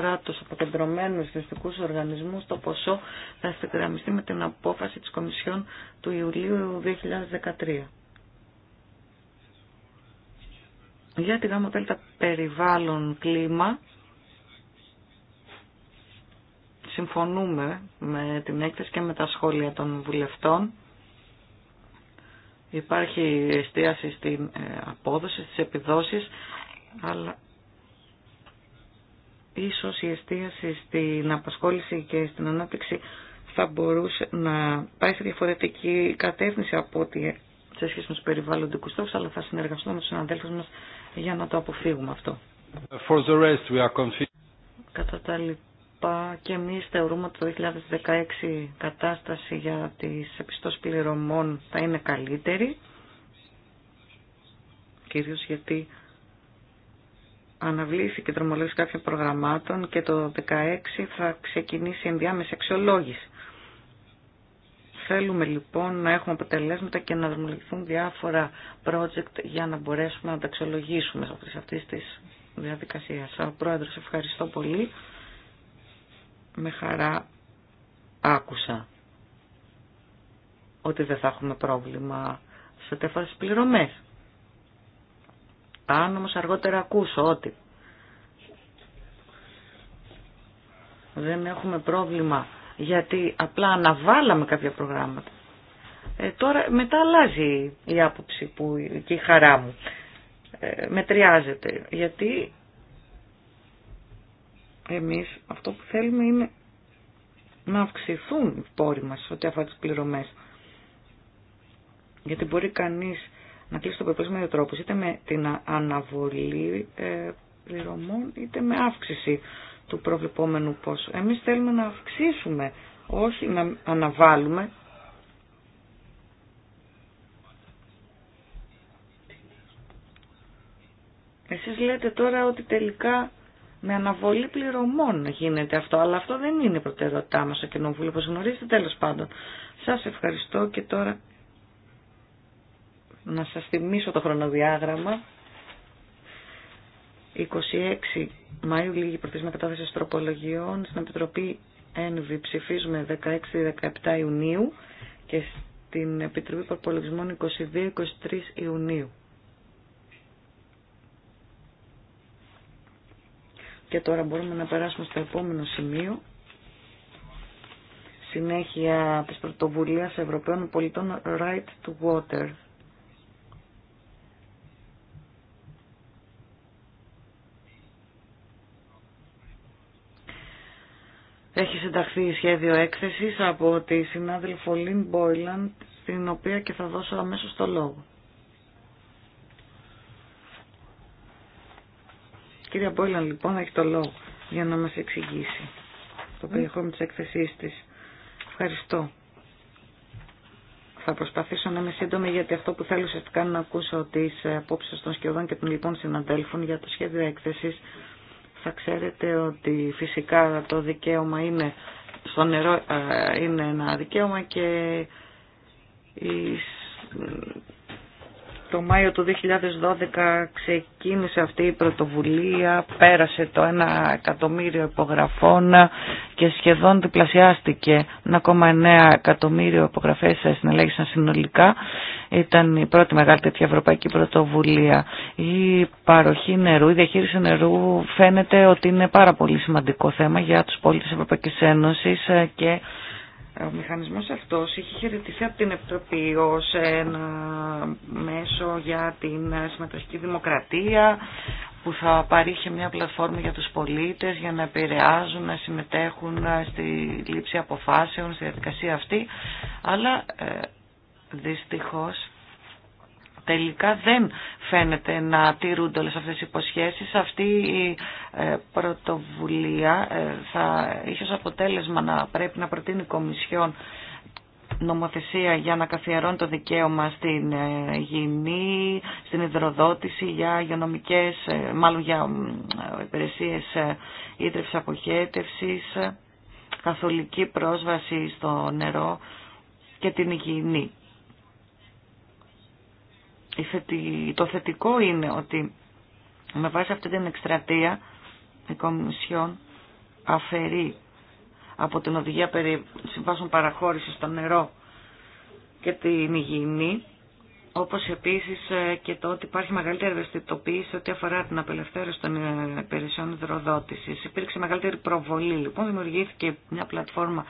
παρά του αποκεντρωμένου δυστικού οργανισμού, το ποσό θα ευθυγραμμιστεί με την απόφαση τη Κομισιόν του Ιουλίου 2013. Για τη γάμο περιβάλλον κλίμα, συμφωνούμε με την έκθεση και με τα σχόλια των βουλευτών. Υπάρχει εστίαση στην ε, απόδοση, στις επιδόσεις, αλλά ίσως η εστίαση στην απασχόληση και στην ανάπτυξη θα μπορούσε να πάει σε διαφορετική κατεύθυνση από ότι σε σχέση με του περιβάλλοντικούς στόχους, αλλά θα συνεργαστούμε με του συναδέλφου μα για να το αποφύγουμε αυτό. For Κατά τα λοιπά, και εμεί θεωρούμε ότι το 2016 η κατάσταση για τι επιστώσεις πληρωμών θα είναι καλύτερη. Κυρίως γιατί αναβλήθηκε και δρομολόγηση κάποιων προγραμμάτων και το 2016 θα ξεκινήσει ενδιάμεση αξιολόγηση. Θέλουμε λοιπόν να έχουμε αποτελέσματα και να δρομολογηθούν διάφορα project για να μπορέσουμε να τα αξιολογήσουμε σε αυτή τη διαδικασία. Σαν πρόεδρο, ευχαριστώ πολύ. Με χαρά άκουσα ότι δεν θα έχουμε πρόβλημα σε τέτοιε πληρωμές. Αν όμως αργότερα ακούσω ότι δεν έχουμε πρόβλημα γιατί απλά αναβάλαμε κάποια προγράμματα. Ε, τώρα μετά αλλάζει η άποψη που, και η χαρά μου. Ε, μετριάζεται. Γιατί εμείς αυτό που θέλουμε είναι να αυξηθούν οι πόροι μας ό,τι αφορά τις πληρωμές. Γιατί μπορεί κανείς να κλείσει το προπλήσμα με δύο τρόπους, είτε με την αναβολή ε, πληρωμών, είτε με αύξηση του προβλεπόμενου πόσου. Εμείς θέλουμε να αυξήσουμε, όχι να αναβάλουμε. Εσείς λέτε τώρα ότι τελικά με αναβολή πληρωμών γίνεται αυτό, αλλά αυτό δεν είναι η προτεραιότητά μας στο Κοινοβούλιο, όπως γνωρίζετε τέλος πάντων. Σας ευχαριστώ και τώρα να σας θυμίσω το χρονοδιάγραμμα. 26 Μαΐου λίγη προθεσμία κατάθεση τροπολογιών. Στην Επιτροπή ΕΝΒΙ ψηφίζουμε 16-17 Ιουνίου και στην Επιτροπή Προπολογισμών 22-23 Ιουνίου. Και τώρα μπορούμε να περάσουμε στο επόμενο σημείο. Συνέχεια της πρωτοβουλίας Ευρωπαίων Πολιτών Right to Water. Έχει συνταχθεί σχέδιο έκθεσης από τη συνάδελφο Λίν Μπόιλαν, στην οποία και θα δώσω αμέσως το λόγο. Κυρία Μπόιλαν, λοιπόν, έχει το λόγο για να μας εξηγήσει το ε. περιεχόμενο της έκθεσής της. Ευχαριστώ. Θα προσπαθήσω να είμαι σύντομη γιατί αυτό που θέλω ουσιαστικά να ακούσω τις ε, απόψεις των σκιωδών και των λοιπόν συναντέλφων για το σχέδιο έκθεσης θα ξέρετε ότι φυσικά το δικαίωμα είναι στο νερό ε, είναι ένα δικαίωμα και η το Μάιο του 2012 ξεκίνησε αυτή η πρωτοβουλία, πέρασε το 1 εκατομμύριο υπογραφών και σχεδόν διπλασιάστηκε 1,9 εκατομμύριο υπογραφές συνελέγησαν συνολικά. Ήταν η πρώτη μεγάλη τέτοια ευρωπαϊκή πρωτοβουλία. Η παροχή νερού, η διαχείριση νερού φαίνεται ότι είναι πάρα πολύ σημαντικό θέμα για τους πόλεις της Ευρωπαϊκής Ένωσης και ο μηχανισμός αυτός είχε χαιρετηθεί από την Επιτροπή ως ένα μέσο για την συμμετοχική δημοκρατία που θα παρήχε μια πλατφόρμα για τους πολίτες για να επηρεάζουν, να συμμετέχουν στη λήψη αποφάσεων, στη διαδικασία αυτή. Αλλά ε, δυστυχώς τελικά δεν φαίνεται να τηρούνται όλες αυτές οι υποσχέσεις. Αυτή η ε, πρωτοβουλία ε, θα είχε ως αποτέλεσμα να πρέπει να προτείνει η Κομισιόν νομοθεσία για να καθιερώνει το δικαίωμα στην ε, γηνή, στην υδροδότηση για υγειονομικές, μάλλον για υπηρεσίες ύτρευσης αποχέτευσης, καθολική πρόσβαση στο νερό και την υγιεινή το θετικό είναι ότι με βάση αυτή την εκστρατεία η Κομισιόν αφαιρεί από την οδηγία περί συμβάσεων παραχώρησης στο νερό και την υγιεινή, όπως επίσης ε, και το ότι υπάρχει μεγαλύτερη ευαισθητοποίηση ό,τι αφορά την απελευθέρωση των ε, υπηρεσιών υδροδότησης. Υπήρξε μεγαλύτερη προβολή, λοιπόν, δημιουργήθηκε μια πλατφόρμα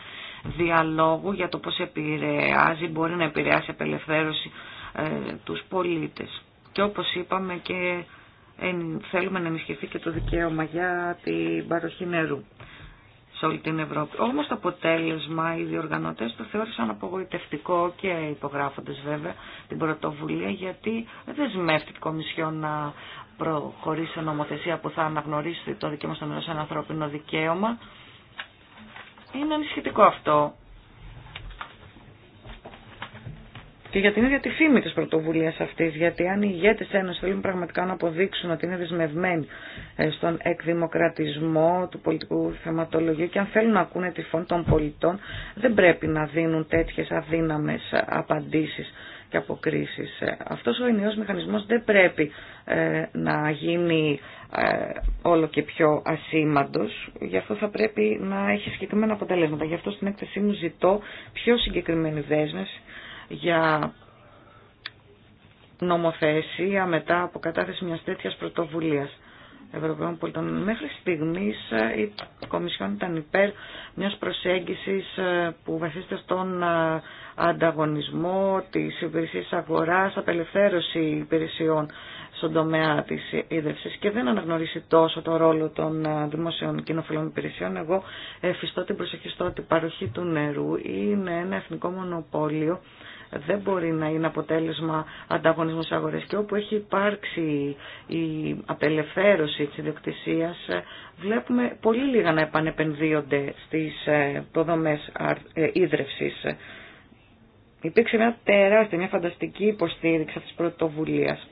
διαλόγου για το πώς επηρεάζει, μπορεί να επηρεάσει απελευθέρωση ε, τους πολίτες. Και όπως είπαμε και θέλουμε να ενισχυθεί και το δικαίωμα για την παροχή νερού σε όλη την Ευρώπη. Όμως το αποτέλεσμα οι διοργανωτές το θεώρησαν απογοητευτικό και υπογράφοντας βέβαια την πρωτοβουλία γιατί δεν δεσμεύτηκε η Κομισιόν να προχωρήσει σε νομοθεσία που θα αναγνωρίσει το δικαίωμα στο νερό σαν ανθρώπινο δικαίωμα. Είναι ανησυχητικό αυτό. και για την ίδια τη φήμη της πρωτοβουλίας αυτής, γιατί αν οι ηγέτες ένωση θέλουν πραγματικά να αποδείξουν ότι είναι δεσμευμένοι ε, στον εκδημοκρατισμό του πολιτικού θεματολογίου και αν θέλουν να ακούνε τη φωνή των πολιτών, δεν πρέπει να δίνουν τέτοιες αδύναμες απαντήσεις και αποκρίσεις. Ε, αυτός ο ενιαίος μηχανισμός δεν πρέπει ε, να γίνει όλο και πιο ασήμαντος. Γι' αυτό θα πρέπει να έχει συγκεκριμένα αποτελέσματα. Γι' αυτό στην έκθεσή μου ζητώ πιο συγκεκριμένη δέσμευση για νομοθεσία μετά από κατάθεση μιας τέτοιας πρωτοβουλίας. Ευρωπαίων πολιτών. Μέχρι στιγμής ε, η Κομισιόν ήταν υπέρ μιας προσέγγισης ε, που βασίζεται στον ε, ανταγωνισμό της υπηρεσίας αγοράς, απελευθέρωση υπηρεσιών στον τομέα της ίδρυυσης και δεν αναγνωρίσει τόσο το ρόλο των δημόσιων κοινοφιλών υπηρεσιών. Εγώ εφιστώ την προσοχή στο ότι η παροχή του νερού είναι ένα εθνικό μονοπόλιο δεν μπορεί να είναι αποτέλεσμα ανταγωνισμού στις αγορές και όπου έχει υπάρξει η απελευθέρωση της ιδιοκτησίας βλέπουμε πολύ λίγα να επανεπενδύονται στις ε, υποδομές ε, ίδρευσης. Υπήρξε μια τεράστια, μια φανταστική υποστήριξη αυτής της πρωτοβουλίας.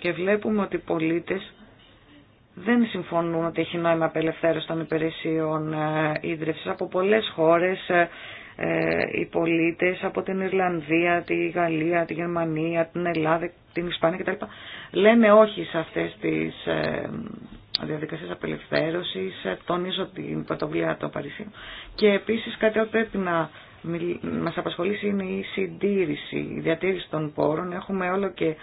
Και βλέπουμε ότι οι πολίτες δεν συμφωνούν ότι έχει νόημα απελευθέρωση των υπηρεσιών ε, ίδρυυσης. Από πολλές χώρες ε, οι πολίτες από την Ιρλανδία, τη Γαλλία, τη Γερμανία, την Ελλάδα, την Ισπανία κτλ. Λένε όχι σε αυτές τις ε, διαδικασίες απελευθέρωσης, ε, τονίζω την πρωτοβουλία των Παρισίων. Και επίσης κάτι που πρέπει να μας απασχολήσει είναι η συντήρηση, η διατήρηση των πόρων. Έχουμε όλο και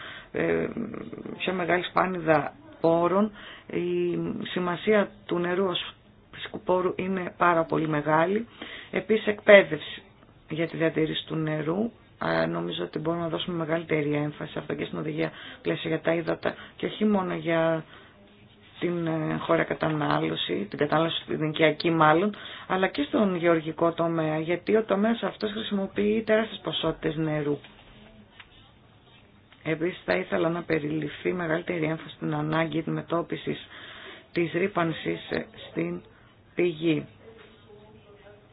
πιο μεγάλη σπάνιδα πόρων. Η σημασία του νερού ως φυσικού πόρου είναι πάρα πολύ μεγάλη. Επίσης εκπαίδευση για τη διατήρηση του νερού. Νομίζω ότι μπορούμε να δώσουμε μεγαλύτερη έμφαση αυτό και στην οδηγία πλαίσια για τα ύδατα και όχι μόνο για την ε, χώρα κατανάλωση, την κατανάλωση στην οικιακή μάλλον, αλλά και στον γεωργικό τομέα, γιατί ο τομέας αυτός χρησιμοποιεί τεράστιες ποσότητες νερού. Επίσης θα ήθελα να περιληφθεί μεγαλύτερη έμφαση στην ανάγκη μετώπισης της ρήπανσης ε, στην πηγή.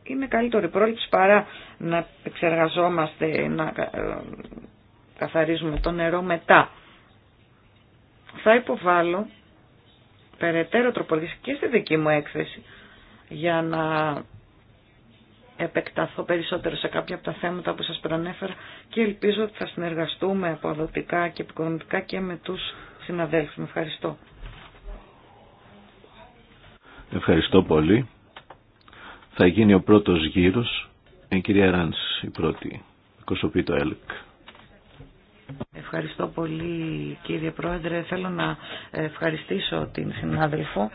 Είναι καλύτερη πρόληψη παρά να εξεργαζόμαστε, να ε, καθαρίζουμε το νερό μετά. Θα υποβάλω περαιτέρω τροπολογική και στη δική μου έκθεση για να επεκταθώ περισσότερο σε κάποια από τα θέματα που σας προανέφερα και ελπίζω ότι θα συνεργαστούμε αποδοτικά και επικοδομητικά και με τους συναδέλφους. Με ευχαριστώ. Ευχαριστώ πολύ. Θα γίνει ο πρώτος γύρος. Η κυρία Ράνς η πρώτη. το ΕΛΚ. Ευχαριστώ πολύ κύριε Πρόεδρε. Θέλω να ευχαριστήσω την συνάδελφο.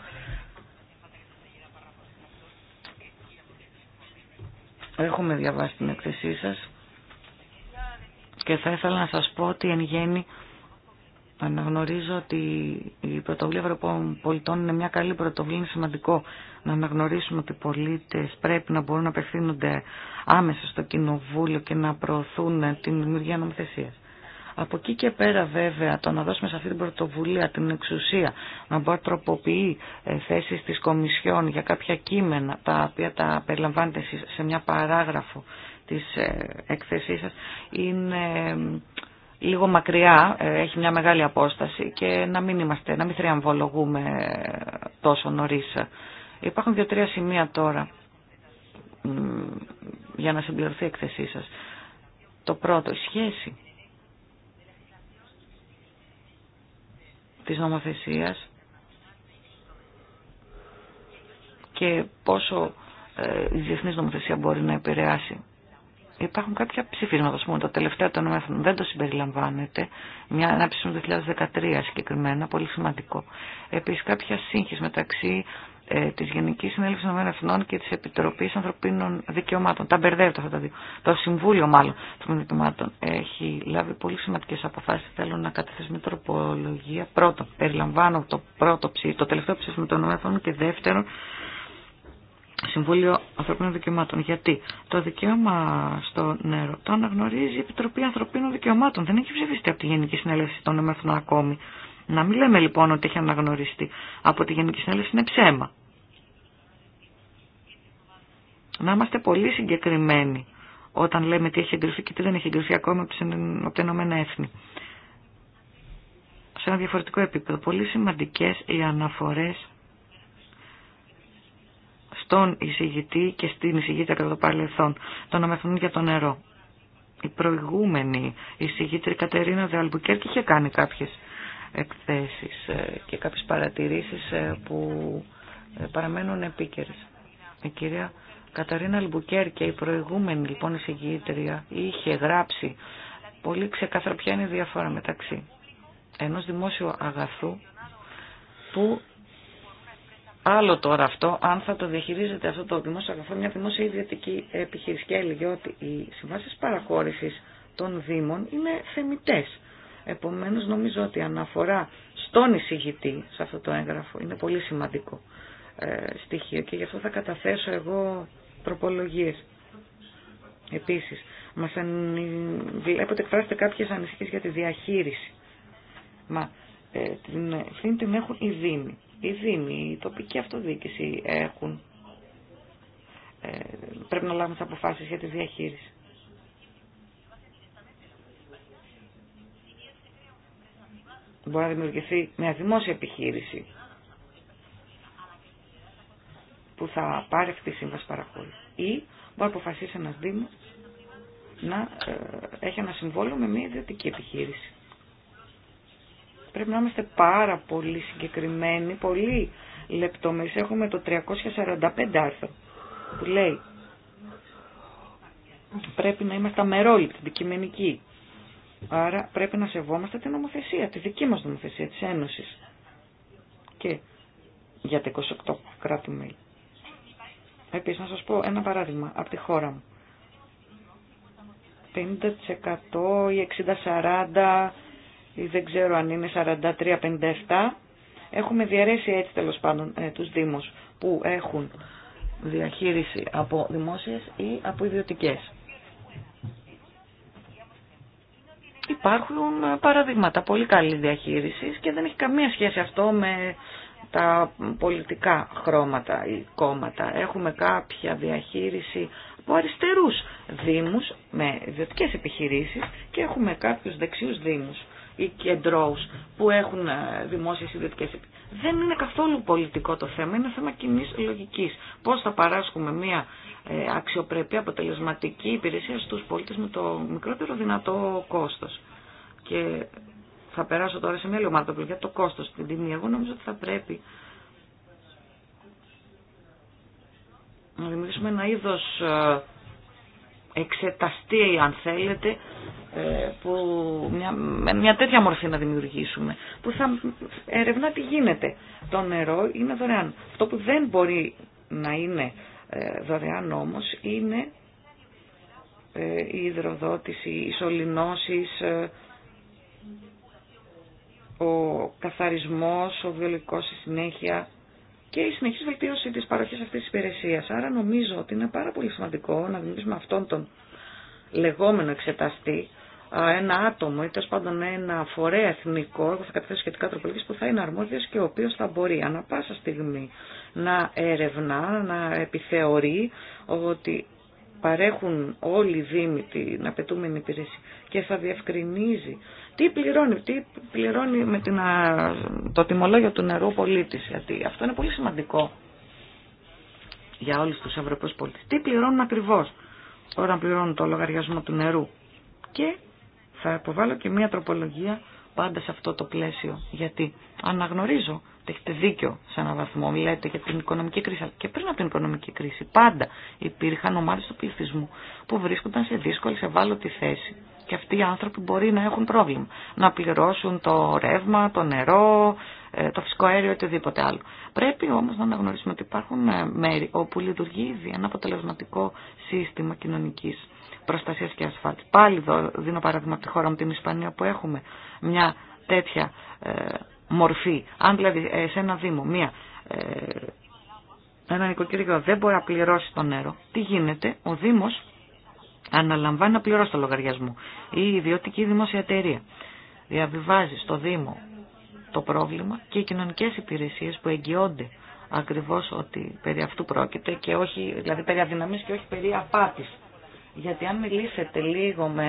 Έχουμε διαβάσει την εκθεσή σας και θα ήθελα να σας πω ότι εν γέννη Αναγνωρίζω ότι η πρωτοβουλία Ευρωπαϊκών Πολιτών είναι μια καλή πρωτοβουλία. Είναι σημαντικό να αναγνωρίσουμε ότι οι πολίτε πρέπει να μπορούν να απευθύνονται άμεσα στο Κοινοβούλιο και να προωθούν την δημιουργία νομοθεσία. Από εκεί και πέρα βέβαια το να δώσουμε σε αυτή την πρωτοβουλία την εξουσία να μπορεί να τροποποιεί ε, θέσεις της Κομισιόν για κάποια κείμενα τα οποία τα περιλαμβάνετε σε μια παράγραφο της έκθεσής ε, σας είναι λίγο μακριά, ε, έχει μια μεγάλη απόσταση και να μην, είμαστε, να μην θριαμβολογούμε ε, τόσο νωρίς. Υπάρχουν δύο-τρία σημεία τώρα για να συμπληρωθεί η εκθεσή σας. Το πρώτο, η σχέση της νομοθεσίας και πόσο ε, η διεθνής νομοθεσία μπορεί να επηρεάσει Υπάρχουν κάποια ψηφίσματα, πούμε, το τελευταίο των μέθων. δεν το συμπεριλαμβάνεται. Μια ανάπτυξη του 2013 συγκεκριμένα, πολύ σημαντικό. Επίση, κάποια σύγχυση μεταξύ ε, τη Γενική Συνέλευση των Εθνών και τη Επιτροπή Ανθρωπίνων Δικαιωμάτων. Τα μπερδεύεται αυτά τα δύο. Το Συμβούλιο, μάλλον, των Δικαιωμάτων έχει λάβει πολύ σημαντικέ αποφάσει. Θέλω να καταθέσω με τροπολογία. Πρώτον, περιλαμβάνω το, πρώτο το τελευταίο ψήφισμα των ΟΕΦ και δεύτερον, Συμβούλιο Ανθρωπίνων Δικαιωμάτων. Γιατί το δικαίωμα στο νερό το αναγνωρίζει η Επιτροπή Ανθρωπίνων Δικαιωμάτων. Δεν έχει ψηφιστεί από τη Γενική Συνέλευση των ΕΕ ακόμη. Να μην λέμε λοιπόν ότι έχει αναγνωριστεί από τη Γενική Συνέλευση είναι ψέμα. Να είμαστε πολύ συγκεκριμένοι όταν λέμε τι έχει εγκριθεί και τι δεν έχει εγκριθεί ακόμα από τα Ηνωμένα Έθνη. Σε ένα διαφορετικό επίπεδο. Πολύ σημαντικές οι αναφορές στον εισηγητή και στην εισηγήτρια κατά το παρελθόν, το να για το νερό. Η προηγούμενη εισηγήτρια Κατερίνα Δεαλμπουκέρκη είχε κάνει κάποιες εκθέσεις ε, και κάποιες παρατηρήσεις ε, που ε, παραμένουν επίκαιρες. Η κυρία Κατερίνα Αλμπουκέρκη, η προηγούμενη λοιπόν εισηγήτρια, είχε γράψει πολύ ξεκάθαρα ποια είναι η διαφορά μεταξύ ενός δημόσιου αγαθού που Άλλο τώρα αυτό, αν θα το διαχειρίζεται αυτό το δημόσιο αγαθό, μια δημόσια ιδιωτική επιχείρηση. Και έλεγε ότι οι συμβάσει παρακόρηση των Δήμων είναι θεμητέ. Επομένω, νομίζω ότι αναφορά στον εισηγητή σε αυτό το έγγραφο είναι πολύ σημαντικό ε, στοιχείο και γι' αυτό θα καταθέσω εγώ τροπολογίε. Επίση, μα βλέπετε εκφράζεται κάποιε ανησυχίε για τη διαχείριση. Μα ε, την ευθύνη την έχουν οι Δήμοι οι Δήμοι, η τοπική αυτοδιοίκηση έχουν. Ε, πρέπει να λάβουν τι αποφάσει για τη διαχείριση. Μπορεί να δημιουργηθεί μια δημόσια επιχείρηση που θα πάρει αυτή τη σύμβαση παραχώρηση. Ή μπορεί να αποφασίσει ένα Δήμο να ε, έχει ένα συμβόλαιο με μια ιδιωτική επιχείρηση. Πρέπει να είμαστε πάρα πολύ συγκεκριμένοι, πολύ λεπτομερείς. Έχουμε το 345 άρθρο που λέει πρέπει να είμαστε αμερόληπτοι, αντικειμενικοί. Άρα πρέπει να σεβόμαστε την νομοθεσία, τη δική μας νομοθεσία της Ένωσης. Και για τα 28 κράτη μέλη. Επίσης να σας πω ένα παράδειγμα από τη χώρα μου. 50% ή 60-40 ή δεν ξέρω αν είναι 43-57. Έχουμε διαρρέσει έτσι τέλος πάντων ε, τους Δήμους που έχουν διαχείριση από δημόσιες ή από ιδιωτικές. Υπάρχουν ε, παραδείγματα πολύ καλής διαχείρισης και δεν έχει καμία σχέση αυτό με τα πολιτικά χρώματα ή κόμματα. Έχουμε κάποια διαχείριση από αριστερούς δήμους με ιδιωτικές επιχειρήσεις και έχουμε κάποιους δεξιούς δήμους ή κεντρώους που έχουν ε, δημόσιες ιδιωτικές Δεν είναι καθόλου πολιτικό το θέμα, είναι θέμα κοινή λογικής. Πώς θα παράσχουμε μια ε, αξιοπρεπή αποτελεσματική υπηρεσία στους πολίτες με το μικρότερο δυνατό κόστος. Και θα περάσω τώρα σε μια άλλη για το κόστος, στην τιμή. Εγώ νομίζω ότι θα πρέπει να δημιουργήσουμε ένα είδος ε, εξεταστεί, αν θέλετε, ε, που μια, μια τέτοια μορφή να δημιουργήσουμε, που θα ερευνά τι γίνεται. Το νερό είναι δωρεάν. Αυτό που δεν μπορεί να είναι ε, δωρεάν όμως είναι ε, η υδροδότηση, οι σωληνώσεις, ο καθαρισμός, ο βιολογικός στη συνέχεια, και η συνεχή βελτίωση τη παροχή αυτή τη υπηρεσία. Άρα νομίζω ότι είναι πάρα πολύ σημαντικό να δημιουργήσουμε αυτόν τον λεγόμενο εξεταστή, ένα άτομο ή τέλο πάντων ένα φορέα εθνικό, εγώ θα καταθέσω σχετικά τροπολογίε που θα είναι αρμόδιο και ο οποίο θα μπορεί ανά πάσα στιγμή να ερευνά, να επιθεωρεί ότι παρέχουν όλοι οι Δήμοι την απαιτούμενη υπηρεσία και θα διευκρινίζει τι πληρώνει, τι πληρώνει με την, το τιμολόγιο του νερού πολίτης, γιατί αυτό είναι πολύ σημαντικό για όλους τους Ευρωπαίους πολίτες. Τι πληρώνουν ακριβώς όταν πληρώνουν το λογαριασμό του νερού. Και θα υποβάλω και μία τροπολογία πάντα σε αυτό το πλαίσιο. Γιατί αναγνωρίζω ότι έχετε δίκιο σε έναν βαθμό. Μιλάτε για την οικονομική κρίση. Αλλά και πριν από την οικονομική κρίση, πάντα υπήρχαν ομάδε του πληθυσμού που βρίσκονταν σε δύσκολη, σε ευάλωτη θέση και αυτοί οι άνθρωποι μπορεί να έχουν πρόβλημα. Να πληρώσουν το ρεύμα, το νερό, ε, το φυσικό αέριο, οτιδήποτε άλλο. Πρέπει όμως να αναγνωρίσουμε ότι υπάρχουν ε, μέρη όπου λειτουργεί ήδη ένα αποτελεσματικό σύστημα κοινωνικής προστασίας και ασφάλεια. Πάλι εδώ δίνω παράδειγμα από τη χώρα μου την Ισπανία που έχουμε μια τέτοια ε, μορφή. Αν δηλαδή σε ένα δήμο ένα νοικοκύριο δεν μπορεί να πληρώσει το νερό, τι γίνεται, ο δήμος αναλαμβάνει να πληρώσει το λογαριασμό ή η ιδιωτική ιδιωτικη εταιρεία. Διαβιβάζει στο Δήμο το πρόβλημα και οι κοινωνικές υπηρεσίες που εγγυώνται ακριβώς ότι περί αυτού πρόκειται και όχι, δηλαδή περί αδυναμή και όχι περί απάτης. Γιατί αν μιλήσετε λίγο με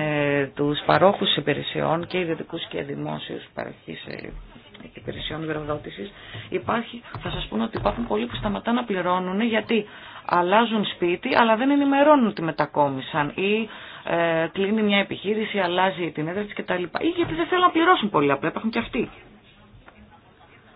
τους παρόχους υπηρεσιών και ιδιωτικούς και δημόσιους παροχής ε, υπηρεσιών γραβδότησης, υπάρχει, θα σας πω ότι υπάρχουν πολλοί που σταματά να πληρώνουν γιατί αλλάζουν σπίτι αλλά δεν ενημερώνουν ότι μετακόμισαν ή ε, κλείνει μια επιχείρηση, αλλάζει την έδρα της κτλ. Ή γιατί δεν θέλουν να πληρώσουν πολύ απλά, υπάρχουν και αυτοί.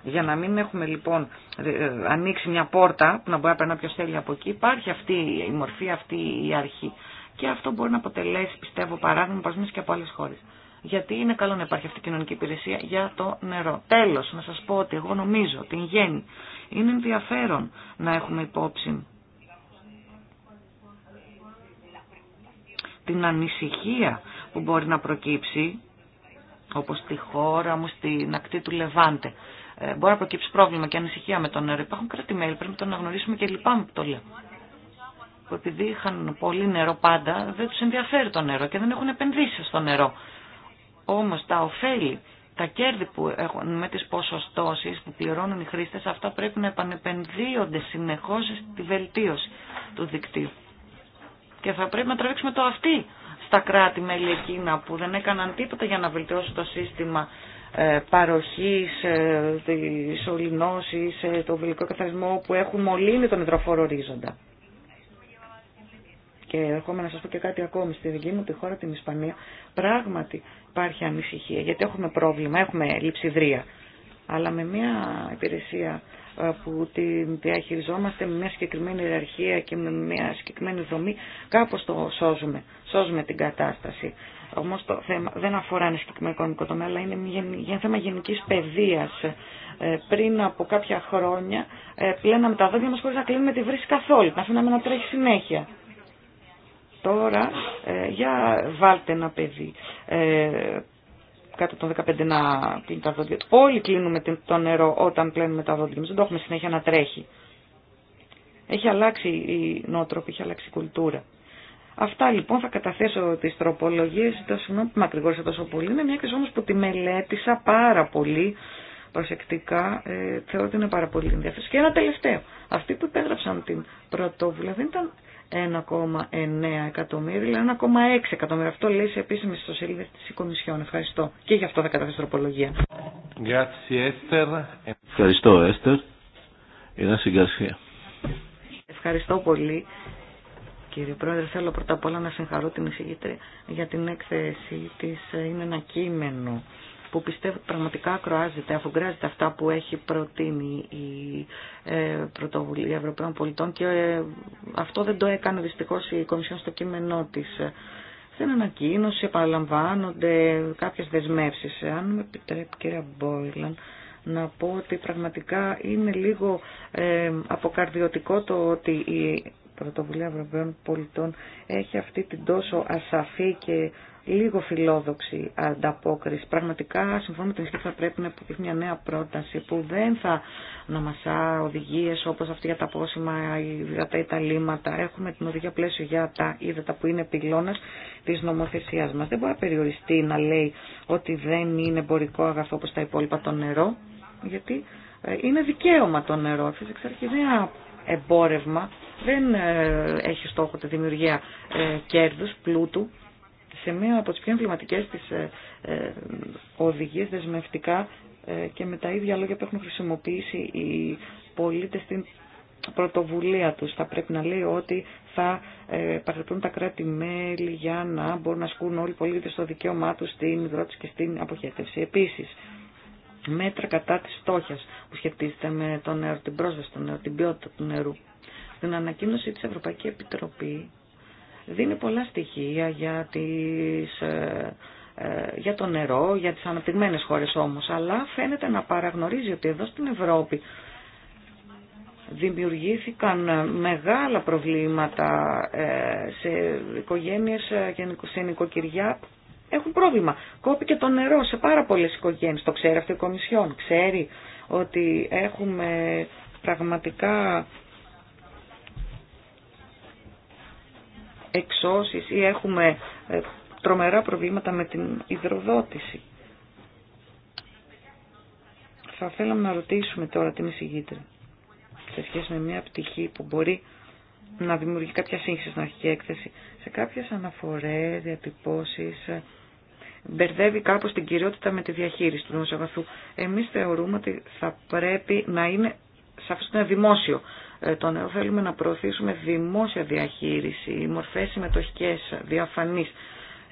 Για να μην έχουμε λοιπόν ε, ανοίξει μια πόρτα που να μπορεί να περνά ποιος θέλει από εκεί, υπάρχει αυτή η μορφή, αυτή η αρχή. Και αυτό μπορεί να αποτελέσει, πιστεύω, παράδειγμα παρασμένες και από άλλες χώρες. Γιατί είναι καλό να υπάρχει αυτή η κοινωνική υπηρεσία για το νερό. Τέλος, να σας πω ότι εγώ νομίζω ότι γέννη είναι ενδιαφέρον να έχουμε υπόψη την ανησυχία που μπορεί να προκύψει, όπως στη χώρα μου, στην ακτή του Λεβάντε. Ε, μπορεί να προκύψει πρόβλημα και ανησυχία με τον νερό. Υπάρχουν κράτη-μέλη, πρέπει να τον αναγνωρίσουμε και λυπάμαι που το λέω. Που επειδή είχαν πολύ νερό πάντα, δεν τους ενδιαφέρει το νερό και δεν έχουν επενδύσει στο νερό. Όμως τα ωφέλη τα κέρδη που έχουν με τις ποσοστώσεις που πληρώνουν οι χρήστες, αυτά πρέπει να επανεπενδύονται συνεχώς στη βελτίωση του δικτύου. Και θα πρέπει να τραβήξουμε το αυτή στα κράτη-μέλη εκείνα που δεν έκαναν τίποτα για να βελτιώσουν το σύστημα ε, παροχής, ε, της ολυνώσης, ε, το βιλικό καθαρισμό που έχουν μολύνει τον υδροφόρο ορίζοντα. Και ερχόμαι να σας πω και κάτι ακόμη. Στη δική μου τη χώρα, την Ισπανία, πράγματι υπάρχει ανησυχία. Γιατί έχουμε πρόβλημα, έχουμε λειψιδρία. Αλλά με μια υπηρεσία που την διαχειριζόμαστε με μια συγκεκριμένη ιεραρχία και με μια συγκεκριμένη δομή, κάπως το σώζουμε, σώζουμε την κατάσταση. Όμως το θέμα δεν αφορά ένα συγκεκριμένο οικονομικό τομέα, αλλά είναι για θέμα γενικής παιδείας. Ε, πριν από κάποια χρόνια ε, πλέναμε τα δόντια μας χωρίς να κλείνουμε τη βρύση καθόλου, να αφήναμε να τρέχει συνέχεια. Τώρα, ε, για βάλτε ένα παιδί ε, κάτω των 15 να κλείνει τα δόντια του. Όλοι κλείνουμε το νερό όταν πλένουμε τα δόντια μας. Δεν το έχουμε συνέχεια να τρέχει. Έχει αλλάξει η νότροπη, έχει αλλάξει η κουλτούρα. Αυτά λοιπόν θα καταθέσω τι τροπολογίε. Το συγγνώμη που μακρηγόρησα τόσο πολύ. Είναι μια έκθεση όμω που τη μελέτησα πάρα πολύ προσεκτικά. Ε, θεωρώ ότι είναι πάρα πολύ ενδιαφέρουσα. Και ένα τελευταίο. Αυτοί που υπέγραψαν την πρωτόβουλα δεν ήταν 1,9 εκατομμύρια, 1,6 εκατομμύρια. Αυτό λέει σε επίσημε ιστοσελίδε τη Κομισιόν. Ευχαριστώ. Και γι' αυτό θα καταθέσω τροπολογία. Ευχαριστώ, Έστερ. Είναι συγκαρσία. Ευχαριστώ πολύ. Κύριε Πρόεδρε, θέλω πρώτα απ' όλα να συγχαρώ την εισηγήτρια για την έκθεση της. Είναι ένα κείμενο που πιστεύω πραγματικά ακροάζεται, αφουγκράζεται αυτά που έχει προτείνει η ε, Πρωτοβουλία Ευρωπαίων Πολιτών και ε, αυτό δεν το έκανε δυστυχώς η Κομισιόν στο κείμενό της. Ε, Στην ανακοίνωση επαναλαμβάνονται κάποιες δεσμεύσεις. Αν με επιτρέπει κυρία Μπόιλαν να πω ότι πραγματικά είναι λίγο αποκαρδιωτικό το ότι η Πρωτοβουλία Ευρωπαίων Πολιτών έχει αυτή την τόσο ασαφή και λίγο φιλόδοξη ανταπόκριση. Πραγματικά συμφωνώ με την ισχύ, θα πρέπει να υποτεθεί μια νέα πρόταση που δεν θα αναμασά οδηγίε όπω αυτή για τα πόσιμα ή για τα ιταλήματα. Έχουμε την οδηγία πλαίσιο για τα ύδατα που είναι πυλώνα τη νομοθεσία μα. Δεν μπορεί να περιοριστεί να λέει ότι δεν είναι εμπορικό αγαθό όπω τα υπόλοιπα το νερό, γιατί ε, είναι δικαίωμα το νερό. Αυτή εξ εμπόρευμα δεν ε, έχει στόχο τη δημιουργία ε, κέρδους, πλούτου σε μία από τις πιο εμβληματικές της ε, ε, οδηγίες δεσμευτικά ε, και με τα ίδια λόγια που έχουν χρησιμοποιήσει οι πολίτες στην πρωτοβουλία τους. Θα πρέπει να λέει ότι θα ε, τα κράτη-μέλη για να μπορούν να ασκούν όλοι οι πολίτες το δικαίωμά τους στην υδρότηση και στην αποχέτευση. Επίσης, μέτρα κατά της στόχιας που σχετίζεται με το νερό, την πρόσβαση του νερού, την ποιότητα του νερού. Στην ανακοίνωση της Ευρωπαϊκή Επιτροπή δίνει πολλά στοιχεία για, ε, ε, για το νερό, για τις αναπτυγμένες χώρες όμως, αλλά φαίνεται να παραγνωρίζει ότι εδώ στην Ευρώπη δημιουργήθηκαν μεγάλα προβλήματα ε, σε οικογένειες και σε νοικοκυριά έχουν πρόβλημα. Κόπηκε το νερό σε πάρα πολλές οικογένειες. Το ξέρει αυτή η Κομισιόν. Ξέρει ότι έχουμε πραγματικά εξώσεις ή έχουμε ε, τρομερά προβλήματα με την υδροδότηση. Θα θέλαμε να ρωτήσουμε τώρα την εισηγήτρια σε σχέση με μια πτυχή που μπορεί να δημιουργεί κάποια σύγχυση στην αρχική έκθεση. Σε κάποιες αναφορές, διατυπώσεις, ε, μπερδεύει κάπως την κυριότητα με τη διαχείριση του δημοσιογραφού. Εμείς θεωρούμε ότι θα πρέπει να είναι σε αυτό δημόσιο ε, το νέο θέλουμε να προωθήσουμε δημόσια διαχείριση, μορφές συμμετοχικές, διαφανής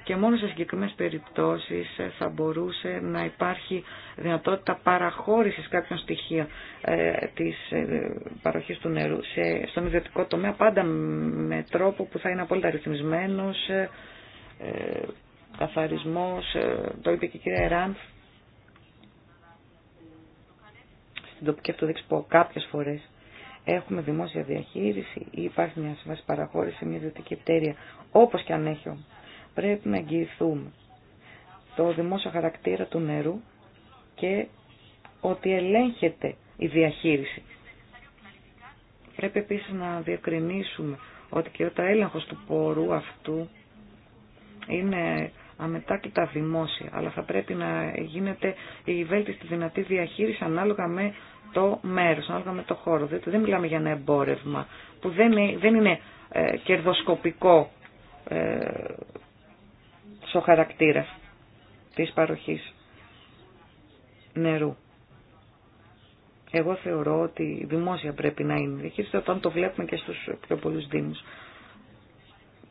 και μόνο σε συγκεκριμένες περιπτώσεις ε, θα μπορούσε να υπάρχει δυνατότητα παραχώρησης κάποιων στοιχείων ε, της παροχής του νερού σε, στον ιδιωτικό τομέα, πάντα με τρόπο που θα είναι απόλυτα ρυθμισμένος, καθαρισμός, το είπε και η κυρία Ράντ, στην τοπική αυτοδείξη που κάποιες φορές έχουμε δημόσια διαχείριση ή υπάρχει μια συμβάση παραχώρηση, μια ιδιωτική πτέρια, όπως και αν έχει όμως, πρέπει να εγγυηθούμε το δημόσιο χαρακτήρα του νερού και ότι ελέγχεται η διαχείριση. Πρέπει επίσης να διακρινίσουμε ότι και ο έλεγχος του πορού αυτού είναι αμετάκλητα δημόσια, αλλά θα πρέπει να γίνεται η βέλτιστη δυνατή διαχείριση ανάλογα με το μέρος, ανάλογα με το χώρο. Δεν, δεν μιλάμε για ένα εμπόρευμα που δεν είναι, δεν είναι ε, κερδοσκοπικό ε, στο χαρακτήρα της παροχής νερού. Εγώ θεωρώ ότι δημόσια πρέπει να είναι διοίκηση, όταν το βλέπουμε και στους πιο πολλούς δήμους,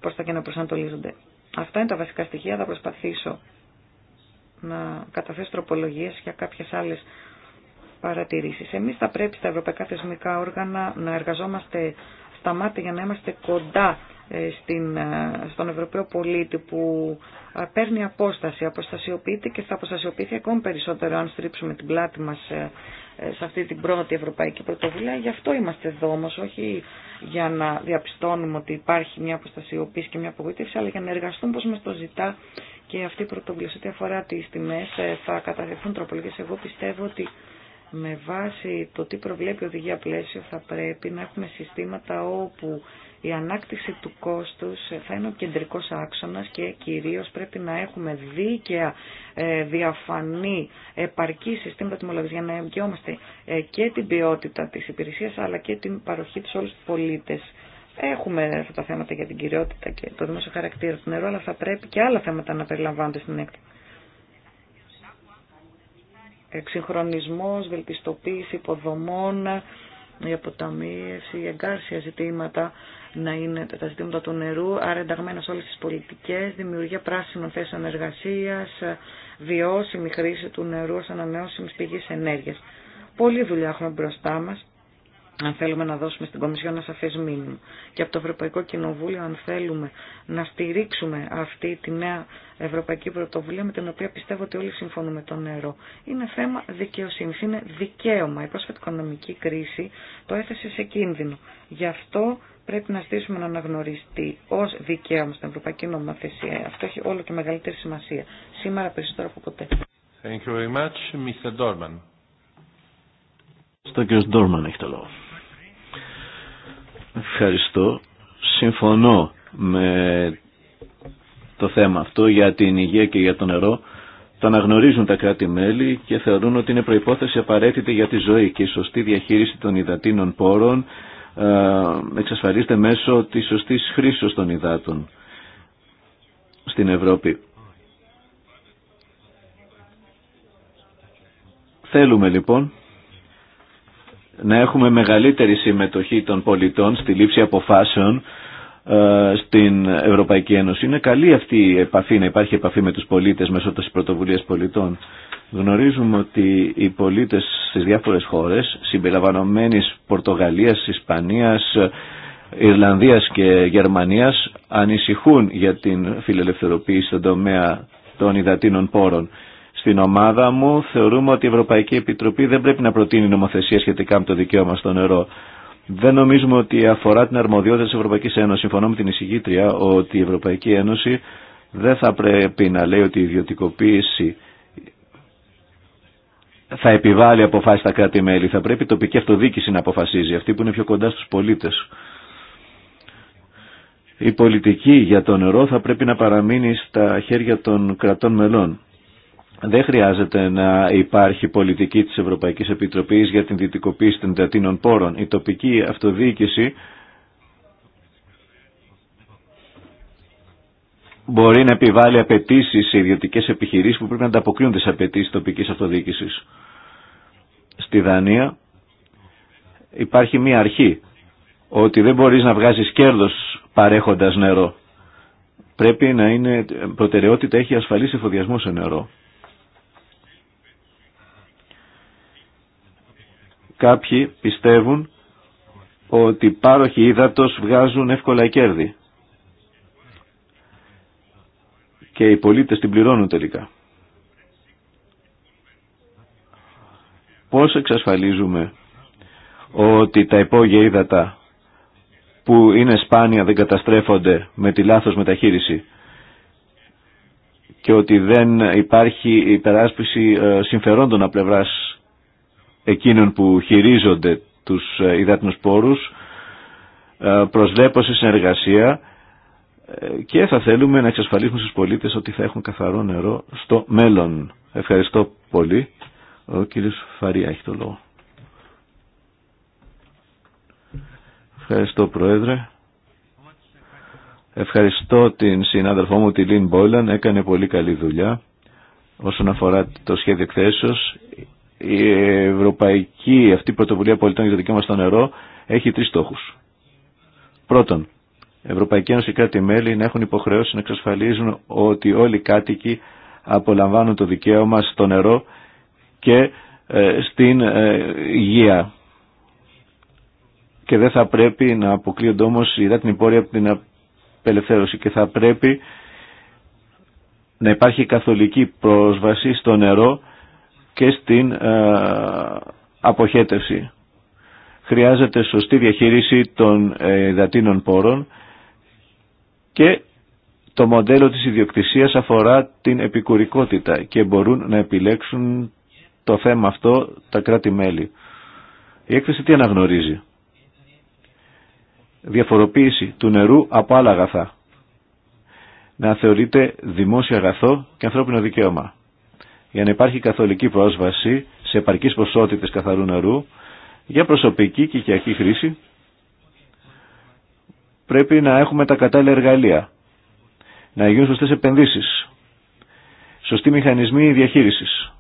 πώς θα και να προσανατολίζονται. Αυτά είναι τα βασικά στοιχεία, θα προσπαθήσω να καταθέσω τροπολογίες για κάποιες άλλες παρατηρήσεις. Εμείς θα πρέπει στα ευρωπαϊκά θεσμικά όργανα να εργαζόμαστε στα μάτια για να είμαστε κοντά ε, στην, ε, στον Ευρωπαίο πολίτη που ε, παίρνει απόσταση, αποστασιοποιείται και θα αποστασιοποιηθεί ακόμη περισσότερο αν στρίψουμε την πλάτη μας σε αυτή την πρώτη ευρωπαϊκή πρωτοβουλία. Γι' αυτό είμαστε εδώ όμως, όχι για να διαπιστώνουμε ότι υπάρχει μια αποστασιοποίηση και μια απογοήτευση, αλλά για να εργαστούμε όπως μας το ζητά και αυτή η πρωτοβουλία. Σε ό,τι αφορά τις τιμέ θα καταδεχθούν τροπολογίες. Εγώ πιστεύω ότι με βάση το τι προβλέπει η οδηγία πλαίσιο θα πρέπει να έχουμε συστήματα όπου η ανάκτηση του κόστους θα είναι ο κεντρικός άξονας και κυρίως πρέπει να έχουμε δίκαια, ε, διαφανή, επαρκή συστήματα τιμολόγηση για να εμπιόμαστε ε, και την ποιότητα της υπηρεσίας αλλά και την παροχή της όλους τους πολίτες. Έχουμε αυτά τα θέματα για την κυριότητα και το δημόσιο χαρακτήρα του νερού, αλλά θα πρέπει και άλλα θέματα να περιλαμβάνονται στην έκθεση εξυγχρονισμός, βελτιστοποίηση υποδομών, η αποταμίευση, η εγκάρσια ζητήματα να είναι τα ζητήματα του νερού, άρα ενταγμένα σε όλες τις πολιτικές, δημιουργία πράσινων θέσεων εργασίας, βιώσιμη χρήση του νερού ως ανανεώσιμης πηγής ενέργειας. Πολύ δουλειά έχουμε μπροστά μας αν θέλουμε να δώσουμε στην Κομισιόν ένα σαφές μήνυμα. Και από το Ευρωπαϊκό Κοινοβούλιο, αν θέλουμε να στηρίξουμε αυτή τη νέα ευρωπαϊκή πρωτοβουλία με την οποία πιστεύω ότι όλοι συμφωνούμε το νερό. Είναι θέμα δικαιοσύνη, είναι δικαίωμα. Η πρόσφατη οικονομική κρίση το έθεσε σε κίνδυνο. Γι' αυτό πρέπει να στήσουμε να αναγνωριστεί ω δικαίωμα στην Ευρωπαϊκή Νομοθεσία. Αυτό έχει όλο και μεγαλύτερη σημασία. Σήμερα περισσότερο από ποτέ. Thank you very much, Mr. Dorman. Στο Ντόρμαν Ευχαριστώ. Συμφωνώ με το θέμα αυτό για την υγεία και για το νερό. Το αναγνωρίζουν τα κράτη-μέλη και θεωρούν ότι είναι προϋπόθεση απαραίτητη για τη ζωή και η σωστή διαχείριση των υδατίνων πόρων ε, εξασφαλίζεται μέσω της σωστής χρήσης των υδάτων στην Ευρώπη. Θέλουμε λοιπόν να έχουμε μεγαλύτερη συμμετοχή των πολιτών στη λήψη αποφάσεων ε, στην Ευρωπαϊκή Ένωση. Είναι καλή αυτή η επαφή, να υπάρχει επαφή με τους πολίτες μέσω της πρωτοβουλίας πολιτών. Γνωρίζουμε ότι οι πολίτες στις διάφορες χώρες, συμπεριλαμβανομένης Πορτογαλίας, Ισπανίας, Ιρλανδίας και Γερμανίας, ανησυχούν για την φιλελευθεροποίηση στον τομέα των υδατίνων πόρων. Στην ομάδα μου θεωρούμε ότι η Ευρωπαϊκή Επιτροπή δεν πρέπει να προτείνει νομοθεσία σχετικά με το δικαίωμα στο νερό. Δεν νομίζουμε ότι αφορά την αρμοδιότητα της Ευρωπαϊκής Ένωσης. Συμφωνώ με την εισηγήτρια ότι η Ευρωπαϊκή Ένωση δεν θα πρέπει να λέει ότι η ιδιωτικοποίηση θα επιβάλλει αποφάσεις στα κράτη-μέλη. Θα πρέπει η τοπική αυτοδίκηση να αποφασίζει, αυτή που είναι πιο κοντά στους πολίτες. Η πολιτική για το νερό θα πρέπει να παραμείνει στα χέρια των κρατών μελών δεν χρειάζεται να υπάρχει πολιτική της Ευρωπαϊκής Επιτροπής για την δυτικοποίηση των τετίνων πόρων. Η τοπική αυτοδιοίκηση μπορεί να επιβάλλει απαιτήσει σε ιδιωτικές επιχειρήσεις που πρέπει να ανταποκρίνουν τις απαιτήσει τοπικής αυτοδιοίκησης. Στη Δανία υπάρχει μία αρχή ότι δεν μπορείς να βγάζεις κέρδος παρέχοντας νερό. Πρέπει να είναι, προτεραιότητα έχει ασφαλής εφοδιασμό σε νερό. Κάποιοι πιστεύουν ότι πάροχοι ύδατος βγάζουν εύκολα κέρδη και οι πολίτες την πληρώνουν τελικά. Πώς εξασφαλίζουμε ότι τα υπόγεια ύδατα που είναι σπάνια δεν καταστρέφονται με τη λάθος μεταχείριση και ότι δεν υπάρχει υπεράσπιση ε, συμφερόντων απλευράς εκείνων που χειρίζονται τους ε, υδάτινους πόρους ε, προσβλέπω σε συνεργασία ε, και θα θέλουμε να εξασφαλίσουμε στους πολίτες ότι θα έχουν καθαρό νερό στο μέλλον. Ευχαριστώ πολύ. Ο κύριος Φαρία έχει το λόγο. Ευχαριστώ Πρόεδρε. Ευχαριστώ την συνάδελφό μου τη Λίν Μπόιλαν. Έκανε πολύ καλή δουλειά όσον αφορά το σχέδιο εκθέσεως. Η ευρωπαϊκή αυτή πρωτοβουλία πολιτών για το δικαίωμα στο νερό έχει τρεις στόχους. Πρώτον, Ευρωπαϊκή Ένωση κράτη-μέλη να έχουν υποχρεώσει να εξασφαλίζουν ότι όλοι οι κάτοικοι απολαμβάνουν το δικαίωμα στο νερό και ε, στην ε, υγεία. Και δεν θα πρέπει να αποκλείονται όμω η υδάτινη πόρια από την απελευθέρωση και θα πρέπει να υπάρχει καθολική πρόσβαση στο νερό και στην ε, αποχέτευση. Χρειάζεται σωστή διαχείριση των ε, δατίνων πόρων και το μοντέλο της ιδιοκτησίας αφορά την επικουρικότητα και μπορούν να επιλέξουν το θέμα αυτό τα κράτη-μέλη. Η έκθεση τι αναγνωρίζει. Διαφοροποίηση του νερού από άλλα αγαθά. Να θεωρείται δημόσιο αγαθό και ανθρώπινο δικαίωμα για να υπάρχει καθολική πρόσβαση σε επαρκείς ποσότητες καθαρού νερού για προσωπική και οικιακή χρήση πρέπει να έχουμε τα κατάλληλα εργαλεία, να γίνουν σωστές επενδύσεις, σωστοί μηχανισμοί διαχείρισης,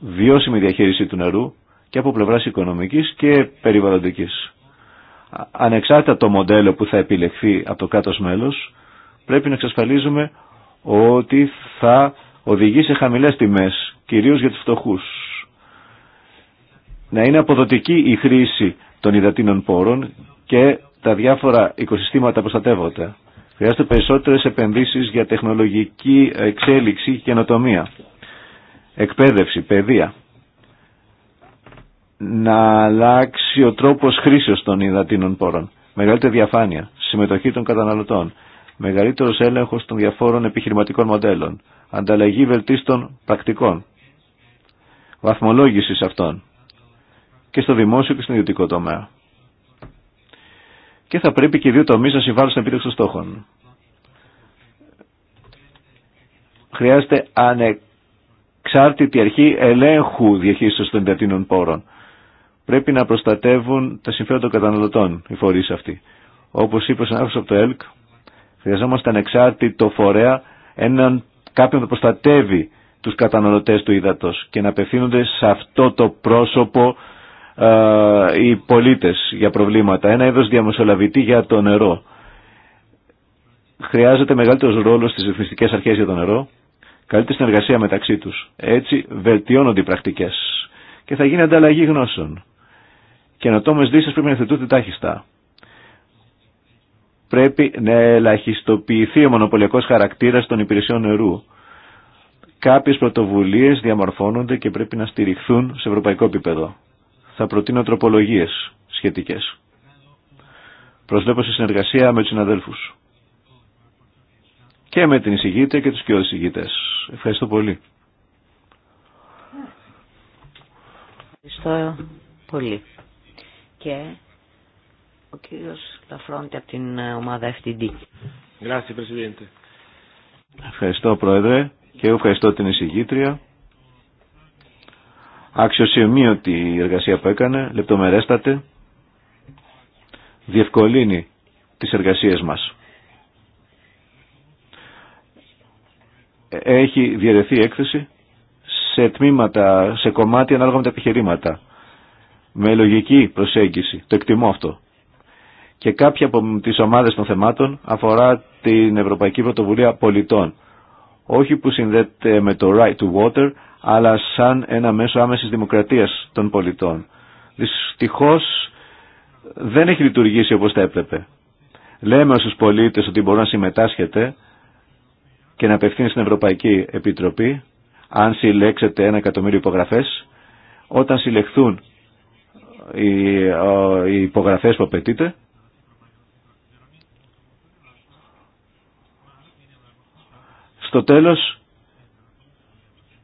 βιώσιμη διαχείριση του νερού και από πλευράς οικονομικής και περιβαλλοντικής. Ανεξάρτητα το μοντέλο που θα επιλεχθεί από το κάτω μέλος, πρέπει να εξασφαλίζουμε ότι θα οδηγεί σε χαμηλές τιμές, κυρίως για τους φτωχούς. Να είναι αποδοτική η χρήση των υδατίνων πόρων και τα διάφορα οικοσυστήματα προστατεύονται. Χρειάζεται περισσότερες επενδύσεις για τεχνολογική εξέλιξη και καινοτομία. Εκπαίδευση, παιδεία. Να αλλάξει ο τρόπος χρήσεως των υδατίνων πόρων. Μεγαλύτερη διαφάνεια, συμμετοχή των καταναλωτών, μεγαλύτερος έλεγχος των διαφόρων επιχειρηματικών μοντέλων ανταλλαγή βελτίστων πρακτικών, βαθμολόγηση αυτών και στο δημόσιο και στον ιδιωτικό τομέα. Και θα πρέπει και οι δύο τομείς να συμβάλλουν στην επίτευξη των στόχων. Χρειάζεται ανεξάρτητη αρχή ελέγχου διαχείριση των υπερτείνων πόρων. Πρέπει να προστατεύουν τα συμφέροντα των καταναλωτών οι φορεί αυτοί. Όπω είπε ο συνάδελφο από το ΕΛΚ, χρειαζόμαστε ανεξάρτητο φορέα, έναν κάποιον που προστατεύει τους καταναλωτές του ύδατος και να απευθύνονται σε αυτό το πρόσωπο ε, οι πολίτες για προβλήματα. Ένα είδος διαμεσολαβητή για το νερό. Χρειάζεται μεγαλύτερος ρόλο στις ρυθμιστικές αρχές για το νερό, καλύτερη συνεργασία μεταξύ τους. Έτσι βελτιώνονται οι πρακτικές και θα γίνει ανταλλαγή γνώσεων. Καινοτόμε δύσεις πρέπει να θετούνται τάχιστα πρέπει να ελαχιστοποιηθεί ο μονοπωλιακός χαρακτήρας των υπηρεσιών νερού. Κάποιες πρωτοβουλίες διαμορφώνονται και πρέπει να στηριχθούν σε ευρωπαϊκό επίπεδο. Θα προτείνω τροπολογίες σχετικές. Προσβλέπω σε συνεργασία με τους συναδέλφους. Και με την εισηγήτρια και τους πιο εισηγητές. Ευχαριστώ πολύ. Ευχαριστώ πολύ. Και κύριος Λαφρόντι από την ε, ομάδα FTD. Ευχαριστώ Πρόεδρε και ευχαριστώ την εισηγήτρια. Αξιοσημείωτη η εργασία που έκανε, λεπτομερέστατη, διευκολύνει τις εργασίες μας. Έχει διαιρεθεί έκθεση σε τμήματα, σε κομμάτια ανάλογα με τα επιχειρήματα. Με λογική προσέγγιση. Το εκτιμώ αυτό και κάποια από τις ομάδες των θεμάτων αφορά την Ευρωπαϊκή Πρωτοβουλία Πολιτών. Όχι που συνδέεται με το right to water, αλλά σαν ένα μέσο άμεσης δημοκρατίας των πολιτών. Δυστυχώς δεν έχει λειτουργήσει όπως θα έπρεπε. Λέμε στους πολίτες ότι μπορούν να συμμετάσχετε και να απευθύνει στην Ευρωπαϊκή Επιτροπή, αν συλλέξετε ένα εκατομμύριο υπογραφές, όταν συλλεχθούν οι υπογραφές που απαιτείται, Στο τέλος,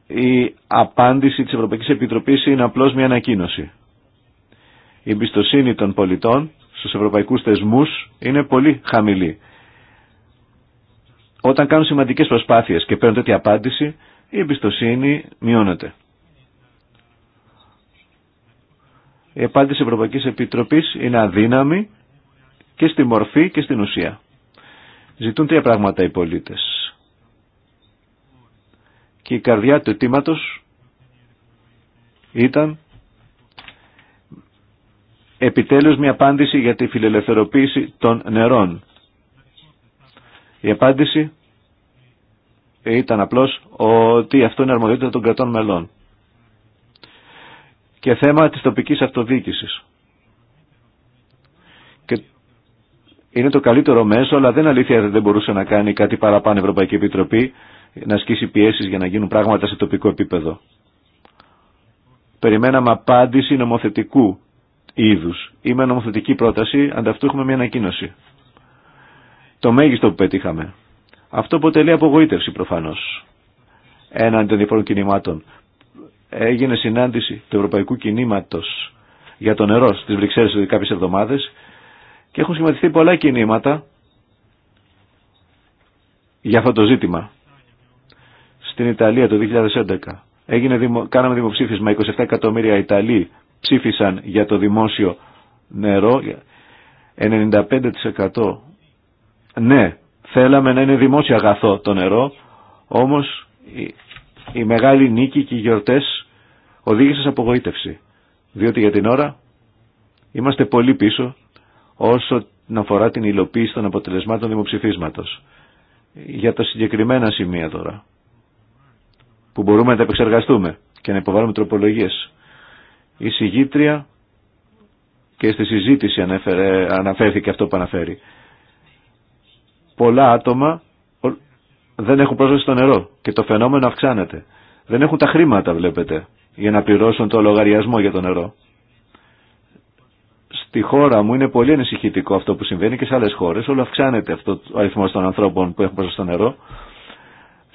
η απάντηση της Ευρωπαϊκής Επιτροπής είναι απλώς μια ανακοίνωση. Η εμπιστοσύνη των πολιτών στους ευρωπαϊκούς θεσμούς είναι πολύ χαμηλή. Όταν κάνουν σημαντικές προσπάθειες και παίρνουν τέτοια απάντηση, η εμπιστοσύνη μειώνεται. Η απάντηση της Ευρωπαϊκής Επιτροπής είναι αδύναμη και στη μορφή και στην ουσία. Ζητούν τρία πράγματα οι πολίτες και η καρδιά του αιτήματος ήταν επιτέλους μια απάντηση για τη φιλελευθεροποίηση των νερών. Η απάντηση ήταν απλώς ότι αυτό είναι αρμοδιότητα των κρατών μελών και θέμα της τοπικής αυτοδιοίκησης. Και είναι το καλύτερο μέσο, αλλά δεν αλήθεια δεν μπορούσε να κάνει κάτι παραπάνω η Ευρωπαϊκή Επιτροπή να ασκήσει πιέσεις για να γίνουν πράγματα σε τοπικό επίπεδο. Περιμέναμε απάντηση νομοθετικού είδους. με νομοθετική πρόταση, ανταυτού έχουμε μια ανακοίνωση. Το μέγιστο που πετύχαμε. Αυτό αποτελεί απογοήτευση προφανώς έναντι των διαφόρων κινημάτων. Έγινε συνάντηση του Ευρωπαϊκού Κινήματος για το νερό στις Βρυξέλλες κάποιες εβδομάδες και έχουν σχηματιστεί πολλά κινήματα για αυτό το ζήτημα στην Ιταλία το 2011. Έγινε δημο... Κάναμε δημοψήφισμα, 27 εκατομμύρια Ιταλοί ψήφισαν για το δημόσιο νερό, 95% ναι, θέλαμε να είναι δημόσιο αγαθό το νερό, όμως η, η μεγάλη νίκη και οι γιορτές οδήγησαν σε απογοήτευση, διότι για την ώρα είμαστε πολύ πίσω όσο αφορά την υλοποίηση των αποτελεσμάτων δημοψηφίσματος. Για τα συγκεκριμένα σημεία τώρα που μπορούμε να τα επεξεργαστούμε και να υποβάλουμε τροπολογίες. Η συγγήτρια και στη συζήτηση ανέφερε, αναφέρθηκε αυτό που αναφέρει. Πολλά άτομα δεν έχουν πρόσβαση στο νερό και το φαινόμενο αυξάνεται. Δεν έχουν τα χρήματα, βλέπετε, για να πληρώσουν το λογαριασμό για το νερό. Στη χώρα μου είναι πολύ ανησυχητικό αυτό που συμβαίνει και σε άλλες χώρες. Όλο αυξάνεται αυτό ο αριθμός των ανθρώπων που έχουν πρόσβαση στο νερό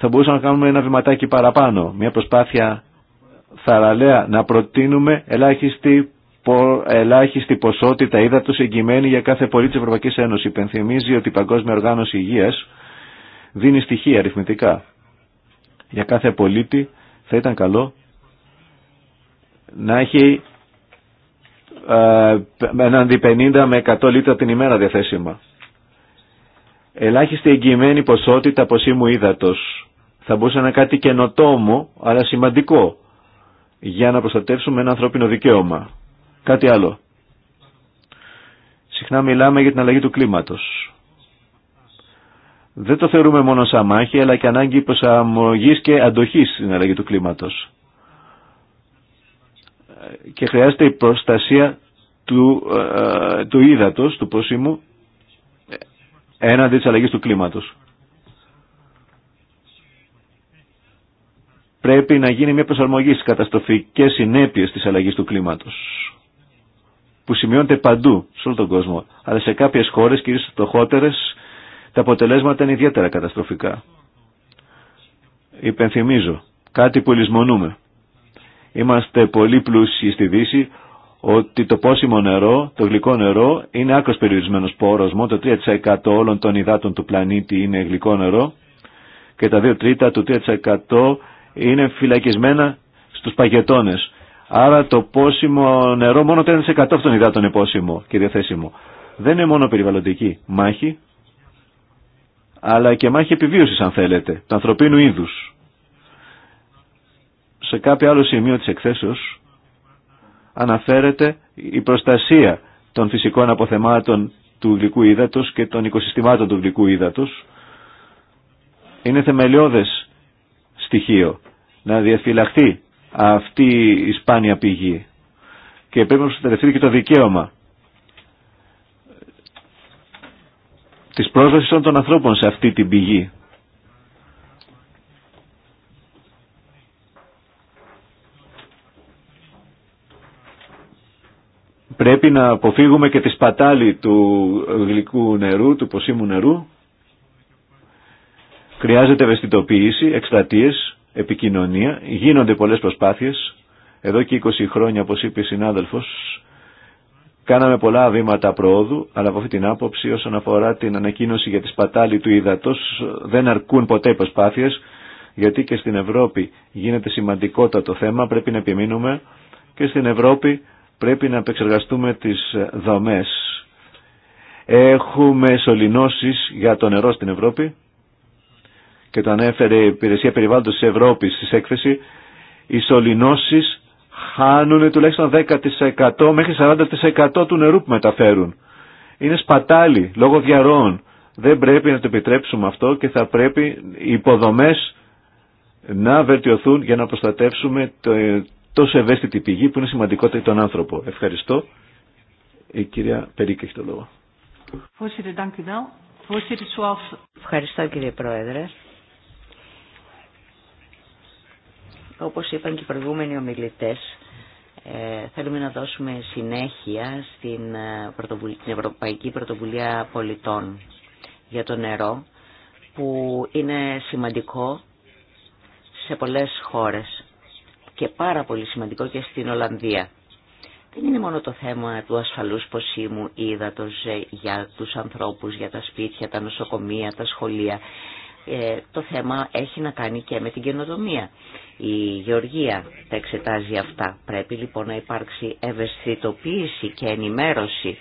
θα μπορούσαμε να κάνουμε ένα βηματάκι παραπάνω, μια προσπάθεια θαραλέα να προτείνουμε ελάχιστη, ελάχιστη ποσότητα ύδατος εγκυμένη για κάθε πολίτη της Ευρωπαϊκής Ένωσης. Υπενθυμίζει ότι η Παγκόσμια Οργάνωση Υγείας δίνει στοιχεία αριθμητικά. Για κάθε πολίτη θα ήταν καλό να έχει ε, έναντι 50 με 100 λίτρα την ημέρα διαθέσιμα. Ελάχιστη εγγυημένη ποσότητα ποσίμου ύδατος θα μπορούσε να είναι κάτι καινοτόμο, αλλά σημαντικό, για να προστατεύσουμε ένα ανθρώπινο δικαίωμα. Κάτι άλλο. Συχνά μιλάμε για την αλλαγή του κλίματος. Δεν το θεωρούμε μόνο σαν μάχη, αλλά και ανάγκη προσαρμογής και αντοχής στην αλλαγή του κλίματος. Και χρειάζεται η προστασία του, ε, ε, του ύδατος, του πόσιμου, ε, έναντι της αλλαγής του κλίματος. πρέπει να γίνει μια προσαρμογή στις καταστροφικές συνέπειες της αλλαγής του κλίματος που σημειώνεται παντού σε όλο τον κόσμο αλλά σε κάποιες χώρες, κυρίως στις τα αποτελέσματα είναι ιδιαίτερα καταστροφικά υπενθυμίζω κάτι που λησμονούμε είμαστε πολύ πλούσιοι στη Δύση ότι το πόσιμο νερό, το γλυκό νερό είναι άκρος περιορισμένος πόρος μόνο το 3% όλων των υδάτων του πλανήτη είναι γλυκό νερό και τα 2 τρίτα του 3% είναι φυλακισμένα στους παγετώνες. Άρα το πόσιμο νερό, μόνο 4% αυτών των υδάτων είναι πόσιμο και διαθέσιμο. Δεν είναι μόνο περιβαλλοντική μάχη, αλλά και μάχη επιβίωσης αν θέλετε, του ανθρωπίνου είδους. Σε κάποιο άλλο σημείο της εκθέσεως αναφέρεται η προστασία των φυσικών αποθεμάτων του γλυκού ύδατος και των οικοσυστημάτων του γλυκού ύδατος. Είναι θεμελιώδες να διαφυλαχθεί αυτή η σπάνια πηγή. Και πρέπει να προστατευτεί και το δικαίωμα της πρόσβασης των ανθρώπων σε αυτή την πηγή. Πρέπει να αποφύγουμε και τη σπατάλη του γλυκού νερού, του ποσίμου νερού, Χρειάζεται ευαισθητοποίηση, εκστατείες, επικοινωνία. Γίνονται πολλές προσπάθειες. Εδώ και 20 χρόνια, όπως είπε η συνάδελφος, κάναμε πολλά βήματα προόδου, αλλά από αυτή την άποψη όσον αφορά την ανακοίνωση για τη σπατάλη του ύδατος δεν αρκούν ποτέ οι προσπάθειες, γιατί και στην Ευρώπη γίνεται σημαντικότατο θέμα, πρέπει να επιμείνουμε και στην Ευρώπη πρέπει να επεξεργαστούμε τις δομές. Έχουμε σωληνώσεις για το νερό στην Ευρώπη, και το ανέφερε η Υπηρεσία Περιβάλλοντος της Ευρώπης στη έκθεση, οι σωληνώσεις χάνουν τουλάχιστον 10% μέχρι 40% του νερού που μεταφέρουν. Είναι σπατάλι λόγω διαρροών. Δεν πρέπει να το επιτρέψουμε αυτό και θα πρέπει οι υποδομές να βελτιωθούν για να προστατεύσουμε τόσο ευαίσθητη πηγή που είναι σημαντικότερη τον άνθρωπο. Ευχαριστώ. Η κυρία Περίκη έχει το λόγο. Ευχαριστώ κύριε Πρόεδρε. Όπως είπαν και οι προηγούμενοι ομιλητές, ε, θέλουμε να δώσουμε συνέχεια στην, ε, Ευρωπαϊκή Πρωτοβουλία Πολιτών για το νερό, που είναι σημαντικό σε πολλές χώρες και πάρα πολύ σημαντικό και στην Ολλανδία. Δεν είναι μόνο το θέμα του ασφαλούς ποσίμου ύδατος ε, για τους ανθρώπους, για τα σπίτια, τα νοσοκομεία, τα σχολεία. Ε, το θέμα έχει να κάνει και με την καινοτομία. Η Γεωργία τα εξετάζει αυτά. Πρέπει λοιπόν να υπάρξει ευαισθητοποίηση και ενημέρωση.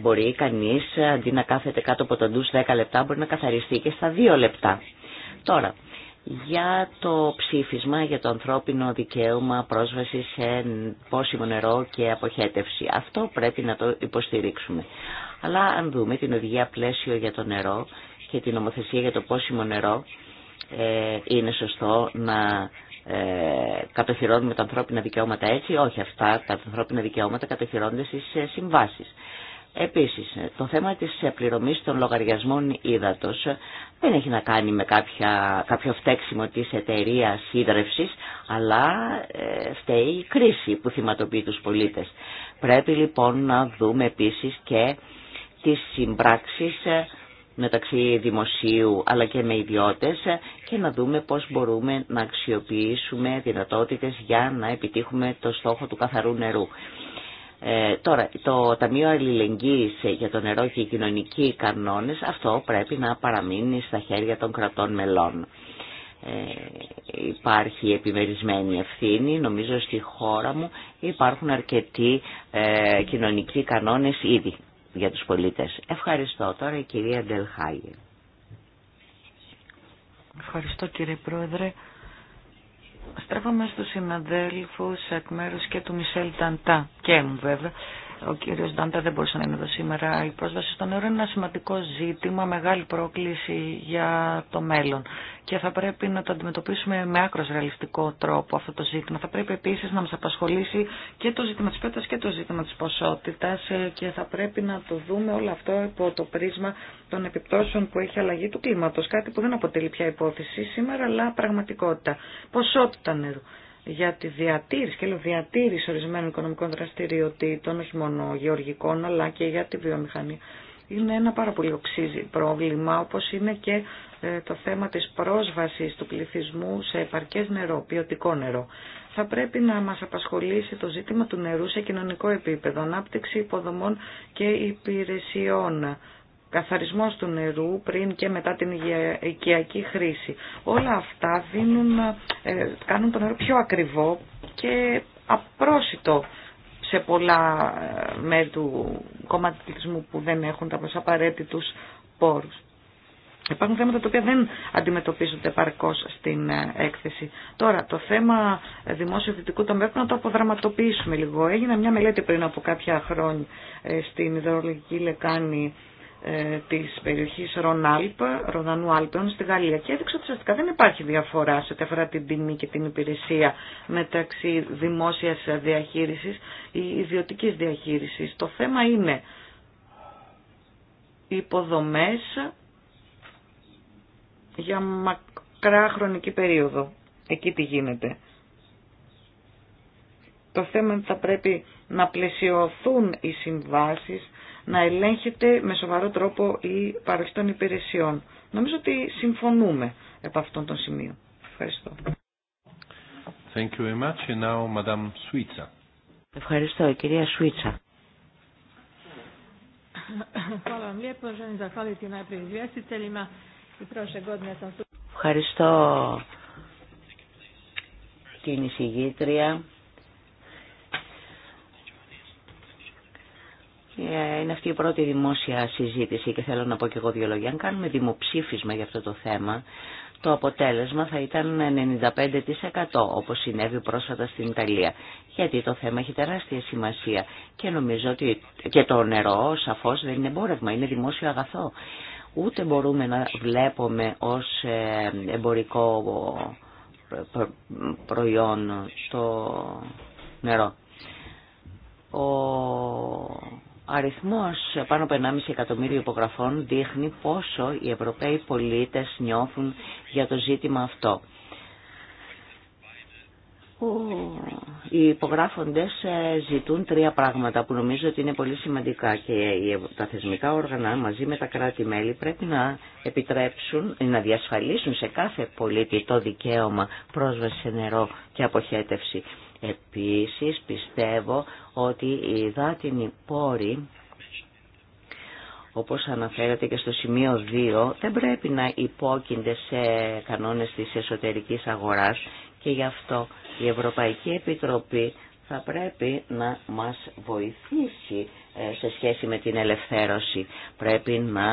Μπορεί κανείς αντί να κάθεται κάτω από τον ντους 10 λεπτά μπορεί να καθαριστεί και στα 2 λεπτά. Τώρα, για το ψήφισμα για το ανθρώπινο δικαίωμα πρόσβαση σε πόσιμο νερό και αποχέτευση. Αυτό πρέπει να το υποστηρίξουμε. Αλλά αν δούμε την οδηγία πλαίσιο για το νερό, και την νομοθεσία για το πόσιμο νερό ε, είναι σωστό να ε, κατοχυρώνουμε τα ανθρώπινα δικαιώματα έτσι. Όχι, αυτά τα ανθρώπινα δικαιώματα κατοχυρώνονται στις ε, συμβάσεις. Επίσης, το θέμα της πληρωμής των λογαριασμών ύδατος δεν έχει να κάνει με κάποια, κάποιο φταίξιμο της εταιρεία ίδρευσης, αλλά ε, φταίει η κρίση που θυματοποιεί τους πολίτες. Πρέπει λοιπόν να δούμε επίσης και τις συμπράξεις μεταξύ δημοσίου αλλά και με ιδιώτες και να δούμε πώς μπορούμε να αξιοποιήσουμε δυνατότητες για να επιτύχουμε το στόχο του καθαρού νερού. Ε, τώρα, το Ταμείο Αλληλεγγύης για το νερό και οι κοινωνικοί κανόνες, αυτό πρέπει να παραμείνει στα χέρια των κρατών μελών. Ε, υπάρχει επιμερισμένη ευθύνη. Νομίζω στη χώρα μου υπάρχουν αρκετοί ε, κοινωνικοί κανόνες ήδη για τους πολίτες. Ευχαριστώ τώρα η κυρία Ντελχάγη. Ευχαριστώ κύριε Πρόεδρε. Στρέφομαι στους συναδέλφους εκ μέρους και του Μισελ Ταντά και μου βέβαια ο κύριος Ντάντα δεν μπορούσε να είναι εδώ σήμερα. Η πρόσβαση στο νερό είναι ένα σημαντικό ζήτημα, μεγάλη πρόκληση για το μέλλον. Και θα πρέπει να το αντιμετωπίσουμε με άκρο ρεαλιστικό τρόπο αυτό το ζήτημα. Θα πρέπει επίση να μα απασχολήσει και το ζήτημα τη πέτρας και το ζήτημα τη ποσότητα, και θα πρέπει να το δούμε όλο αυτό υπό το πρίσμα των επιπτώσεων που έχει αλλαγή του κλίματο. Κάτι που δεν αποτελεί πια υπόθεση σήμερα, αλλά πραγματικότητα. Ποσότητα νερού για τη διατήρηση και λέω διατήρηση ορισμένων οικονομικών δραστηριοτήτων, όχι μόνο γεωργικών αλλά και για τη βιομηχανία. Είναι ένα πάρα πολύ οξύ πρόβλημα, όπως είναι και ε, το θέμα της πρόσβασης του πληθυσμού σε επαρκές νερό, ποιοτικό νερό. Θα πρέπει να μας απασχολήσει το ζήτημα του νερού σε κοινωνικό επίπεδο, ανάπτυξη υποδομών και υπηρεσιών καθαρισμός του νερού πριν και μετά την οικιακή χρήση. Όλα αυτά δίνουν, ε, κάνουν το νερό πιο ακριβό και απρόσιτο σε πολλά ε, μέρη του κομματισμού που δεν έχουν τα απαραίτητου πόρους. Υπάρχουν θέματα τα οποία δεν αντιμετωπίζονται παρκώ στην ε, έκθεση. Τώρα, το θέμα δημόσιο δυτικού τομέα πρέπει να το αποδραματοποιήσουμε λίγο. Έγινε μια μελέτη πριν από κάποια χρόνια στην Ιδεολογική λεκάνη ε, της περιοχής Ρονάλπ, Ροδανού Άλπαιων στη Γαλλία και έδειξε ότι ουσιαστικά δεν υπάρχει διαφορά σε ό,τι την τιμή και την υπηρεσία μεταξύ δημόσιας διαχείρισης ή ιδιωτικής διαχείρισης. Το θέμα είναι οι υποδομές για μακρά χρονική περίοδο. Εκεί τι γίνεται. Το θέμα είναι ότι θα πρέπει να πλαισιωθούν οι συμβάσεις να ελέγχεται με σοβαρό τρόπο η παροχή των υπηρεσιών. Νομίζω ότι συμφωνούμε από αυτόν τον σημείο. Ευχαριστώ. Thank you very much. And now, Madam Switza. Ευχαριστώ, κυρία Σουίτσα. Ευχαριστώ την εισηγήτρια. Ε, είναι αυτή η πρώτη δημόσια συζήτηση και θέλω να πω και εγώ δύο λόγια. Αν κάνουμε δημοψήφισμα για αυτό το θέμα, το αποτέλεσμα θα ήταν 95% όπως συνέβη πρόσφατα στην Ιταλία. Γιατί το θέμα έχει τεράστια σημασία και νομίζω ότι και το νερό σαφώς δεν είναι εμπόρευμα, είναι δημόσιο αγαθό. Ούτε μπορούμε να βλέπουμε ως ε, εμπορικό ε, προϊόν το νερό. Ο αριθμός πάνω από 1,5 εκατομμύριο υπογραφών δείχνει πόσο οι Ευρωπαίοι πολίτες νιώθουν για το ζήτημα αυτό. Οι υπογράφοντες ε, ζητούν τρία πράγματα που νομίζω ότι είναι πολύ σημαντικά και τα θεσμικά όργανα μαζί με τα κράτη-μέλη πρέπει να επιτρέψουν, να διασφαλίσουν σε κάθε πολίτη το δικαίωμα πρόσβαση σε νερό και αποχέτευση. Επίσης πιστεύω ότι η υδάτινη πόρη, όπως αναφέρεται και στο σημείο 2, δεν πρέπει να υπόκεινται σε κανόνες της εσωτερικής αγοράς και γι' αυτό η Ευρωπαϊκή Επιτροπή θα πρέπει να μας βοηθήσει ε, σε σχέση με την ελευθέρωση. Πρέπει να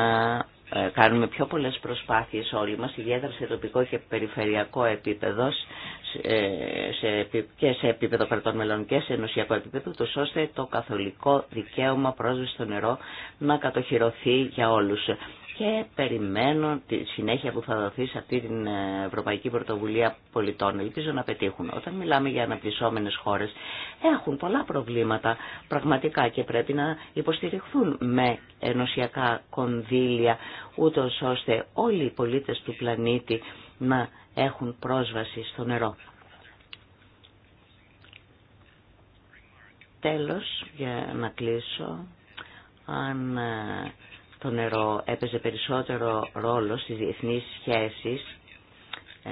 ε, κάνουμε πιο πολλές προσπάθειες όλοι μας, ιδιαίτερα σε τοπικό και περιφερειακό επίπεδο ε, σε, και σε επίπεδο κρατών μελών και σε ενωσιακό επίπεδο, το ώστε το καθολικό δικαίωμα πρόσβαση στο νερό να κατοχυρωθεί για όλους και περιμένω τη συνέχεια που θα δοθεί σε αυτή την ε, Ευρωπαϊκή Πρωτοβουλία Πολιτών. Ελπίζω να πετύχουν. Όταν μιλάμε για αναπτυσσόμενες χώρες έχουν πολλά προβλήματα πραγματικά και πρέπει να υποστηριχθούν με ενωσιακά κονδύλια ούτω ώστε όλοι οι πολίτες του πλανήτη να έχουν πρόσβαση στο νερό. Τέλος, για να κλείσω, αν ε, το νερό έπαιζε περισσότερο ρόλο στις διεθνείς σχέσεις ε,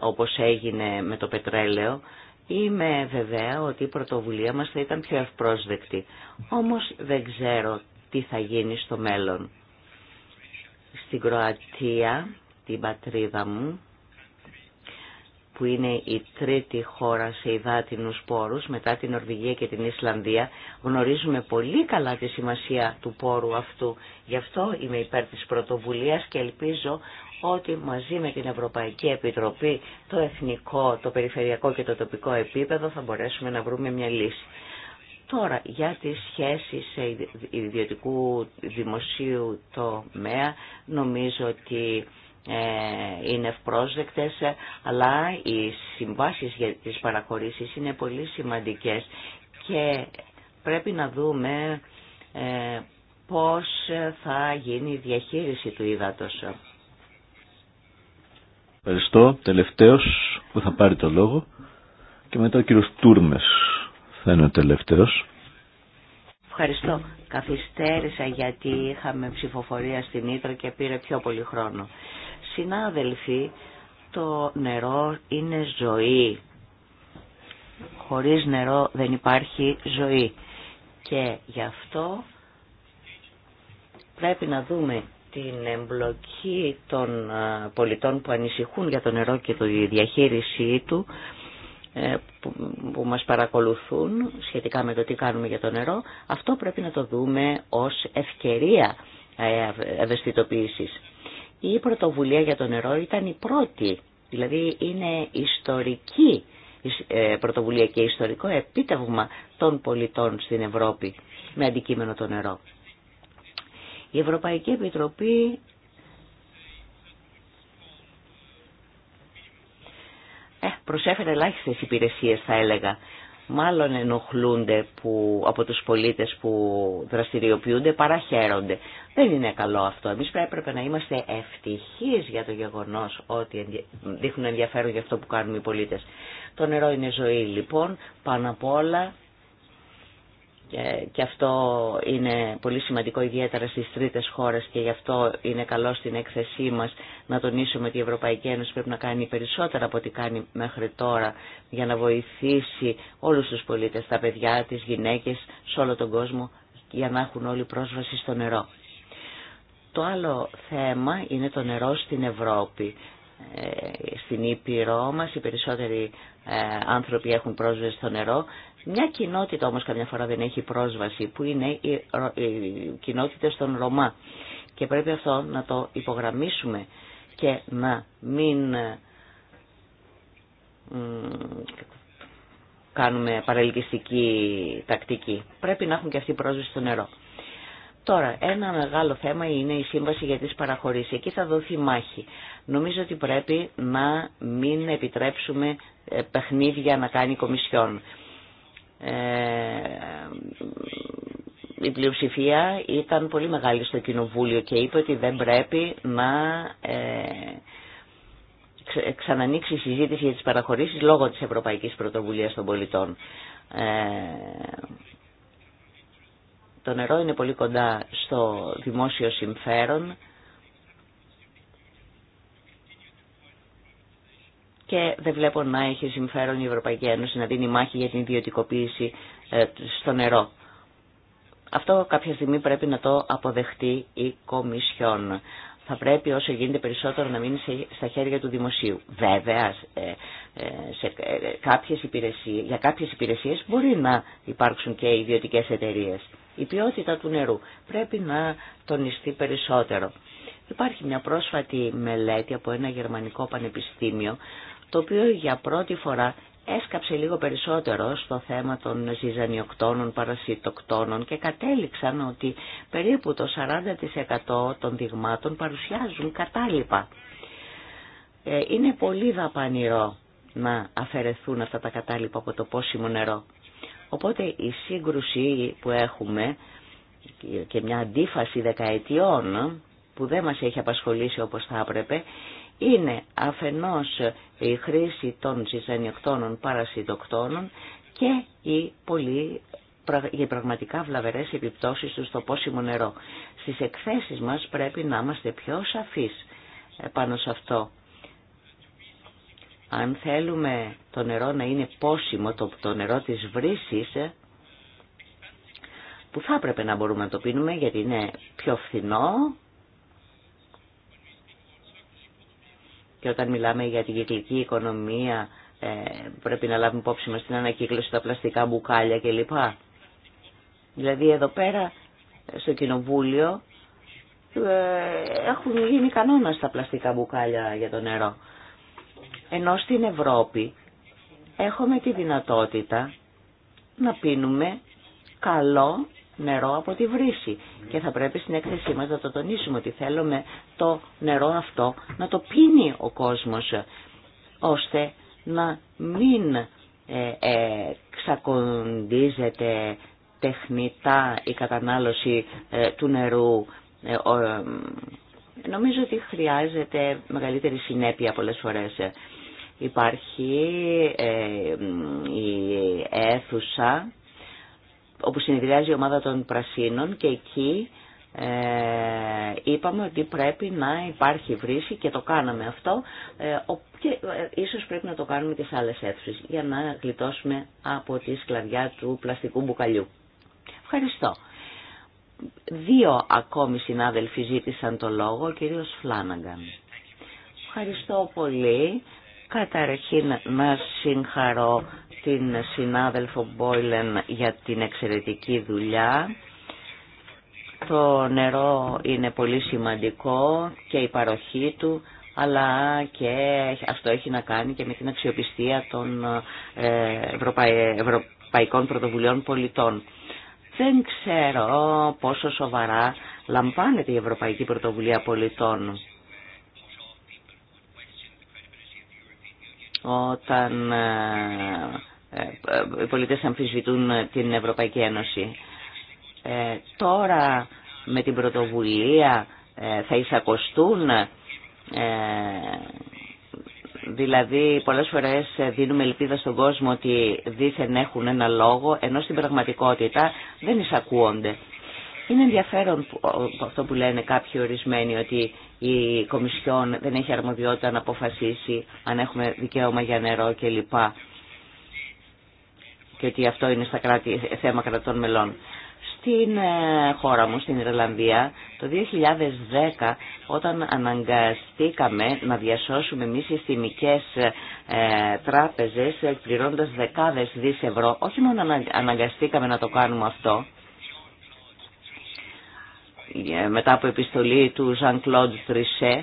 όπως έγινε με το πετρέλαιο είμαι βεβαία ότι η πρωτοβουλία μας θα ήταν πιο ευπρόσδεκτη. Όμως δεν ξέρω τι θα γίνει στο μέλλον. Στην Κροατία, την πατρίδα μου, που είναι η τρίτη χώρα σε υδάτινους πόρους μετά την Νορβηγία και την Ισλανδία. Γνωρίζουμε πολύ καλά τη σημασία του πόρου αυτού. Γι' αυτό είμαι υπέρ της πρωτοβουλίας και ελπίζω ότι μαζί με την Ευρωπαϊκή Επιτροπή το εθνικό, το περιφερειακό και το τοπικό επίπεδο θα μπορέσουμε να βρούμε μια λύση. Τώρα, για τις σε ιδιωτικού δημοσίου τομέα, νομίζω ότι ε, είναι ευπρόσδεκτες, αλλά οι συμβάσεις για τις παραχωρήσεις είναι πολύ σημαντικές και πρέπει να δούμε ε, πώς θα γίνει η διαχείριση του ύδατος. Ευχαριστώ. Τελευταίος που θα πάρει το λόγο και μετά ο κύριος Τούρμες θα είναι ο τελευταίος. Ευχαριστώ. Καθυστέρησα γιατί είχαμε ψηφοφορία στην Ήτρα και πήρε πιο πολύ χρόνο. Συνάδελφοι, το νερό είναι ζωή. Χωρίς νερό δεν υπάρχει ζωή. Και γι' αυτό πρέπει να δούμε την εμπλοκή των πολιτών που ανησυχούν για το νερό και τη διαχείρισή του ε, που μας παρακολουθούν σχετικά με το τι κάνουμε για το νερό αυτό πρέπει να το δούμε ως ευκαιρία ε, ευαισθητοποίησης η πρωτοβουλία για το νερό ήταν η πρώτη, δηλαδή είναι ιστορική ε, πρωτοβουλία και ιστορικό επίτευγμα των πολιτών στην Ευρώπη με αντικείμενο το νερό. Η Ευρωπαϊκή Επιτροπή ε, προσέφερε ελάχιστες υπηρεσίες θα έλεγα μάλλον ενοχλούνται που, από τους πολίτες που δραστηριοποιούνται παρά χαίρονται. Δεν είναι καλό αυτό. Εμείς πρέπει να είμαστε ευτυχείς για το γεγονός ότι δείχνουν ενδιαφέρον για αυτό που κάνουν οι πολίτες. Το νερό είναι ζωή λοιπόν, πάνω απ' όλα και αυτό είναι πολύ σημαντικό ιδιαίτερα στις τρίτες χώρες και γι' αυτό είναι καλό στην έκθεσή μας να τονίσουμε ότι η Ευρωπαϊκή Ένωση πρέπει να κάνει περισσότερα από ό,τι κάνει μέχρι τώρα για να βοηθήσει όλους τους πολίτες, τα παιδιά, τις γυναίκες, σε όλο τον κόσμο για να έχουν όλοι πρόσβαση στο νερό. Το άλλο θέμα είναι το νερό στην Ευρώπη. Ε, στην Ήπειρό μας οι περισσότεροι ε, άνθρωποι έχουν πρόσβαση στο νερό μια κοινότητα όμως καμιά φορά δεν έχει πρόσβαση που είναι οι κοινότητε των Ρωμά και πρέπει αυτό να το υπογραμμίσουμε και να μην ε, κάνουμε παρελκυστική τακτική. Πρέπει να έχουν και αυτή πρόσβαση στο νερό. Τώρα, ένα μεγάλο θέμα είναι η σύμβαση για τις παραχωρήσεις. Εκεί θα δοθεί μάχη. Νομίζω ότι πρέπει να μην επιτρέψουμε ε, παιχνίδια να κάνει Κομισιόν. Ε, η πλειοψηφία ήταν πολύ μεγάλη στο Κοινοβούλιο και είπε ότι δεν πρέπει να ε, ξανανοίξει η συζήτηση για τις παραχωρήσεις λόγω της Ευρωπαϊκής Πρωτοβουλίας των Πολιτών. Ε, το νερό είναι πολύ κοντά στο δημόσιο συμφέρον και δεν βλέπω να έχει συμφέρον η Ευρωπαϊκή Ένωση να δίνει μάχη για την ιδιωτικοποίηση ε, στο νερό. Αυτό κάποια στιγμή πρέπει να το αποδεχτεί η Κομισιόν. Θα πρέπει όσο γίνεται περισσότερο να μείνει στα χέρια του δημοσίου. Βέβαια, ε, ε, σε κάποιες υπηρεσίες, για κάποιες υπηρεσίες μπορεί να υπάρξουν και ιδιωτικές εταιρείες. Η ποιότητα του νερού πρέπει να τονιστεί περισσότερο. Υπάρχει μια πρόσφατη μελέτη από ένα γερμανικό πανεπιστήμιο το οποίο για πρώτη φορά έσκαψε λίγο περισσότερο στο θέμα των ζυζανιοκτώνων, παρασιτοκτώνων και κατέληξαν ότι περίπου το 40% των δειγμάτων παρουσιάζουν κατάλοιπα. Ε, είναι πολύ δαπανηρό να αφαιρεθούν αυτά τα κατάλοιπα από το πόσιμο νερό. Οπότε η σύγκρουση που έχουμε και μια αντίφαση δεκαετιών που δεν μας έχει απασχολήσει όπως θα έπρεπε είναι αφενός η χρήση των ζυζανιοκτώνων παρασυντοκτώνων και οι πολύ για πραγματικά βλαβερές επιπτώσεις του στο πόσιμο νερό. Στις εκθέσεις μας πρέπει να είμαστε πιο σαφείς πάνω σε αυτό. Αν θέλουμε το νερό να είναι πόσιμο, το, το νερό της βρύσης, που θα έπρεπε να μπορούμε να το πίνουμε γιατί είναι πιο φθηνό Και όταν μιλάμε για την κυκλική οικονομία ε, πρέπει να λάβουμε υπόψη μας την ανακύκλωση, τα πλαστικά μπουκάλια κλπ. Δηλαδή εδώ πέρα στο κοινοβούλιο ε, έχουν γίνει κανόνα τα πλαστικά μπουκάλια για το νερό. Ενώ στην Ευρώπη έχουμε τη δυνατότητα να πίνουμε καλό νερό από τη βρύση και θα πρέπει στην έκθεσή μας να το τονίσουμε ότι θέλουμε το νερό αυτό να το πίνει ο κόσμος ώστε να μην ε, ε, ξακοντίζεται τεχνητά η κατανάλωση ε, του νερού. Ε, ε, νομίζω ότι χρειάζεται μεγαλύτερη συνέπεια πολλές φορές. Υπάρχει ε, η αίθουσα όπου συνεδριάζει η ομάδα των Πρασίνων και εκεί ε, είπαμε ότι πρέπει να υπάρχει βρύση και το κάναμε αυτό ε, και ε, ίσως πρέπει να το κάνουμε και σε άλλες αίθουσες για να γλιτώσουμε από τη σκλαβιά του πλαστικού μπουκαλιού. Ευχαριστώ. Δύο ακόμη συνάδελφοι ζήτησαν το λόγο, ο κύριος Φλάναγκαν. Ευχαριστώ πολύ. Καταρχήν να συγχαρώ την συνάδελφο Μπόιλεν για την εξαιρετική δουλειά. Το νερό είναι πολύ σημαντικό και η παροχή του, αλλά και αυτό έχει να κάνει και με την αξιοπιστία των ε, Ευρωπαϊκών Πρωτοβουλειών Πολιτών. Δεν ξέρω πόσο σοβαρά λαμβάνεται η Ευρωπαϊκή Πρωτοβουλία Πολιτών. Όταν ε, ε, ε, οι πολίτες αμφισβητούν ε, την Ευρωπαϊκή Ένωση. τώρα με την πρωτοβουλία θα εισακοστούν. δηλαδή πολλές φορές δίνουμε ελπίδα στον κόσμο ότι δήθεν έχουν ένα λόγο, ενώ στην πραγματικότητα δεν εισακούονται. Είναι ενδιαφέρον αυτό που λένε κάποιοι ορισμένοι ότι η Κομισιόν δεν έχει αρμοδιότητα να αποφασίσει αν έχουμε δικαίωμα για νερό κλπ γιατί αυτό είναι στα κράτη, θέμα κρατών μελών. Στην ε, χώρα μου, στην Ιρλανδία, το 2010 όταν αναγκαστήκαμε να διασώσουμε μη συστημικές ε, τράπεζες πληρώντας δεκάδες δις ευρώ, όχι μόνο αναγκαστήκαμε να το κάνουμε αυτό, ε, μετά από επιστολή του Jean-Claude Trichet,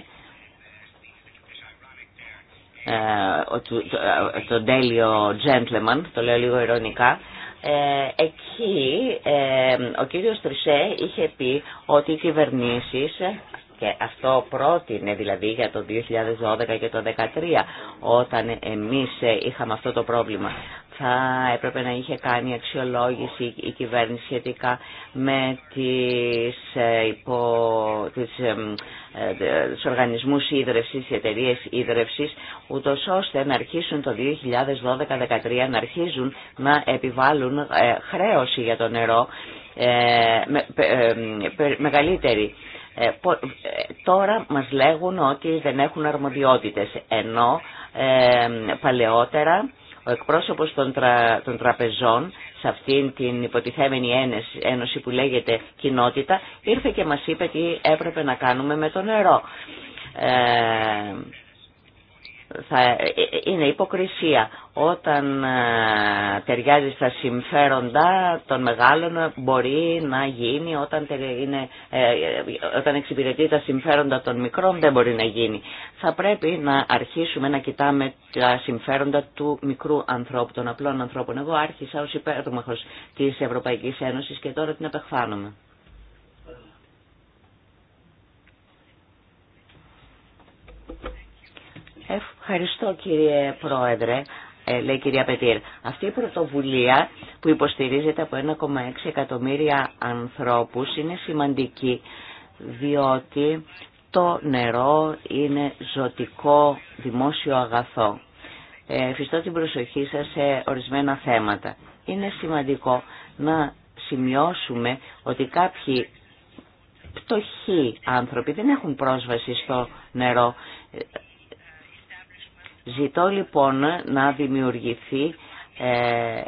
ε, ε, τον τέλειο gentleman, το λέω λίγο ειρωνικά, ε, εκεί ε, ο κύριος Τρισέ είχε πει ότι οι κυβερνήσεις και αυτό πρότεινε δηλαδή για το 2012 και το 2013 όταν εμείς ε, είχαμε αυτό το πρόβλημα θα έπρεπε να είχε κάνει αξιολόγηση η κυβέρνηση σχετικά με τις, ε, υπο, τις, ε, ε, τους οργανισμούς ίδρευσης, οι εταιρείες ίδρευσης, ούτως ώστε να αρχίσουν το 2012-2013 να αρχίζουν να επιβάλλουν χρέωση για το νερό με, μεγαλύτερη. Τώρα μας λέγουν ότι δεν έχουν αρμοδιότητες, ενώ παλαιότερα ο εκπρόσωπος των, τρα, των τραπεζών σε αυτήν την υποτιθέμενη ένωση που λέγεται κοινότητα ήρθε και μας είπε τι έπρεπε να κάνουμε με το νερό. Ε, είναι υποκρισία. Όταν ε, ταιριάζει στα συμφέροντα των μεγάλων μπορεί να γίνει, όταν, είναι, ε, όταν εξυπηρετεί τα συμφέροντα των μικρών δεν μπορεί να γίνει. Θα πρέπει να αρχίσουμε να κοιτάμε τα συμφέροντα του μικρού ανθρώπου, των απλών ανθρώπων. Εγώ άρχισα ως υπέρμαχος της Ευρωπαϊκής Ένωσης και τώρα την απεχθάνομαι. Ευχαριστώ κύριε Πρόεδρε, ε, λέει κυρία Πετήρ. Αυτή η πρωτοβουλία που υποστηρίζεται από 1,6 εκατομμύρια ανθρώπους είναι σημαντική διότι το νερό είναι ζωτικό δημόσιο αγαθό. Ε, φιστώ την προσοχή σας σε ορισμένα θέματα. Είναι σημαντικό να σημειώσουμε ότι κάποιοι πτωχοί άνθρωποι δεν έχουν πρόσβαση στο νερό Ζητώ λοιπόν να δημιουργηθεί ε,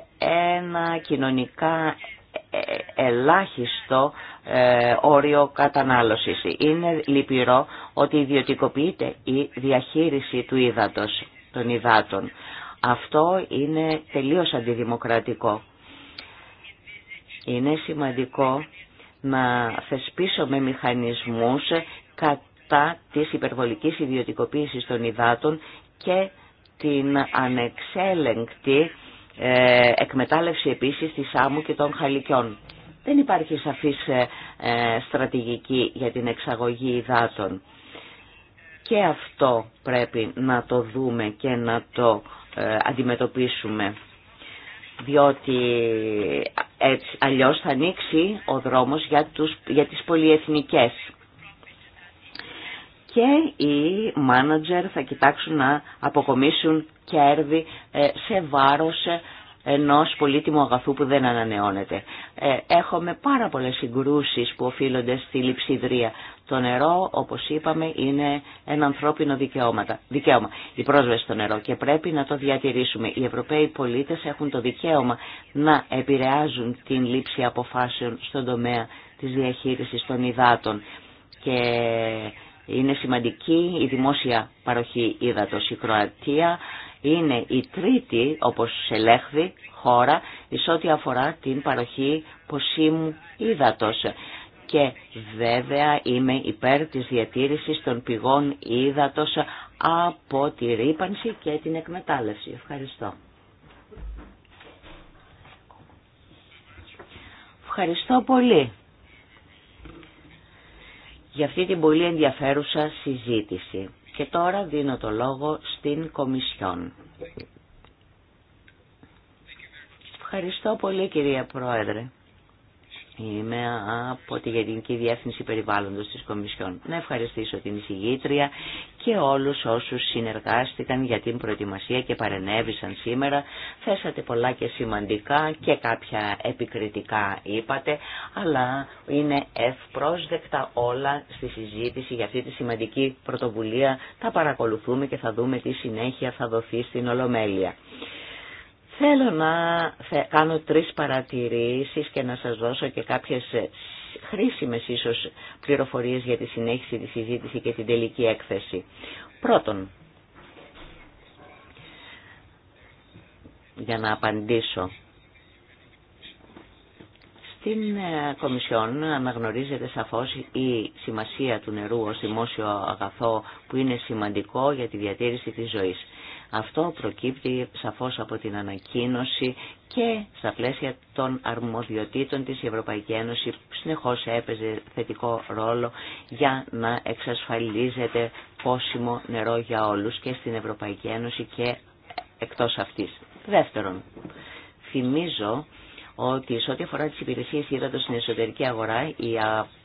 ένα κοινωνικά ε, ελάχιστο ε, όριο κατανάλωσης. Είναι λυπηρό ότι ιδιωτικοποιείται η διαχείριση του ύδατος, των υδάτων. Αυτό είναι τελείως αντιδημοκρατικό. Είναι σημαντικό να θεσπίσουμε μηχανισμούς κατά της υπερβολικής ιδιωτικοποίησης των υδάτων και την ανεξέλεγκτη ε, εκμετάλλευση επίσης της άμμου και των χαλικιών. Δεν υπάρχει σαφής ε, ε, στρατηγική για την εξαγωγή υδάτων. Και αυτό πρέπει να το δούμε και να το αντιμετωπίσουμε. Διότι έτσι, αλλιώς θα ανοίξει ο δρόμος για, τους, για τις πολυεθνικές και οι μάνατζερ θα κοιτάξουν να αποκομίσουν κέρδη ε, σε βάρος ε, ενός πολύτιμου αγαθού που δεν ανανεώνεται. Ε, έχουμε πάρα πολλές συγκρούσεις που οφείλονται στη λειψιδρία. Το νερό, όπως είπαμε, είναι ένα ανθρώπινο δικαίωμα. Η πρόσβαση στο νερό και πρέπει να το διατηρήσουμε. Οι Ευρωπαίοι πολίτες έχουν το δικαίωμα να επηρεάζουν την λήψη αποφάσεων στον τομέα της διαχείρισης των υδάτων. Και είναι σημαντική η δημόσια παροχή ύδατος. Η Κροατία είναι η τρίτη, όπως ελέγχθη, χώρα εις ό,τι αφορά την παροχή ποσίμου ύδατος. Και βέβαια είμαι υπέρ της διατήρησης των πηγών ύδατος από τη ρήπανση και την εκμετάλλευση. Ευχαριστώ. Ευχαριστώ πολύ για αυτή την πολύ ενδιαφέρουσα συζήτηση. Και τώρα δίνω το λόγο στην Κομισιόν. Ευχαριστώ πολύ κυρία Πρόεδρε. Είμαι από τη Γενική Διεύθυνση Περιβάλλοντος της Κομισιόν. Να ευχαριστήσω την εισηγήτρια και όλους όσους συνεργάστηκαν για την προετοιμασία και παρενέβησαν σήμερα. Θέσατε πολλά και σημαντικά και κάποια επικριτικά είπατε, αλλά είναι ευπρόσδεκτα όλα στη συζήτηση για αυτή τη σημαντική πρωτοβουλία. Θα παρακολουθούμε και θα δούμε τι συνέχεια θα δοθεί στην Ολομέλεια. Θέλω να κάνω τρεις παρατηρήσεις και να σας δώσω και κάποιες ε, χρήσιμες ίσως πληροφορίες για τη συνέχιση της συζήτηση και την τελική έκθεση. Πρώτον, για να απαντήσω. Στην ε, Κομισιόν αναγνωρίζεται σαφώς η σημασία του νερού ως δημόσιο αγαθό που είναι σημαντικό για τη διατήρηση της ζωής. Αυτό προκύπτει σαφώς από την ανακοίνωση και στα πλαίσια των αρμοδιοτήτων της Ευρωπαϊκή Ένωση που συνεχώς έπαιζε θετικό ρόλο για να εξασφαλίζεται πόσιμο νερό για όλους και στην Ευρωπαϊκή Ένωση και εκτός αυτής. Δεύτερον, θυμίζω ότι σε ό,τι αφορά τις υπηρεσίες ύδατος στην εσωτερική αγορά η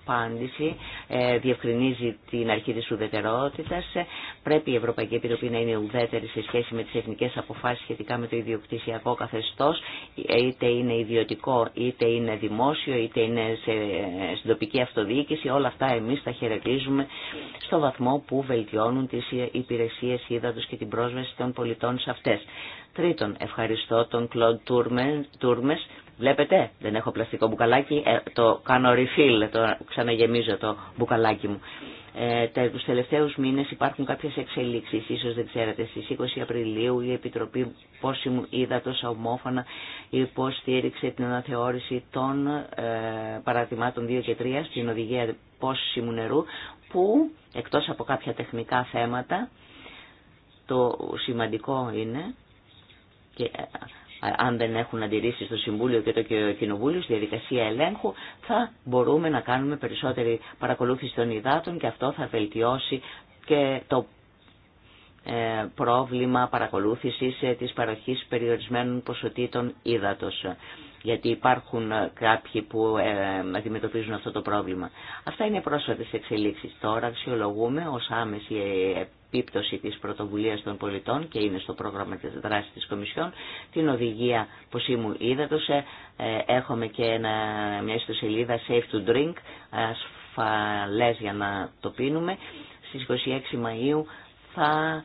απάντηση ε, διευκρινίζει την αρχή της ουδετερότητας. Ε, πρέπει η Ευρωπαϊκή Επιτροπή να είναι ουδέτερη σε σχέση με τις εθνικές αποφάσεις σχετικά με το ιδιοκτησιακό καθεστώς, είτε είναι ιδιωτικό, είτε είναι δημόσιο, είτε είναι σε, ε, στην τοπική αυτοδιοίκηση. Όλα αυτά εμείς τα χαιρετίζουμε στο βαθμό που βελτιώνουν τις υπηρεσίες ύδατος και την πρόσβαση των πολιτών σε αυτές. Τρίτον, ευχαριστώ τον Κλοντ Τούρμες Βλέπετε, δεν έχω πλαστικό μπουκαλάκι, ε, το κάνω refill, το ξαναγεμίζω το μπουκαλάκι μου. Ε, τους τελευταίους μήνες υπάρχουν κάποιες εξελίξεις, ίσως δεν ξέρετε, στις 20 Απριλίου η Επιτροπή πώς μου είδα τόσα ομόφωνα υποστήριξε την αναθεώρηση των ε, παρατημάτων 2 και 3 στην οδηγία πόσιμου νερού που εκτός από κάποια τεχνικά θέματα το σημαντικό είναι ε, αν δεν έχουν αντιρρήσει στο Συμβούλιο και το Κοινοβούλιο στη διαδικασία ελέγχου, θα μπορούμε να κάνουμε περισσότερη παρακολούθηση των υδάτων και αυτό θα βελτιώσει και το ε, πρόβλημα παρακολούθησης ε, της παροχής περιορισμένων ποσοτήτων ύδατος γιατί υπάρχουν ε, κάποιοι που ε, αντιμετωπίζουν αυτό το πρόβλημα. Αυτά είναι πρόσφατες εξελίξεις. Τώρα αξιολογούμε ως άμεση επίπτωση της πρωτοβουλίας των πολιτών και είναι στο πρόγραμμα της δράσης της Κομισιόν την οδηγία που σήμου ε, ε, Έχουμε και ένα, μια ιστοσελίδα Safe to Drink, ασφαλές για να το πίνουμε. Στις 26 Μαΐου θα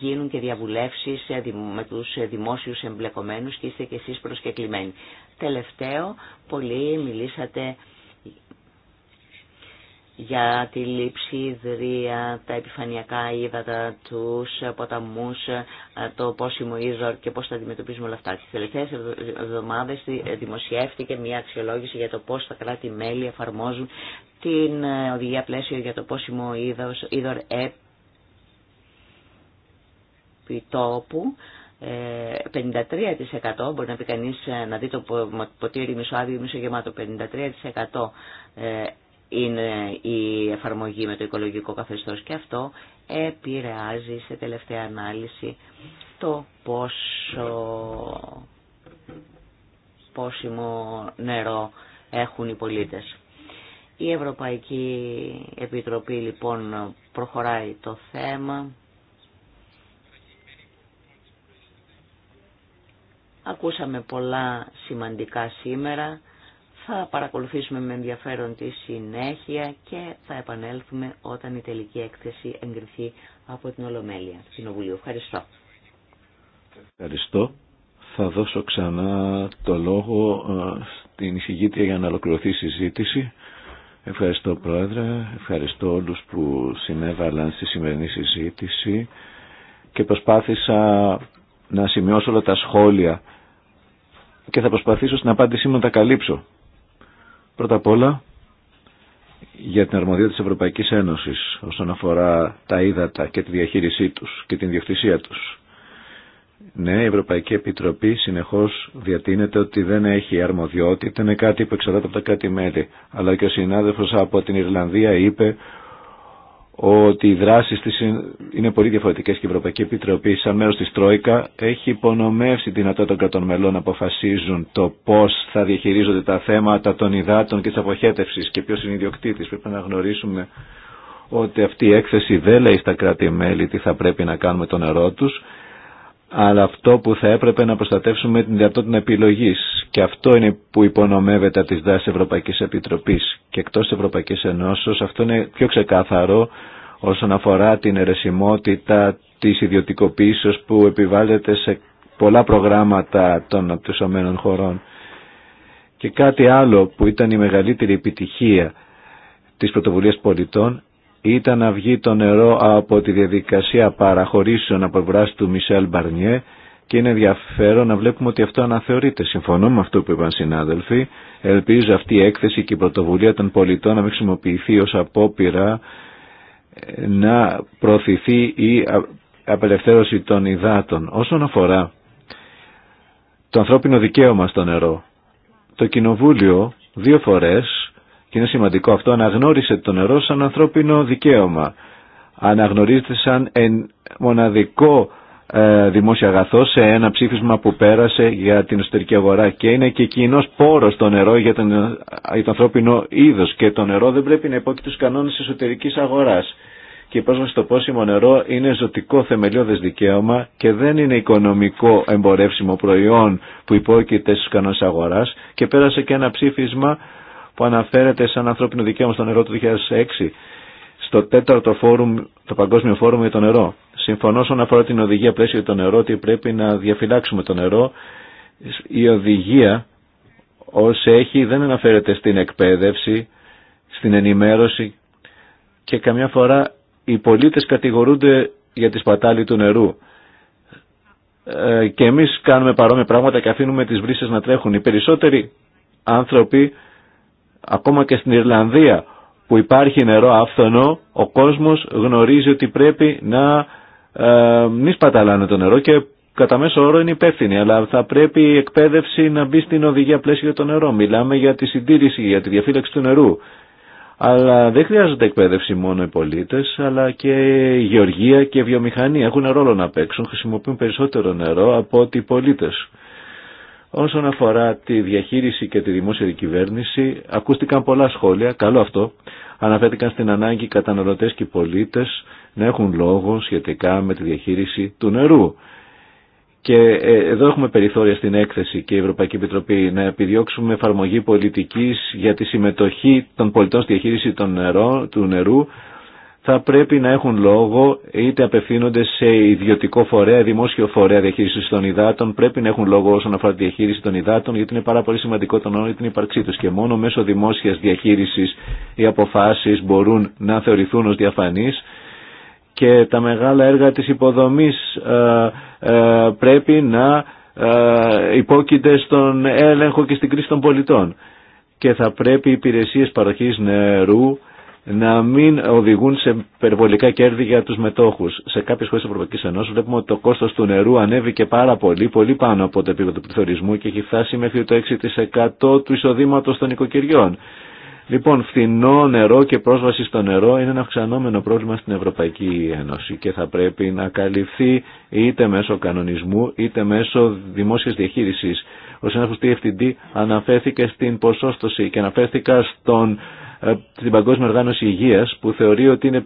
γίνουν και διαβουλεύσεις με τους δημόσιους εμπλεκομένους και είστε και εσείς προσκεκλημένοι. Τελευταίο, πολύ μιλήσατε για τη λήψη ιδρία, τα επιφανειακά ύδατα, τους ποταμούς, το πόσιμο ίζορ και πώς θα αντιμετωπίζουμε όλα αυτά. Τις τελευταίες εβδομάδες δημοσιεύτηκε μια αξιολόγηση για το πώς τα κράτη-μέλη εφαρμόζουν την οδηγία πλαίσιο για το πόσιμο ίδωρ επιτόπου. Ε, 53% μπορεί να πει κανείς ε, να δει το ποτήρι μισοάδιο ή μισογεμάτο 53% ε, είναι η γεματο 53 ειναι η εφαρμογη με το οικολογικό καθεστώς και αυτό επηρεάζει σε τελευταία ανάλυση το πόσο πόσιμο νερό έχουν οι πολίτες. Η Ευρωπαϊκή Επιτροπή λοιπόν προχωράει το θέμα Ακούσαμε πολλά σημαντικά σήμερα. Θα παρακολουθήσουμε με ενδιαφέρον τη συνέχεια και θα επανέλθουμε όταν η τελική έκθεση εγκριθεί από την Ολομέλεια του Κοινοβουλίου. Ευχαριστώ. Ευχαριστώ. Θα δώσω ξανά το λόγο ε, στην εισηγήτρια για να ολοκληρωθεί η συζήτηση. Ευχαριστώ Πρόεδρε, ευχαριστώ όλους που συνέβαλαν στη σημερινή συζήτηση και προσπάθησα να σημειώσω όλα τα σχόλια και θα προσπαθήσω στην απάντησή μου να τα καλύψω. Πρώτα απ' όλα για την αρμοδιότητα της Ευρωπαϊκής Ένωσης όσον αφορά τα ύδατα και τη διαχείρισή τους και την διοκτησία τους. Ναι, η Ευρωπαϊκή Επιτροπή συνεχώς διατείνεται ότι δεν έχει αρμοδιότητα, είναι κάτι που εξαρτάται από τα κράτη-μέλη. Αλλά και ο συνάδελφος από την Ιρλανδία είπε ότι οι δράσεις της είναι πολύ διαφορετικές και η Ευρωπαϊκή Επιτροπή σαν μέρος της Τρόικα έχει υπονομεύσει τη δυνατότητα των κρατών μελών να αποφασίζουν το πώς θα διαχειρίζονται τα θέματα των υδάτων και της αποχέτευσης και ποιος είναι ιδιοκτήτης. Πρέπει να γνωρίσουμε ότι αυτή η έκθεση δεν λέει στα κράτη-μέλη τι θα πρέπει να κάνουμε το νερό του αλλά αυτό που θα έπρεπε να προστατεύσουμε την δυνατότητα επιλογή. Και αυτό είναι που υπονομεύεται από τι δράσει Ευρωπαϊκή Επιτροπή. Και εκτό τη Ευρωπαϊκή Ενώσεω, αυτό είναι πιο ξεκάθαρο όσον αφορά την αιρεσιμότητα τη ιδιωτικοποίηση που επιβάλλεται σε πολλά προγράμματα των απτυσσομένων χωρών. Και κάτι άλλο που ήταν η μεγαλύτερη επιτυχία της πρωτοβουλίας πολιτών ήταν να βγει το νερό από τη διαδικασία παραχωρήσεων από βράση του Μισελ Μπαρνιέ και είναι ενδιαφέρον να βλέπουμε ότι αυτό αναθεωρείται. Συμφωνώ με αυτό που είπαν συνάδελφοι. Ελπίζω αυτή η έκθεση και η πρωτοβουλία των πολιτών να μην χρησιμοποιηθεί ως απόπειρα ε, να προωθηθεί η απελευθέρωση των υδάτων. Όσον αφορά το ανθρώπινο δικαίωμα στο νερό, το Κοινοβούλιο δύο φορές και είναι σημαντικό αυτό, αναγνώρισε το νερό σαν ανθρώπινο δικαίωμα. Αναγνωρίζεται σαν εν, μοναδικό ε, δημόσιο αγαθό σε ένα ψήφισμα που πέρασε για την εσωτερική αγορά και είναι και κοινό πόρο το νερό για, τον, ε, το ανθρώπινο είδο και το νερό δεν πρέπει να υπόκειται στου κανόνε εσωτερική αγορά. Και η πρόσβαση στο πόσιμο νερό είναι ζωτικό θεμελιώδες δικαίωμα και δεν είναι οικονομικό εμπορεύσιμο προϊόν που υπόκειται στους κανόνες αγοράς και πέρασε και ένα ψήφισμα που αναφέρεται σαν ανθρώπινο δικαίωμα στο νερό του 2006 στο τέταρτο φόρουμ, το Παγκόσμιο Φόρουμ για το νερό. Συμφωνώ όσον αφορά την οδηγία πλαίσια για το νερό ότι πρέπει να διαφυλάξουμε το νερό. Η οδηγία ως έχει δεν αναφέρεται στην εκπαίδευση, στην ενημέρωση και καμιά φορά οι πολίτες κατηγορούνται για τη σπατάλη του νερού. Ε, και εμείς κάνουμε παρόμοια πράγματα και αφήνουμε τις βρύσες να τρέχουν. Οι περισσότεροι άνθρωποι Ακόμα και στην Ιρλανδία που υπάρχει νερό άφθονο, ο κόσμος γνωρίζει ότι πρέπει να ε, μη σπαταλάνε το νερό και κατά μέσο όρο είναι υπεύθυνοι, αλλά θα πρέπει η εκπαίδευση να μπει στην οδηγία πλαίσια για το νερό. Μιλάμε για τη συντήρηση, για τη διαφύλαξη του νερού. Αλλά δεν χρειάζεται εκπαίδευση μόνο οι πολίτε, αλλά και η γεωργία και η βιομηχανία έχουν ρόλο να παίξουν. Χρησιμοποιούν περισσότερο νερό από ότι οι πολίτε. Όσον αφορά τη διαχείριση και τη δημόσια κυβέρνηση, ακούστηκαν πολλά σχόλια, καλό αυτό. Αναφέρθηκαν στην ανάγκη οι καταναλωτές και οι πολίτες να έχουν λόγο σχετικά με τη διαχείριση του νερού. Και ε, εδώ έχουμε περιθώρια στην έκθεση και η Ευρωπαϊκή Επιτροπή να επιδιώξουμε εφαρμογή πολιτικής για τη συμμετοχή των πολιτών στη διαχείριση του νερού θα πρέπει να έχουν λόγο είτε απευθύνονται σε ιδιωτικό φορέα, δημόσιο φορέα διαχείριση των υδάτων, πρέπει να έχουν λόγο όσον αφορά τη διαχείριση των υδάτων, γιατί είναι πάρα πολύ σημαντικό τον όρο την ύπαρξή του. Και μόνο μέσω δημόσια διαχείριση οι αποφάσει μπορούν να θεωρηθούν ω διαφανεί και τα μεγάλα έργα της υποδομής ε, ε, πρέπει να ε, υπόκειται στον έλεγχο και στην κρίση των πολιτών. Και θα πρέπει οι υπηρεσίες παροχής νερού να μην οδηγούν σε περιβολικά κέρδη για τους μετόχους. Σε κάποιες χώρες της Ευρωπαϊκής Ενώσης βλέπουμε ότι το κόστος του νερού ανέβηκε πάρα πολύ, πολύ πάνω από το επίπεδο του πληθωρισμού και έχει φτάσει μέχρι το 6% του εισοδήματος των οικοκυριών. Λοιπόν, φθηνό νερό και πρόσβαση στο νερό είναι ένα αυξανόμενο πρόβλημα στην Ευρωπαϊκή Ένωση και θα πρέπει να καλυφθεί είτε μέσω κανονισμού είτε μέσω δημόσιας διαχείρισης. Ο συνάδελφος FT αναφέρθηκε στην ποσόστοση και αναφέρθηκα στον ε, την Παγκόσμια Οργάνωση Υγείας που θεωρεί ότι είναι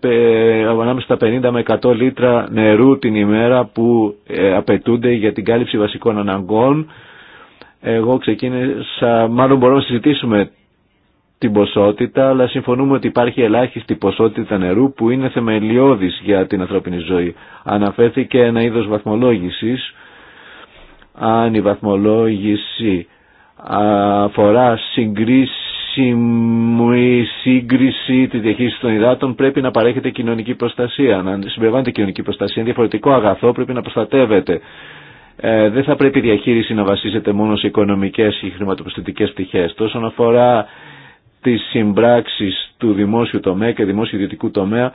ανάμεσα στα 50 με 100 λίτρα νερού την ημέρα που ε, απαιτούνται για την κάλυψη βασικών αναγκών. Εγώ ξεκίνησα, μάλλον μπορούμε να συζητήσουμε την ποσότητα, αλλά συμφωνούμε ότι υπάρχει ελάχιστη ποσότητα νερού που είναι θεμελιώδης για την ανθρώπινη ζωή. Αναφέρθηκε ένα είδος βαθμολόγησης. Αν η βαθμολόγηση αφορά συγκρίση η σύγκριση, τη διαχείριση των υδάτων πρέπει να παρέχεται κοινωνική προστασία, να συμπεριλαμβάνεται κοινωνική προστασία. Είναι διαφορετικό αγαθό, πρέπει να προστατεύεται. Ε, δεν θα πρέπει η διαχείριση να βασίζεται μόνο σε οικονομικές ή χρηματοπιστωτικές πτυχές. Τόσον αφορά τι συμπράξει του δημόσιου τομέα και δημόσιου ιδιωτικού τομέα,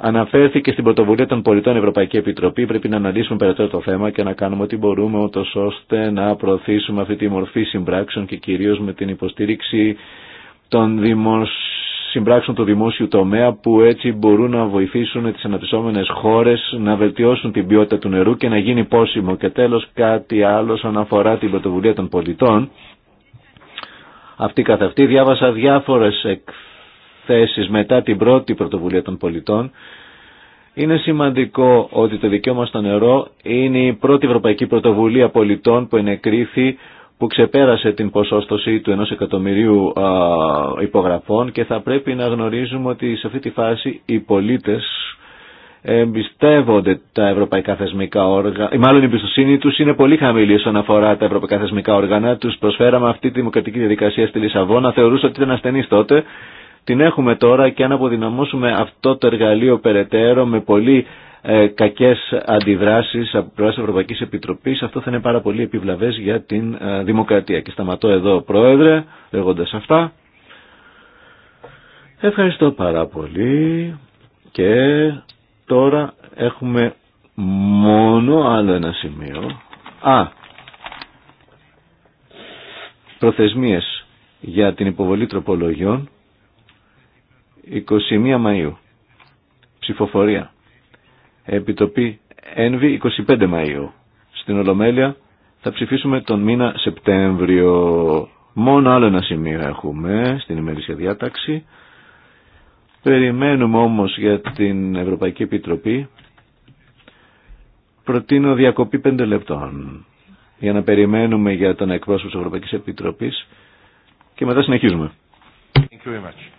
Αναφέρθηκε στην πρωτοβουλία των πολιτών Ευρωπαϊκή Επιτροπή. Πρέπει να αναλύσουμε περαιτέρω το θέμα και να κάνουμε ό,τι μπορούμε, ούτω ώστε να προωθήσουμε αυτή τη μορφή συμπράξεων και κυρίω με την υποστήριξη των δημοσ... συμπράξεων του δημόσιου τομέα που έτσι μπορούν να βοηθήσουν τι αναπτυσσόμενε χώρε να βελτιώσουν την ποιότητα του νερού και να γίνει πόσιμο. Και τέλο κάτι άλλο σαν αφορά την πρωτοβουλία των πολιτών. Αυτή καθ' αυτή διάβασα διάφορες εκθέσεις θέσεις μετά την πρώτη πρωτοβουλία των πολιτών. Είναι σημαντικό ότι το δικαίωμα στο νερό είναι η πρώτη ευρωπαϊκή πρωτοβουλία πολιτών που ενεκρίθη που ξεπέρασε την ποσόστοση του ενός εκατομμυρίου υπογραφών και θα πρέπει να γνωρίζουμε ότι σε αυτή τη φάση οι πολίτες εμπιστεύονται τα ευρωπαϊκά θεσμικά όργανα, ή μάλλον η εμπιστοσύνη τους είναι πολύ χαμηλή όσον αφορά τα ευρωπαϊκά θεσμικά όργανα. Τους προσφέραμε αυτή τη δημοκρατική διαδικασία στη Λισαβόνα, θεωρούσα ότι ήταν ασθενής τότε την έχουμε τώρα και αν αποδυναμώσουμε αυτό το εργαλείο περαιτέρω με πολύ ε, κακές αντιδράσεις από την Ευρωπαϊκή Επιτροπή αυτό θα είναι πάρα πολύ επιβλαβές για την ε, δημοκρατία. Και σταματώ εδώ Πρόεδρε λέγοντας αυτά. Ευχαριστώ πάρα πολύ και τώρα έχουμε μόνο άλλο ένα σημείο. Α, προθεσμίες για την υποβολή τροπολογιών 21 Μαΐου. Ψηφοφορία. επιτοπή ΕΝΒΙ 25 Μαΐου. Στην Ολομέλεια θα ψηφίσουμε τον μήνα Σεπτέμβριο. Μόνο άλλο ένα σημείο έχουμε στην ημερήσια διάταξη. Περιμένουμε όμως για την Ευρωπαϊκή Επιτροπή. Προτείνω διακοπή 5 λεπτών για να περιμένουμε για τον εκπρόσωπο της Ευρωπαϊκής Επιτροπής και μετά συνεχίζουμε. Thank you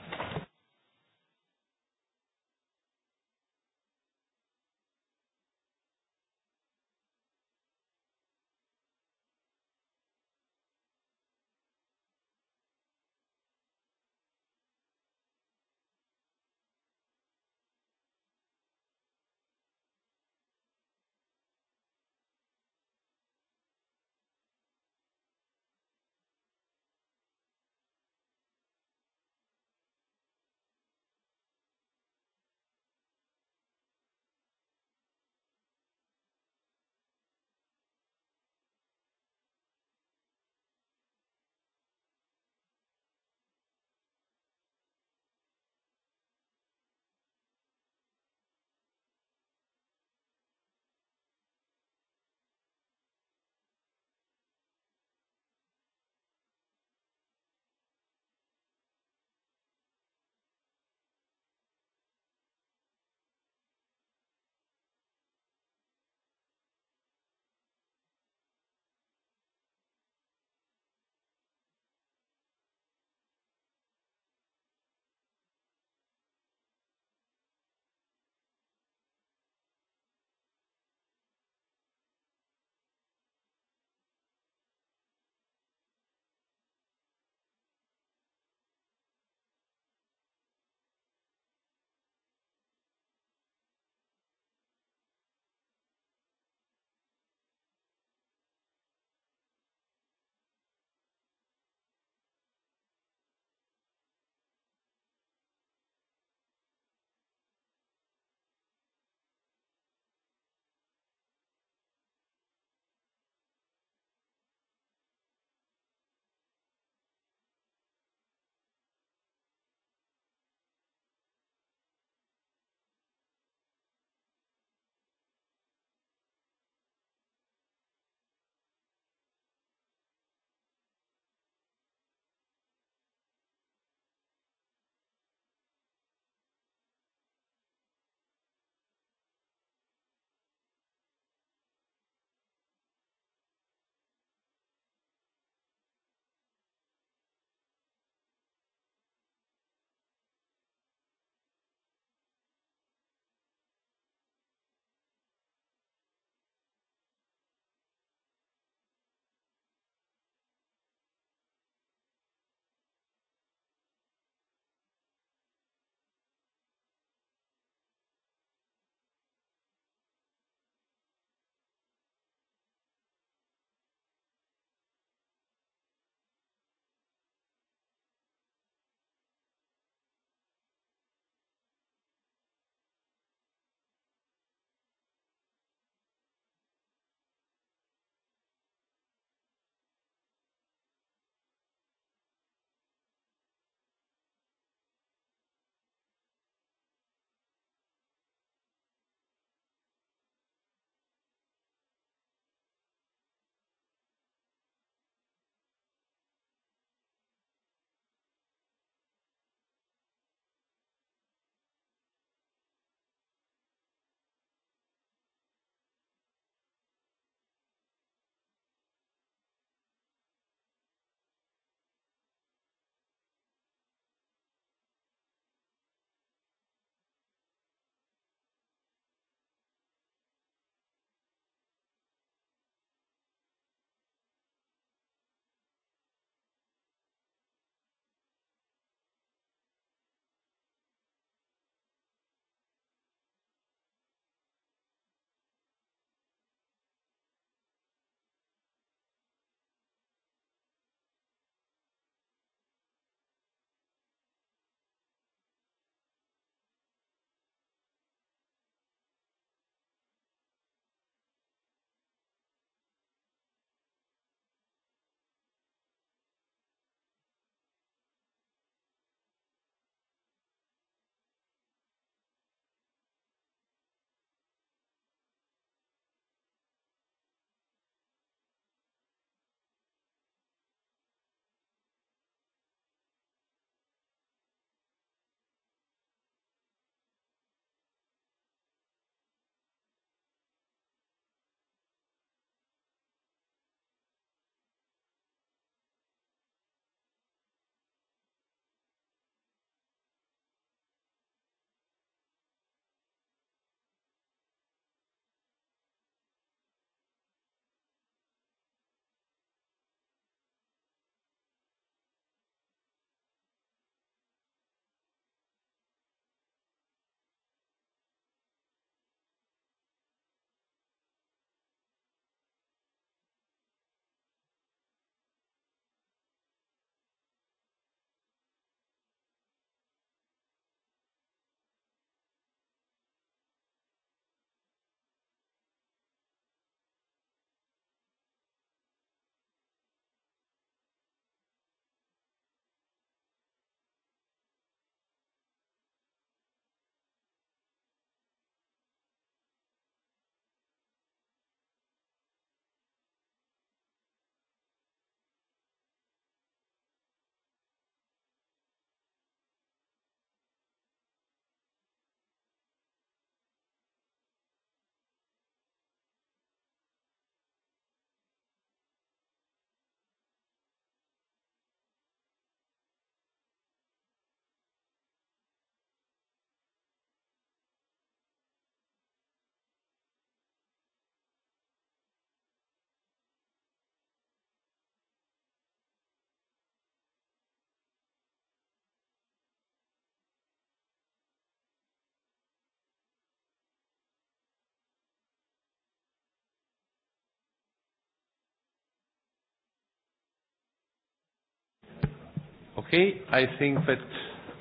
Okay, I think that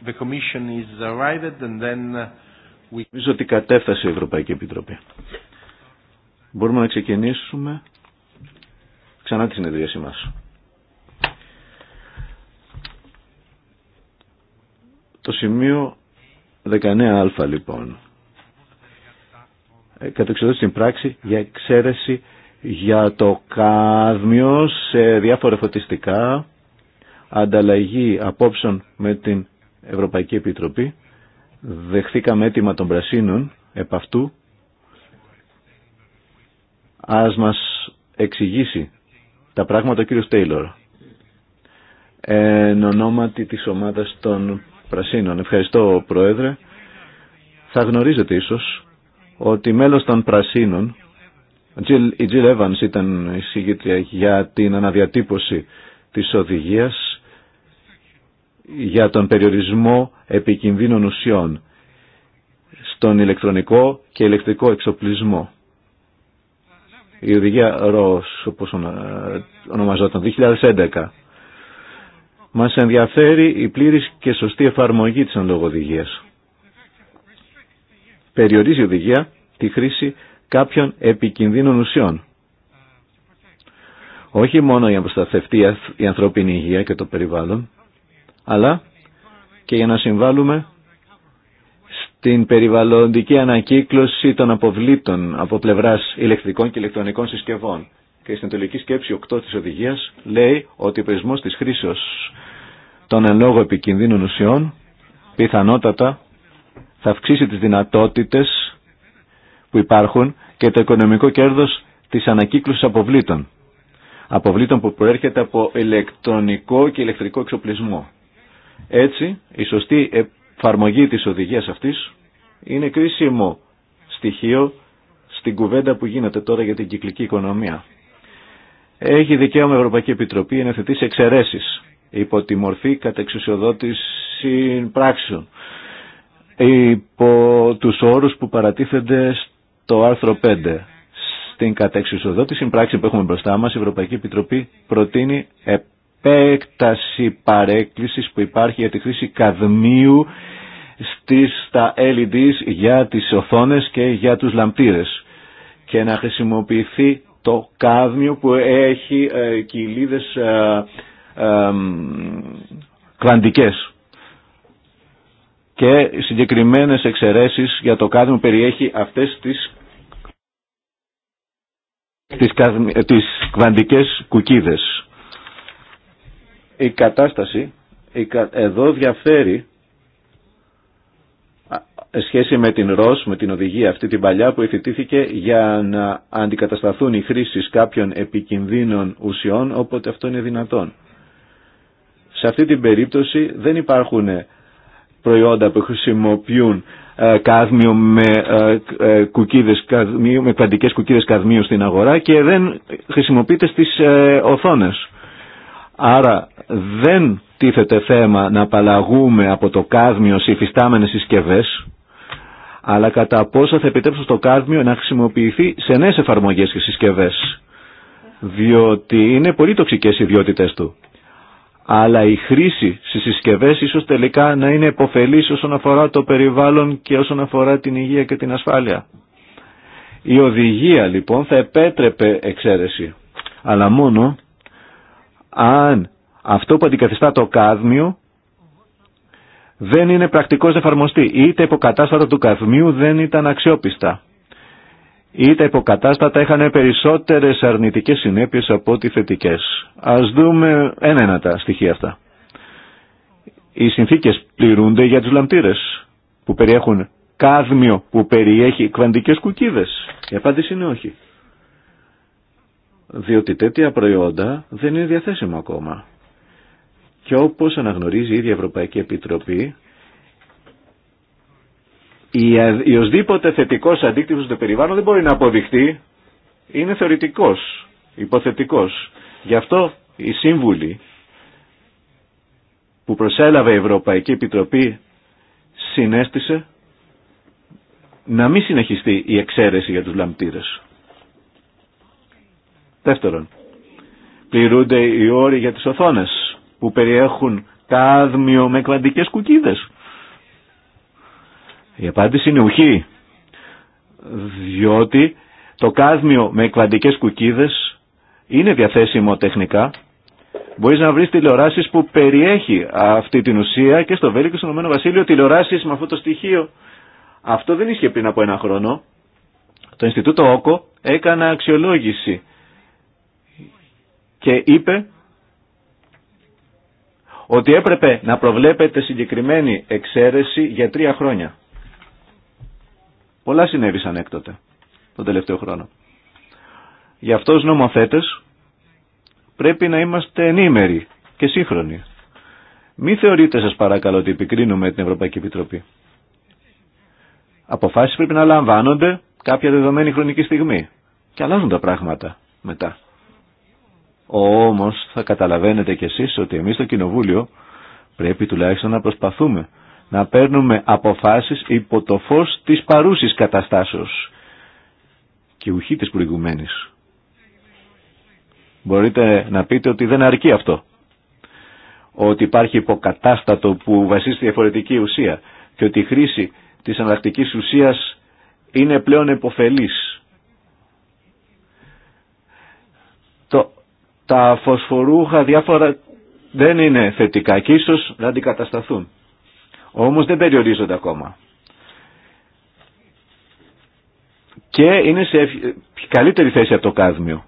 the Commission is arrived and then uh, we... Νομίζω ότι κατέφτασε η Ευρωπαϊκή Επιτροπή. Μπορούμε να ξεκινήσουμε ξανά τη συνεδρίαση μας. Το σημείο 19α λοιπόν. Ε, Κατεξοδότηση στην πράξη για εξαίρεση για το κάδμιο σε διάφορα φωτιστικά ανταλλαγή απόψεων με την Ευρωπαϊκή Επιτροπή. Δεχθήκαμε αίτημα των Πρασίνων επ' αυτού. Ας μας εξηγήσει τα πράγματα ο κύριος Τέιλορ. Εν ονόματι της ομάδας των Πρασίνων. Ευχαριστώ Πρόεδρε. Θα γνωρίζετε ίσως ότι μέλος των Πρασίνων η Jill Evans ήταν η για την αναδιατύπωση της οδηγίας για τον περιορισμό επικινδύνων ουσιών στον ηλεκτρονικό και ηλεκτρικό εξοπλισμό. Η οδηγία ΡΟΣ, όπως ονομαζόταν, 2011. Μας ενδιαφέρει η πλήρης και σωστή εφαρμογή της ανλογοδηγίας. Περιορίζει η οδηγία τη χρήση κάποιων επικινδύνων ουσιών. Όχι μόνο για να η ανθρώπινη υγεία και το περιβάλλον, αλλά και για να συμβάλλουμε στην περιβαλλοντική ανακύκλωση των αποβλήτων από πλευράς ηλεκτρικών και ηλεκτρονικών συσκευών. Και στην τελική σκέψη 8 της οδηγίας λέει ότι ο περισμός της χρήσεως των εν λόγω επικινδύνων ουσιών πιθανότατα θα αυξήσει τις δυνατότητες που υπάρχουν και το οικονομικό κέρδος της ανακύκλωσης αποβλήτων. Αποβλήτων που προέρχεται από ηλεκτρονικό και ηλεκτρικό εξοπλισμό. Έτσι, η σωστή εφαρμογή της οδηγίας αυτής είναι κρίσιμο στοιχείο στην κουβέντα που γίνεται τώρα για την κυκλική οικονομία. Έχει δικαίωμα η Ευρωπαϊκή Επιτροπή να θετήσει εξαιρέσει υπό τη μορφή κατεξουσιοδότηση πράξεων υπό τους όρους που παρατίθενται στο άρθρο 5. Στην κατεξουσιοδότηση πράξη που έχουμε μπροστά μας η Ευρωπαϊκή Επιτροπή προτείνει επέκταση παρέκκλησης που υπάρχει για τη χρήση καδμίου στις, τα LEDs για τις οθόνες και για τους λαμπτήρες και να χρησιμοποιηθεί το κάδμιο που έχει ε, κοιλίδες ε, ε, κλαντικές και συγκεκριμένες εξαιρέσεις για το κάδμιο περιέχει αυτές τις τις, ε, τις κουκίδες η κατάσταση εδώ διαφέρει σχέση με την ΡΟΣ, με την οδηγία αυτή την παλιά που εφητήθηκε για να αντικατασταθούν οι χρήσει κάποιων επικινδύνων ουσιών όποτε αυτό είναι δυνατόν. Σε αυτή την περίπτωση δεν υπάρχουν ε, προϊόντα που χρησιμοποιούν ε, καδμίου με, ε, κουκίδες, καδμίου, με κουκίδες καδμίου στην αγορά και δεν χρησιμοποιείται στις οθόνες. Άρα δεν τίθεται θέμα να απαλλαγούμε από το κάδμιο σε υφιστάμενες συσκευές, αλλά κατά πόσο θα επιτρέψουν στο κάδμιο να χρησιμοποιηθεί σε νέες εφαρμογές και συσκευές, διότι είναι πολύ τοξικές οι ιδιότητες του. Αλλά η χρήση στις συσκευές ίσως τελικά να είναι υποφελής όσον αφορά το περιβάλλον και όσον αφορά την υγεία και την ασφάλεια. Η οδηγία λοιπόν θα επέτρεπε εξαίρεση, αλλά μόνο αν αυτό που αντικαθιστά το κάδμιο δεν είναι πρακτικός εφαρμοστή είτε υποκατάστατα του καδμίου δεν ήταν αξιόπιστα ή υποκατάστατα είχαν περισσότερες αρνητικές συνέπειες από ό,τι θετικές. Ας δούμε ένα-ένα τα στοιχεία αυτά. Οι συνθήκες πληρούνται για τους λαμπτήρες που περιέχουν κάδμιο που περιέχει κβαντικές κουκίδες. Η απάντηση είναι όχι διότι τέτοια προϊόντα δεν είναι διαθέσιμα ακόμα. Και όπως αναγνωρίζει η ίδια Ευρωπαϊκή Επιτροπή, η οσδήποτε θετικός αντίκτυπος στο περιβάλλον δεν μπορεί να αποδειχτεί, είναι θεωρητικός, υποθετικός. Γι' αυτό οι σύμβουλοι που προσέλαβε η Ευρωπαϊκή Επιτροπή συνέστησε να μην συνεχιστεί η εξαίρεση για τους λαμπτήρες. Δεύτερον, πληρούνται οι όροι για τις οθόνες που περιέχουν κάδμιο με κβαντικές κουκίδες. Η απάντηση είναι ουχή, διότι το κάδμιο με κβαντικές κουκίδες είναι διαθέσιμο τεχνικά. Μπορείς να βρεις τηλεοράσεις που περιέχει αυτή την ουσία και στο Βέλγιο και στο Ηνωμένο Βασίλειο τηλεοράσεις με αυτό το στοιχείο. Αυτό δεν ίσχυε πριν από ένα χρόνο. Το Ινστιτούτο Όκο έκανε αξιολόγηση και είπε ότι έπρεπε να προβλέπεται συγκεκριμένη εξαίρεση για τρία χρόνια. Πολλά συνέβησαν έκτοτε, τον τελευταίο χρόνο. Γι' αυτό ως νομοθέτες πρέπει να είμαστε ενήμεροι και σύγχρονοι. Μη θεωρείτε σας παρακαλώ ότι επικρίνουμε την Ευρωπαϊκή Επιτροπή. Αποφάσεις πρέπει να λαμβάνονται κάποια δεδομένη χρονική στιγμή και αλλάζουν τα πράγματα μετά. Όμως θα καταλαβαίνετε κι εσείς ότι εμείς στο Κοινοβούλιο πρέπει τουλάχιστον να προσπαθούμε να παίρνουμε αποφάσεις υπό το φως της παρούσης καταστάσεως και ουχή της προηγουμένης. Μπορείτε να πείτε ότι δεν αρκεί αυτό. Ότι υπάρχει υποκατάστατο που βασίζεται διαφορετική ουσία και ότι η χρήση της αναλλακτικής ουσίας είναι πλέον υποφελής τα φωσφορούχα διάφορα δεν είναι θετικά και ίσως να αντικατασταθούν. Όμως δεν περιορίζονται ακόμα. Και είναι σε καλύτερη θέση από το κάδμιο.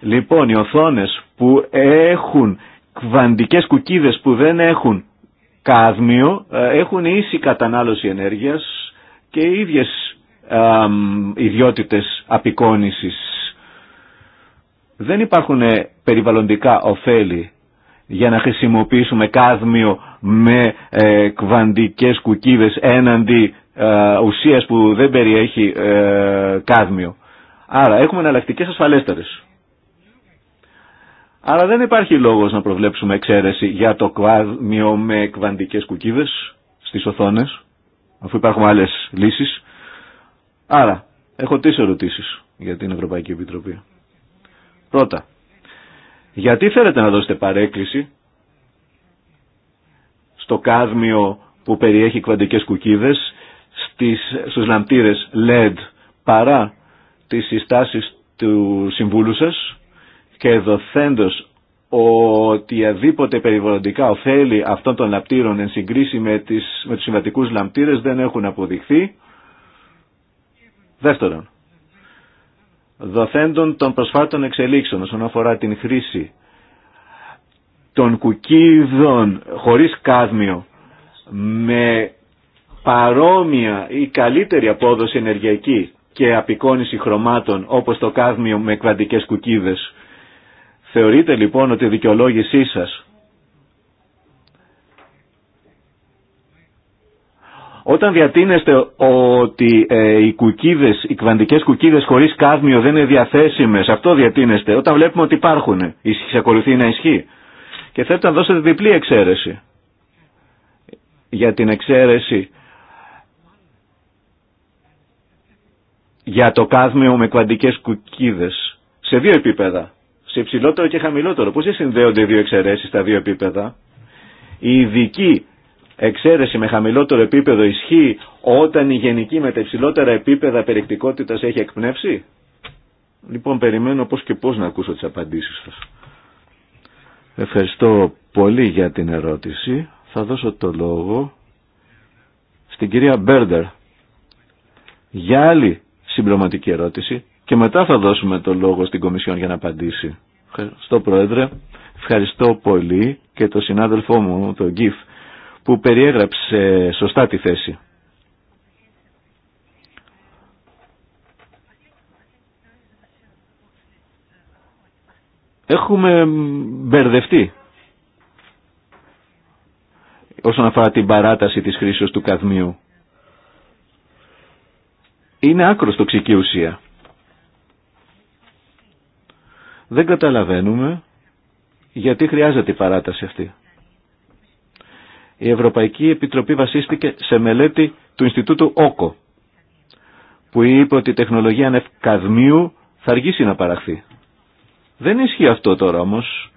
Λοιπόν, οι οθόνες που έχουν κβαντικές κουκίδες που δεν έχουν κάδμιο ε, έχουν ίση κατανάλωση ενέργειας και ίδιες ιδιότητε ιδιότητες απεικόνησης δεν υπάρχουν ε, περιβαλλοντικά ωφέλη για να χρησιμοποιήσουμε κάδμιο με ε, κβαντικές κουκίδες έναντι ε, ουσίας που δεν περιέχει ε, κάδμιο. Άρα έχουμε εναλλακτικές ασφαλέστερες. Άρα δεν υπάρχει λόγος να προβλέψουμε εξαίρεση για το κάδμιο με κβαντικές κουκίδες στις οθόνες, αφού υπάρχουν άλλες λύσεις. Άρα, έχω τρεις ερωτήσεις για την Ευρωπαϊκή Επιτροπή. Πρώτα, γιατί θέλετε να δώσετε παρέκκληση στο κάδμιο που περιέχει κβαντικές κουκίδες στις, στους λαμπτήρες LED παρά τις συστάσεις του συμβούλου σας και δοθέντος ότι αδίποτε περιβαλλοντικά ωφέλη αυτών των λαμπτήρων εν συγκρίση με, τις, με τους συμβατικούς λαμπτήρες δεν έχουν αποδειχθεί. Δεύτερον, δοθέντων των προσφάτων εξελίξεων όσον αφορά την χρήση των κουκίδων χωρίς κάδμιο με παρόμοια ή καλύτερη απόδοση ενεργειακή και απεικόνιση χρωμάτων όπως το κάδμιο με κβαντικές κουκίδες. Θεωρείτε λοιπόν ότι η δικαιολόγησή σας Όταν διατείνεστε ότι ε, οι κουκίδες, οι κβαντικές κουκίδες χωρίς κάδμιο δεν είναι διαθέσιμες, αυτό διατείνεστε, όταν βλέπουμε ότι υπάρχουν, εξακολουθεί να ισχύει. Και θέλετε να δώσετε διπλή εξαίρεση για την εξαίρεση για το κάδμιο με κβαντικές κουκίδες σε δύο επίπεδα, σε υψηλότερο και χαμηλότερο. Πώς δεν συνδέονται οι δύο εξαιρέσεις στα δύο επίπεδα. Η ειδικοί εξαίρεση με χαμηλότερο επίπεδο ισχύει όταν η γενική με τα υψηλότερα επίπεδα περιεκτικότητας έχει εκπνεύσει. Λοιπόν, περιμένω πώς και πώς να ακούσω τις απαντήσεις σας. Ευχαριστώ πολύ για την ερώτηση. Θα δώσω το λόγο στην κυρία Μπέρντερ για άλλη συμπληρωματική ερώτηση και μετά θα δώσουμε το λόγο στην Κομισιόν για να απαντήσει. Ευχαριστώ Πρόεδρε, ευχαριστώ πολύ και το συνάδελφό μου, τον Γκίφ, που περιέγραψε σωστά τη θέση. Έχουμε μπερδευτεί όσον αφορά την παράταση της χρήσης του καδμίου. Είναι άκρος τοξική ουσία. Δεν καταλαβαίνουμε γιατί χρειάζεται η παράταση αυτή η Ευρωπαϊκή Επιτροπή βασίστηκε σε μελέτη του Ινστιτούτου ΟΚΟ, που είπε ότι η τεχνολογία ανευκαδμίου θα αργήσει να παραχθεί. Δεν ισχύει αυτό τώρα όμως.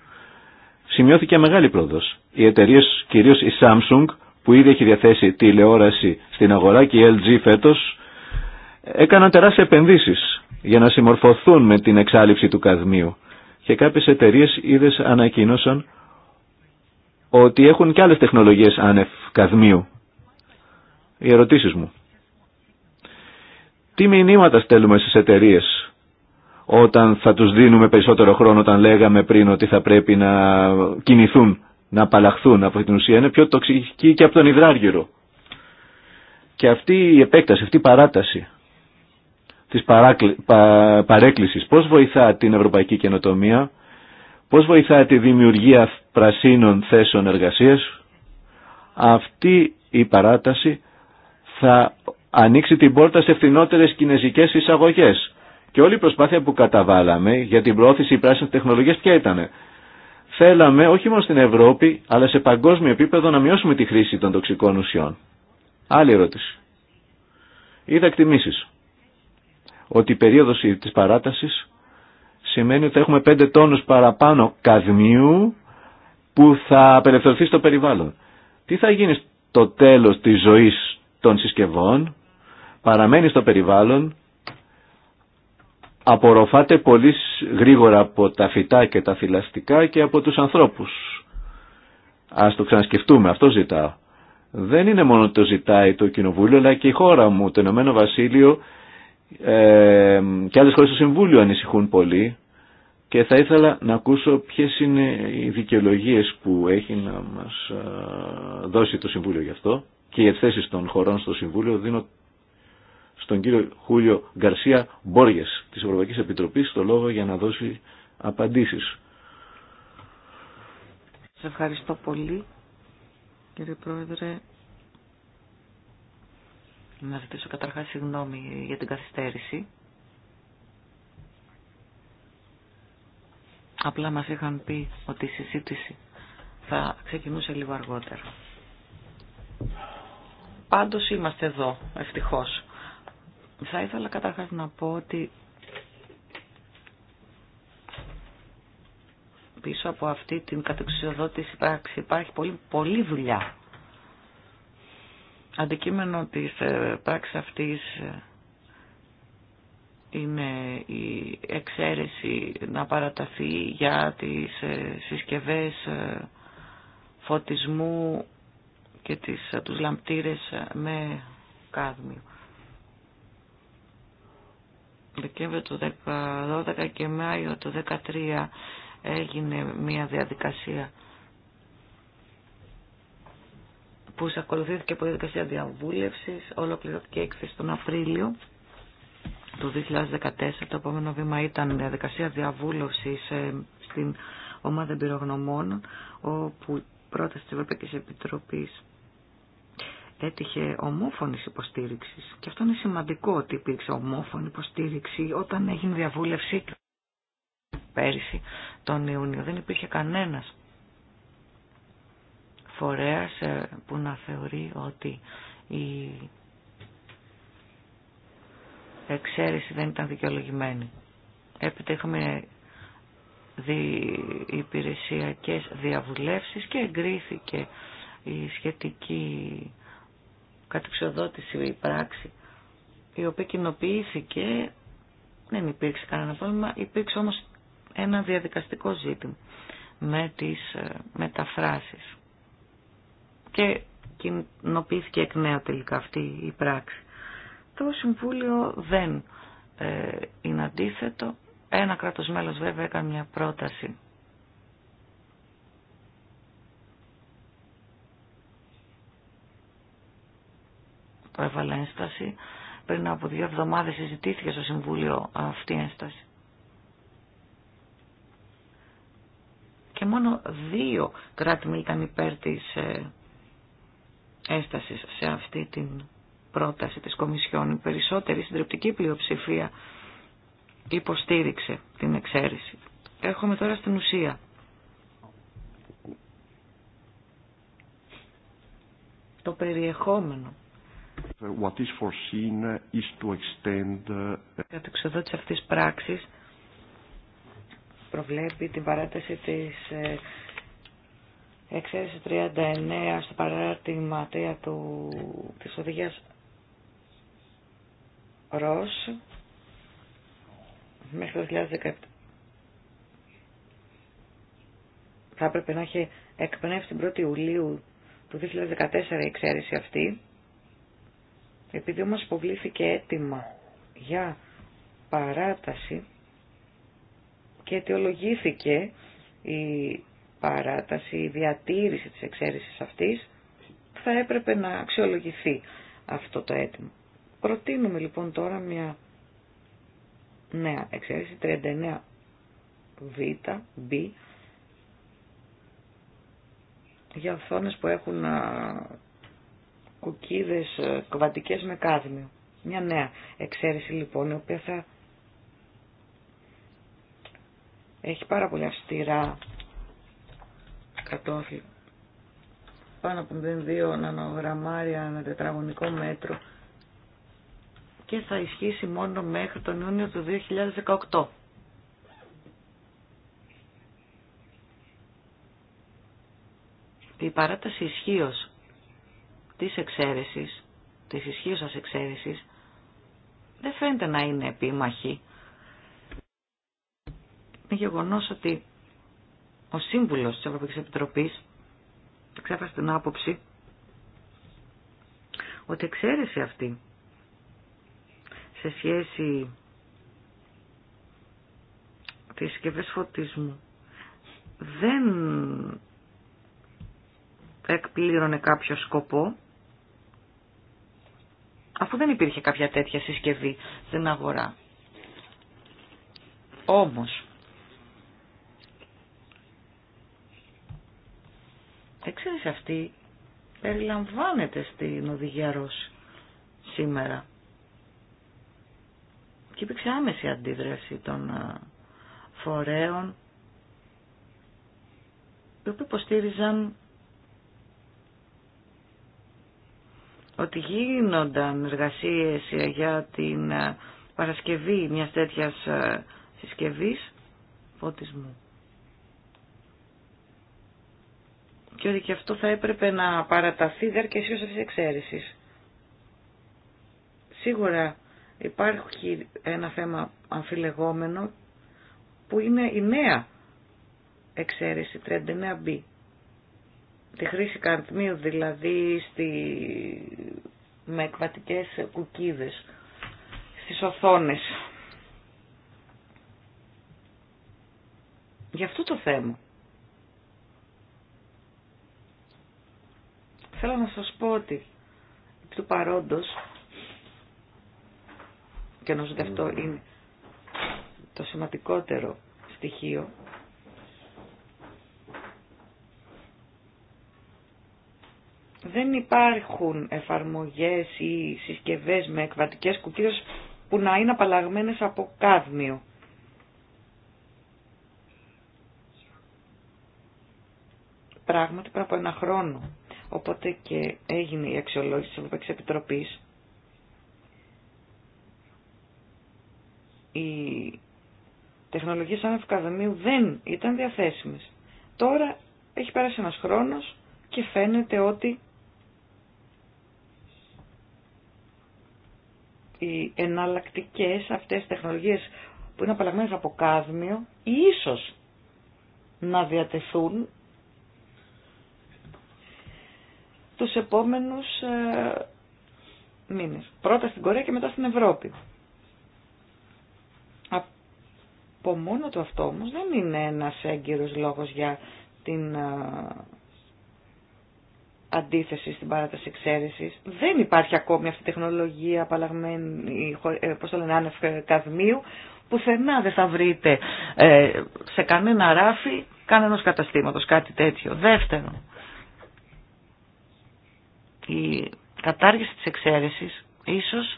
Σημειώθηκε μεγάλη πρόοδος. Οι εταιρείε, κυρίως η Samsung, που ήδη έχει διαθέσει τηλεόραση στην αγορά και η LG φέτος, έκαναν τεράστιες επενδύσεις για να συμμορφωθούν με την εξάλληψη του καδμίου. Και κάποιες εταιρείε ήδη ανακοίνωσαν ότι έχουν και άλλες τεχνολογίες άνευ καδμίου. Οι ερωτήσεις μου. Τι μηνύματα στέλνουμε στις εταιρείε όταν θα τους δίνουμε περισσότερο χρόνο όταν λέγαμε πριν ότι θα πρέπει να κινηθούν, να απαλλαχθούν από την ουσία. Είναι πιο τοξική και από τον υδράργυρο. Και αυτή η επέκταση, αυτή η παράταση της παράκλη, παρέκκλησης πώς βοηθά την ευρωπαϊκή καινοτομία Πώς βοηθάει τη δημιουργία πρασίνων θέσεων εργασίας. Αυτή η παράταση θα ανοίξει την πόρτα σε φθηνότερες κινέζικες εισαγωγές. Και όλη η προσπάθεια που καταβάλαμε για την προώθηση πράσινων τεχνολογίας ποια ήτανε. Θέλαμε όχι μόνο στην Ευρώπη αλλά σε παγκόσμιο επίπεδο να μειώσουμε τη χρήση των τοξικών ουσιών. Άλλη ερώτηση. Είδα εκτιμήσεις ότι η περίοδος της παράτασης σημαίνει ότι θα έχουμε 5 τόνους παραπάνω καδμίου που θα απελευθερωθεί στο περιβάλλον. Τι θα γίνει στο τέλος της ζωής των συσκευών, παραμένει στο περιβάλλον, απορροφάται πολύ γρήγορα από τα φυτά και τα φυλαστικά και από τους ανθρώπους. Ας το ξανασκεφτούμε, αυτό ζητάω. Δεν είναι μόνο το ζητάει το Κοινοβούλιο, αλλά και η χώρα μου, το Ηνωμένο Βασίλειο ε, και άλλες χώρες στο Συμβούλιο ανησυχούν πολύ και θα ήθελα να ακούσω ποιες είναι οι δικαιολογίες που έχει να μας δώσει το Συμβούλιο γι' αυτό και οι θέσει των χωρών στο Συμβούλιο δίνω στον κύριο Χούλιο Γκαρσία Μπόργες της Ευρωπαϊκής Επιτροπής το λόγο για να δώσει απαντήσεις. Σας ευχαριστώ πολύ κύριε Πρόεδρε. Να ζητήσω καταρχάς συγγνώμη για την καθυστέρηση. Απλά μας είχαν πει ότι η συζήτηση θα ξεκινούσε λίγο αργότερα. Πάντως είμαστε εδώ, ευτυχώς. Θα ήθελα καταρχάς να πω ότι πίσω από αυτή την κατεξουσιοδότηση πράξη υπάρχει πολύ, πολύ δουλειά. Αντικείμενο της ε, πράξης αυτής ε, είναι η εξαίρεση να παραταθεί για τις ε, συσκευές ε, φωτισμού και τις, ε, τους λαμπτήρες με κάδμιο. Δεκέμβριο του 2012 και Μάιο του 2013 έγινε μια διαδικασία που ακολουθήθηκε από διαδικασία διαβούλευσης, ολοκληρώθηκε έκθεση τον Απρίλιο του 2014. Το επόμενο βήμα ήταν η διαδικασία διαβούλευση ε, στην ομάδα εμπειρογνωμών, όπου η πρόταση της Ευρωπαϊκής Επιτροπής έτυχε ομόφωνη υποστήριξης. Και αυτό είναι σημαντικό ότι υπήρξε ομόφωνη υποστήριξη όταν έγινε διαβούλευση πέρυσι τον Ιούνιο. Δεν υπήρχε κανένας φορέας ε, που να θεωρεί ότι η εξαίρεση δεν ήταν δικαιολογημένη. Έπειτα είχαμε υπηρεσιακές διαβουλεύσεις και εγκρίθηκε η σχετική κατεξοδότηση η πράξη η οποία κοινοποιήθηκε δεν υπήρξε κανένα πρόβλημα υπήρξε όμως ένα διαδικαστικό ζήτημα με τις ε, μεταφράσεις και κοινοποιήθηκε εκ νέου τελικά αυτή η πράξη το Συμβούλιο δεν ε, είναι αντίθετο. Ένα κράτος μέλος βέβαια έκανε μια πρόταση. Το έβαλε ένσταση. Πριν από δύο εβδομάδες συζητήθηκε στο Συμβούλιο αυτή η ένσταση. Και μόνο δύο ήταν υπέρ της ε, έστασης σε αυτή την πρόταση της Κομισιόν. Η περισσότερη συντριπτική πλειοψηφία υποστήριξε την εξαίρεση. Έρχομαι τώρα στην ουσία. Το περιεχόμενο. What is foreseen is to extend... Ε, αυτής πράξης προβλέπει την παράταση της ε, εξαίρεση 39 στο παράρτημα 3 του, της οδηγίας ΡΟΣ μέχρι το 2017 θα έπρεπε να έχει εκπνεύσει την 1η Ιουλίου του 2014 η εξαίρεση αυτή επειδή όμως υποβλήθηκε αίτημα για παράταση και αιτιολογήθηκε η παράταση, η διατήρηση της εξαίρεσης αυτής, θα έπρεπε να αξιολογηθεί αυτό το αίτημα. Προτείνουμε λοιπόν τώρα μια νέα εξαίρεση 39 Β, B για οθόνες που έχουν κουκίδες ε, κοβατικές με κάδμιο. Μια νέα εξαίρεση λοιπόν η οποία θα έχει πάρα πολύ αυστηρά κατόφλι πάνω από 2 νανογραμμάρια ένα τετραγωνικό μέτρο και θα ισχύσει μόνο μέχρι τον Ιούνιο του 2018. Η παράταση ισχύω της εξαίρεσης, της ισχύωσας εξαίρεσης, δεν φαίνεται να είναι επίμαχη. Είναι γεγονός ότι ο σύμβουλος της Ευρωπαϊκής Επιτροπής εξέφρασε την άποψη ότι η εξαίρεση αυτή σε σχέση τι συσκευέ φωτισμού δεν εκπλήρωνε κάποιο σκοπό αφού δεν υπήρχε κάποια τέτοια συσκευή στην αγορά. Όμως, εξαίρεση αυτή περιλαμβάνεται στην οδηγία Ρώση σήμερα και υπήρξε άμεση αντίδραση των ε, φορέων οι οποίοι υποστήριζαν ότι γίνονταν εργασίες για την ε, παρασκευή μιας τέτοιας ε, συσκευής φωτισμού. Και ότι και αυτό θα έπρεπε να παραταθεί διάρκεια ίσως αυτής εξαίρεσης. Σίγουρα υπάρχει ένα θέμα αμφιλεγόμενο που είναι η νέα εξαίρεση 39B. Τη χρήση καρτμίου δηλαδή στη... με εκβατικές κουκίδες στις οθόνες. Για αυτό το θέμα. Θέλω να σας πω ότι του παρόντος και νομίζω ότι αυτό είναι το σημαντικότερο στοιχείο δεν υπάρχουν εφαρμογές ή συσκευές με εκβατικές κουκίδες που να είναι απαλλαγμένες από κάδμιο. Πράγματι πριν από ένα χρόνο. Οπότε και έγινε η αξιολόγηση της Ευρωπαϊκής Επιτροπής οι τεχνολογίες αναφικαδομίου δεν ήταν διαθέσιμες. Τώρα έχει πέρασει ένας χρόνος και φαίνεται ότι οι εναλλακτικές αυτές τεχνολογίες που είναι απαλλαγμένες από κάδμιο ίσως να διατεθούν τους επόμενους ε, μήνες. Πρώτα στην Κορέα και μετά στην Ευρώπη. Από μόνο του αυτό όμως δεν είναι ένας έγκυρος λόγος για την αντίθεση στην παράταση εξαίρεσης. Δεν υπάρχει ακόμη αυτή η τεχνολογία απαλλαγμένη, ε, πώς το λένε, άνευ καδμίου. Πουθενά δεν θα βρείτε ε, σε κανένα ράφι κανένας καταστήματος κάτι τέτοιο. Δεύτερον, η κατάργηση της εξαίρεσης ίσως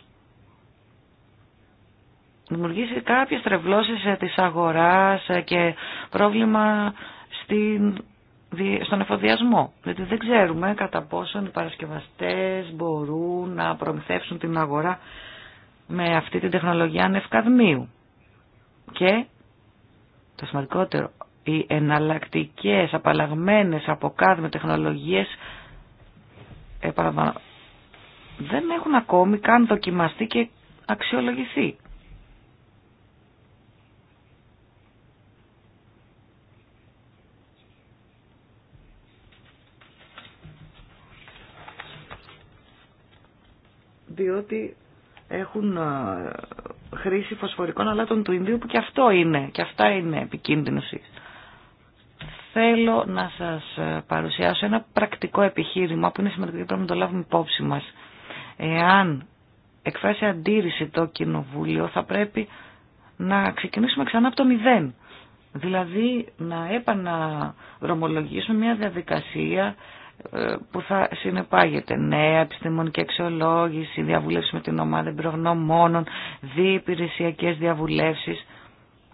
δημιουργήσει κάποιες τρευλώσεις ε, της αγοράς ε, και πρόβλημα στην, στον εφοδιασμό. Γιατί δεν ξέρουμε κατά πόσον οι παρασκευαστές μπορούν να προμηθεύσουν την αγορά με αυτή την τεχνολογία ανευκαδμίου. Και το σημαντικότερο, οι εναλλακτικές, απαλλαγμένες από κάδμε τεχνολογίες δεν έχουν ακόμη καν δοκιμαστεί και αξιολογηθεί. διότι έχουν ε, χρήση φωσφορικών αλάτων του Ινδίου που και αυτό είναι, και αυτά είναι επικίνδυνο Θέλω να σας ε, παρουσιάσω ένα πρακτικό επιχείρημα που είναι σημαντικό και πρέπει να το λάβουμε υπόψη μας. Εάν εκφράσει αντίρρηση το κοινοβούλιο θα πρέπει να ξεκινήσουμε ξανά από το μηδέν. Δηλαδή να επαναδρομολογήσουμε μια διαδικασία ε, που θα συνεπάγεται νέα επιστημονική αξιολόγηση, διαβουλεύσεις με την ομάδα εμπειρογνωμόνων, διυπηρεσιακές διαβουλεύσεις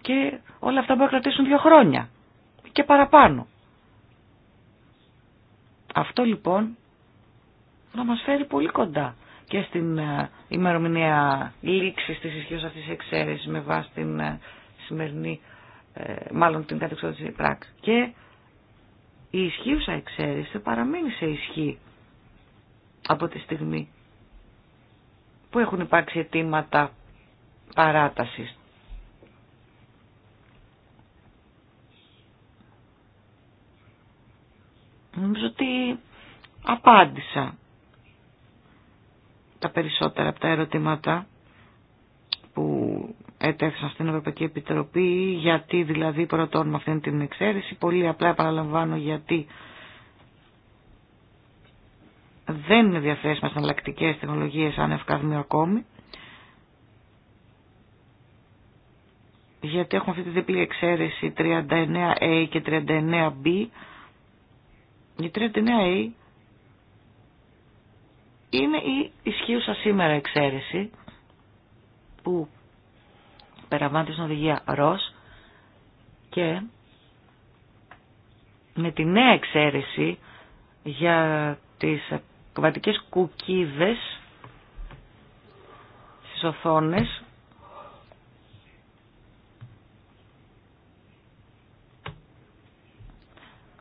και όλα αυτά μπορεί να κρατήσουν δύο χρόνια και παραπάνω. Αυτό λοιπόν θα μας φέρει πολύ κοντά και στην ε, ημερομηνία λήξη της ισχύως αυτής της εξαίρεσης με βάση την ε, σημερινή, μάλλον την κατεξόδηση πράξη. Και η ισχύουσα εξαίρεση παραμένει σε ισχύ από τη στιγμή που έχουν υπάρξει αιτήματα παράτασης. Νομίζω ότι απάντησα τα περισσότερα από τα ερωτήματα που ετέθησαν στην Ευρωπαϊκή Επιτροπή, γιατί δηλαδή προτώνουμε αυτήν την εξαίρεση. Πολύ απλά παραλαμβάνω γιατί δεν είναι διαθέσιμες εναλλακτικέ τεχνολογίες αν ευκαδμίου ακόμη. Γιατί έχουμε αυτή τη διπλή εξαίρεση 39A και 39B. Η 39A είναι η ισχύουσα σήμερα εξαίρεση που περαβάνεται στην οδηγία ΡΟΣ και με τη νέα εξαίρεση για τις ακροβατικές κουκίδες στις οθόνες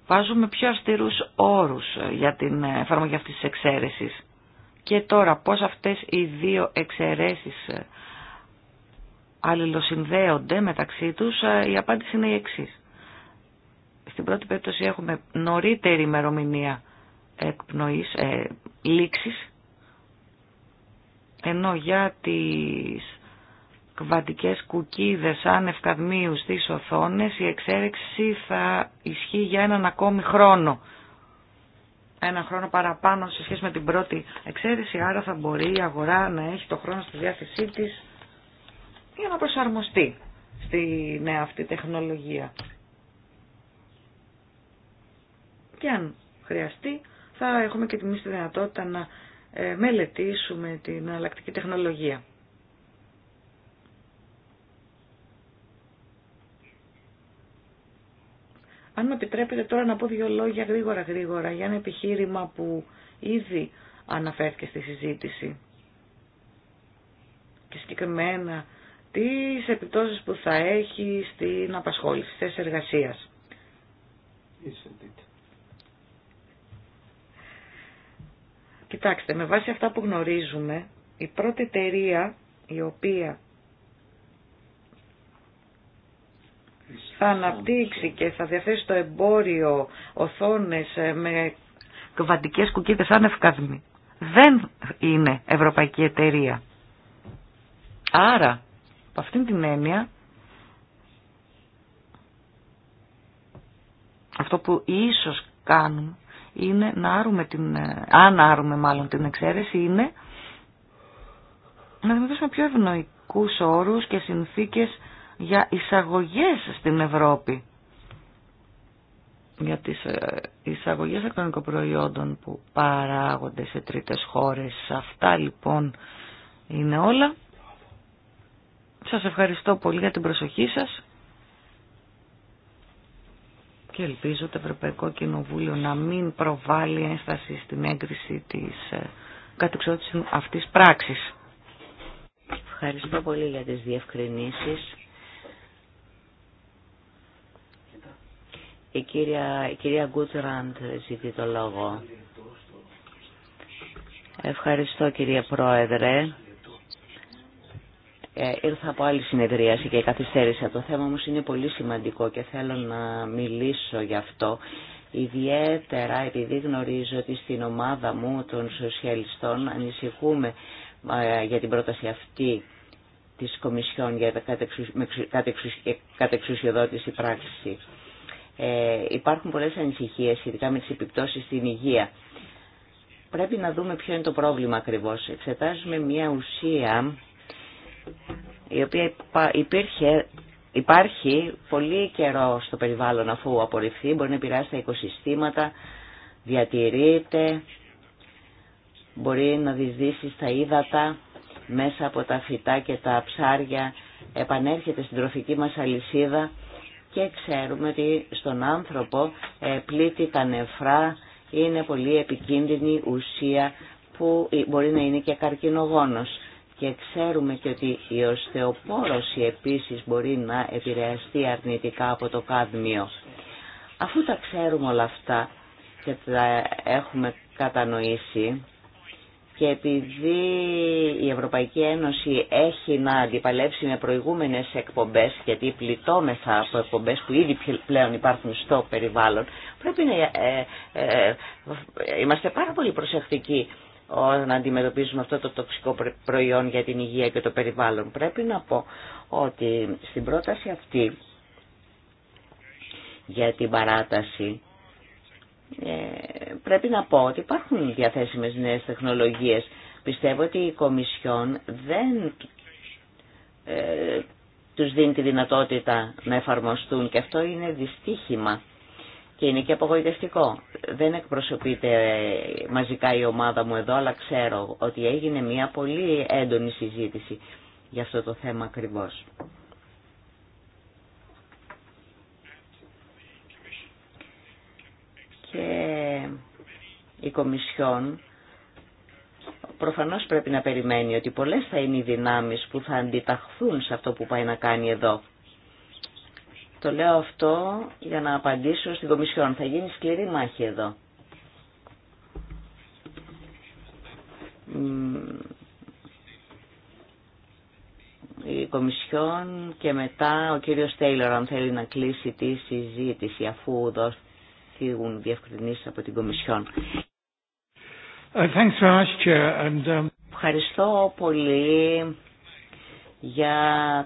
βάζουμε πιο αυστηρούς όρους για την εφαρμογή αυτής της εξαίρεσης. Και τώρα πώς αυτές οι δύο εξαιρέσεις αλληλοσυνδέονται μεταξύ τους, ε, η απάντηση είναι η εξής. Στην πρώτη περίπτωση έχουμε νωρίτερη ημερομηνία εκπνοής, ε, λήξης, ενώ για τις κβαντικές κουκίδες άνευ καδμίου στις οθόνες η εξέρεξη θα ισχύει για έναν ακόμη χρόνο. Ένα χρόνο παραπάνω σε σχέση με την πρώτη εξαίρεση, άρα θα μπορεί η αγορά να έχει το χρόνο στη διάθεσή της για να προσαρμοστεί στη νέα αυτή τεχνολογία. Και αν χρειαστεί θα έχουμε και τη δυνατότητα να ε, μελετήσουμε την αλλακτική τεχνολογία. Αν με επιτρέπετε τώρα να πω δύο λόγια γρήγορα γρήγορα για ένα επιχείρημα που ήδη αναφέρθηκε στη συζήτηση και συγκεκριμένα τις επιπτώσεις που θα έχει στην απασχόληση, στις θέσεις εργασίας. Κοιτάξτε, με βάση αυτά που γνωρίζουμε, η πρώτη εταιρεία η οποία θα αναπτύξει και θα διαθέσει το εμπόριο οθόνες ε, με κβαντικές κουκίδες ανευκαδμή, Δεν είναι ευρωπαϊκή εταιρεία. Άρα από αυτήν την έννοια, αυτό που ίσως κάνουμε είναι να άρουμε την, ε, αν άρουμε μάλλον την εξαίρεση, είναι να δημιουργήσουμε πιο ευνοϊκούς όρους και συνθήκες για εισαγωγές στην Ευρώπη. Για τις ε, εισαγωγές εκτονικών προϊόντων που παράγονται σε τρίτες χώρες. Αυτά λοιπόν είναι όλα. Σας ευχαριστώ πολύ για την προσοχή σας και ελπίζω το Ευρωπαϊκό Κοινοβούλιο να μην προβάλλει ένσταση στην έγκριση της ε, κατεξότησης αυτής πράξης. Ευχαριστώ πολύ για τις διευκρινήσεις. Η κυρία, η κυρία Γκούτραντ ζητεί το λόγο. Ευχαριστώ κυρία Πρόεδρε. Ε, ήρθα από άλλη συνεδρίαση και καθυστέρησα. Το θέμα όμως είναι πολύ σημαντικό και θέλω να μιλήσω γι' αυτό. Ιδιαίτερα επειδή γνωρίζω ότι στην ομάδα μου των σοσιαλιστών ανησυχούμε ε, για την πρόταση αυτή της Κομισιόν για ε, κατεξουσιοδότηση πράξη. Ε, υπάρχουν πολλές ανησυχίες σχετικά με τις επιπτώσεις στην υγεία. Πρέπει να δούμε ποιο είναι το πρόβλημα ακριβώς. Εξετάζουμε μια ουσία η οποία υπήρχε, υπάρχει πολύ καιρό στο περιβάλλον αφού απορριφθεί, μπορεί να επηρεάσει τα οικοσυστήματα, διατηρείται, μπορεί να διδύσει στα ύδατα μέσα από τα φυτά και τα ψάρια, επανέρχεται στην τροφική μας αλυσίδα και ξέρουμε ότι στον άνθρωπο ε, πλήττει τα νεφρά, είναι πολύ επικίνδυνη ουσία που ε, μπορεί να είναι και καρκινογόνος και ξέρουμε και ότι η οστεοπόρωση επίσης μπορεί να επηρεαστεί αρνητικά από το κάδμιο. Αφού τα ξέρουμε όλα αυτά και τα έχουμε κατανοήσει και επειδή η Ευρωπαϊκή Ένωση έχει να αντιπαλέψει με προηγούμενες εκπομπές γιατί πληττόμεθα από εκπομπές που ήδη πλέον υπάρχουν στο περιβάλλον πρέπει να ε, ε, ε, ε είμαστε πάρα πολύ προσεκτικοί να αντιμετωπίσουμε αυτό το τοξικό προϊόν για την υγεία και το περιβάλλον. Πρέπει να πω ότι στην πρόταση αυτή για την παράταση ε, πρέπει να πω ότι υπάρχουν διαθέσιμες νέες τεχνολογίες. Πιστεύω ότι η Κομισιόν δεν ε, τους δίνει τη δυνατότητα να εφαρμοστούν και αυτό είναι δυστύχημα. Και είναι και απογοητευτικό. Δεν εκπροσωπείται μαζικά η ομάδα μου εδώ, αλλά ξέρω ότι έγινε μια πολύ έντονη συζήτηση για αυτό το θέμα ακριβώς. Και η Κομισιόν προφανώς πρέπει να περιμένει ότι πολλές θα είναι οι δυνάμεις που θα αντιταχθούν σε αυτό που πάει να κάνει εδώ το λέω αυτό για να απαντήσω στην Κομισιόν. Θα γίνει σκληρή μάχη εδώ. Η Κομισιόν και μετά ο κύριος Τέιλορ αν θέλει να κλείσει τη συζήτηση αφού δοθήγουν διευκρινήσεις από την Κομισιόν. Ε, um, Ευχαριστώ πολύ για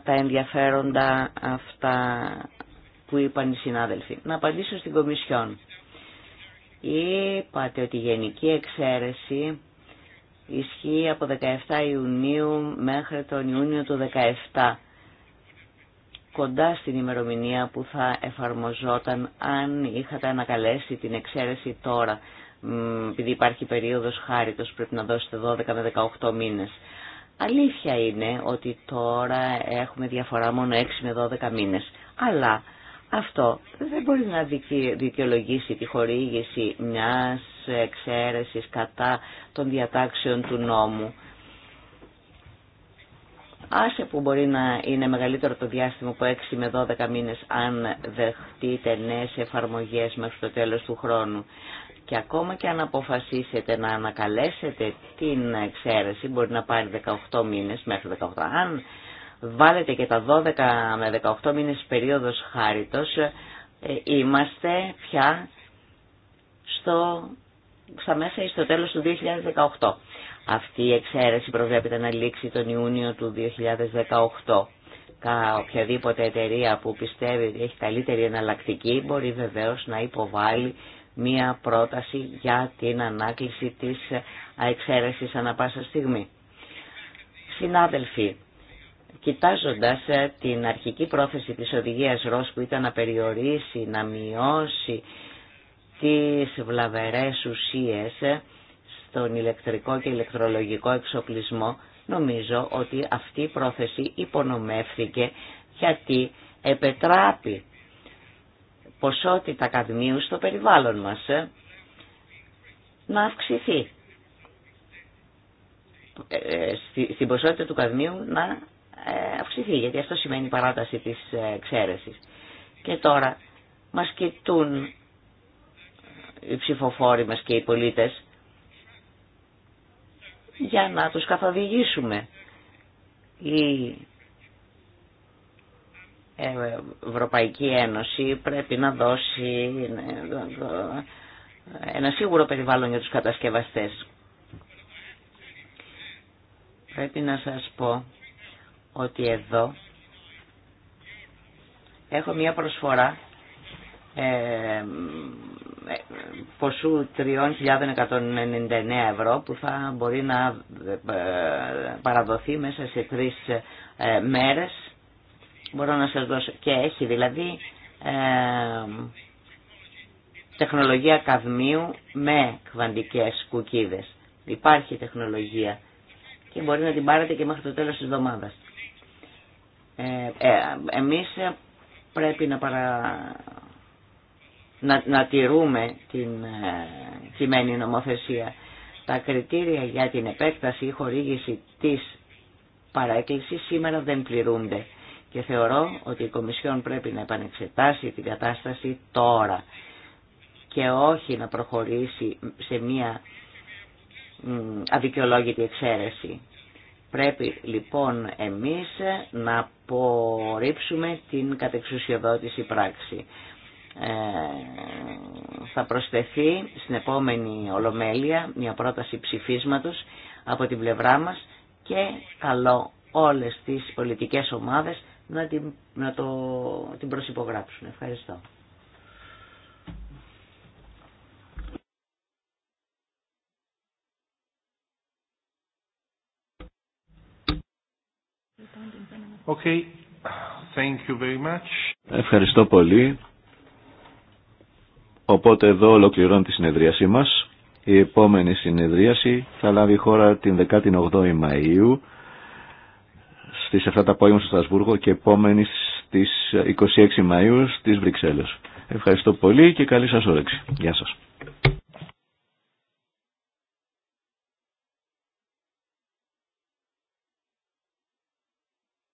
τα ενδιαφέροντα αυτά που είπαν οι συνάδελφοι. Να απαντήσω στην Κομισιόν. Είπατε ότι η γενική εξαίρεση ισχύει από 17 Ιουνίου μέχρι τον Ιούνιο του 17 κοντά στην ημερομηνία που θα εφαρμοζόταν αν είχατε ανακαλέσει την εξαίρεση τώρα επειδή υπάρχει περίοδος χάριτος πρέπει να δώσετε 12 με 18 μήνες. Αλήθεια είναι ότι τώρα έχουμε διαφορά μόνο 6 με 12 μήνες. Αλλά αυτό δεν μπορεί να δικαιολογήσει τη χορήγηση μιας εξαίρεσης κατά των διατάξεων του νόμου. Άσε που μπορεί να είναι μεγαλύτερο το διάστημα από 6 με 12 μήνες αν δεχτείτε νέες εφαρμογές μέχρι το τέλος του χρόνου. Και ακόμα και αν αποφασίσετε να ανακαλέσετε την εξαίρεση, μπορεί να πάρει 18 μήνες μέχρι 18. Αν βάλετε και τα 12 με 18 μήνες περίοδος χάριτος, ε, είμαστε πια στο, στα μέσα ή στο τέλος του 2018. Αυτή η εξαίρεση προβλέπεται να λήξει τον Ιούνιο του 2018. Κα οποιαδήποτε εταιρεία που πιστεύει ότι έχει καλύτερη εναλλακτική μπορεί βεβαίως να υποβάλει μία πρόταση για την ανάκληση της εξαίρεσης ανα πάσα στιγμή. Συνάδελφοι, κοιτάζοντας ε, την αρχική πρόθεση της οδηγίας ΡΟΣ που ήταν να περιορίσει, να μειώσει τις βλαβερές ουσίες στον ηλεκτρικό και ηλεκτρολογικό εξοπλισμό, νομίζω ότι αυτή η πρόθεση υπονομεύθηκε γιατί επετράπει ποσότητα καδμίου στο περιβάλλον μας ε, να αυξηθεί. Ε, στην ποσότητα του καδμίου να ε, αυξηθεί, γιατί αυτό σημαίνει η παράταση της ε, εξαίρεσης. Και τώρα μας κοιτούν οι ψηφοφόροι μας και οι πολίτες για να τους καθοδηγήσουμε. Η ε, Ευρωπαϊκή Ένωση πρέπει να δώσει ένα σίγουρο περιβάλλον για τους κατασκευαστές. Πρέπει να σας πω ότι εδώ έχω μια προσφορά ε, ε, ποσού 3.199 ευρώ που θα μπορεί να ε, παραδοθεί μέσα σε τρεις μέρες. Μπορώ να σας δώσω και έχει δηλαδή τεχνολογία καδμίου με κβαντικές κουκίδες. Υπάρχει τεχνολογία και μπορεί να την πάρετε και μέχρι το τέλος της εβδομάδας. Ε, ε, εμείς πρέπει να, παρα... να, να τηρούμε την ε, κειμένη νομοθεσία. Τα κριτήρια για την επέκταση ή χορήγηση της παρέκκλησης σήμερα δεν πληρούνται και θεωρώ ότι η Κομισιόν πρέπει να επανεξετάσει την κατάσταση τώρα και όχι να προχωρήσει σε μια αδικαιολόγητη εξαίρεση. Πρέπει λοιπόν εμείς να απορρίψουμε την κατεξουσιοδότηση πράξη. Ε, θα προσθεθεί στην επόμενη Ολομέλεια μια πρόταση ψηφίσματος από την πλευρά μας και καλώ όλες τις πολιτικές ομάδες να την, να το, την προσυπογράψουν. Ευχαριστώ. Okay. Thank you very much. Ευχαριστώ πολύ. Οπότε εδώ ολοκληρώνω τη συνεδρίασή μας. Η επόμενη συνεδρίαση θα λάβει χώρα την 18η Μαΐου στις 7 το απόγευμα στο Στασβούργο και επόμενη στις 26 Μαΐου στις Βρυξέλλες. Ευχαριστώ πολύ και καλή σας όρεξη. Γεια σας.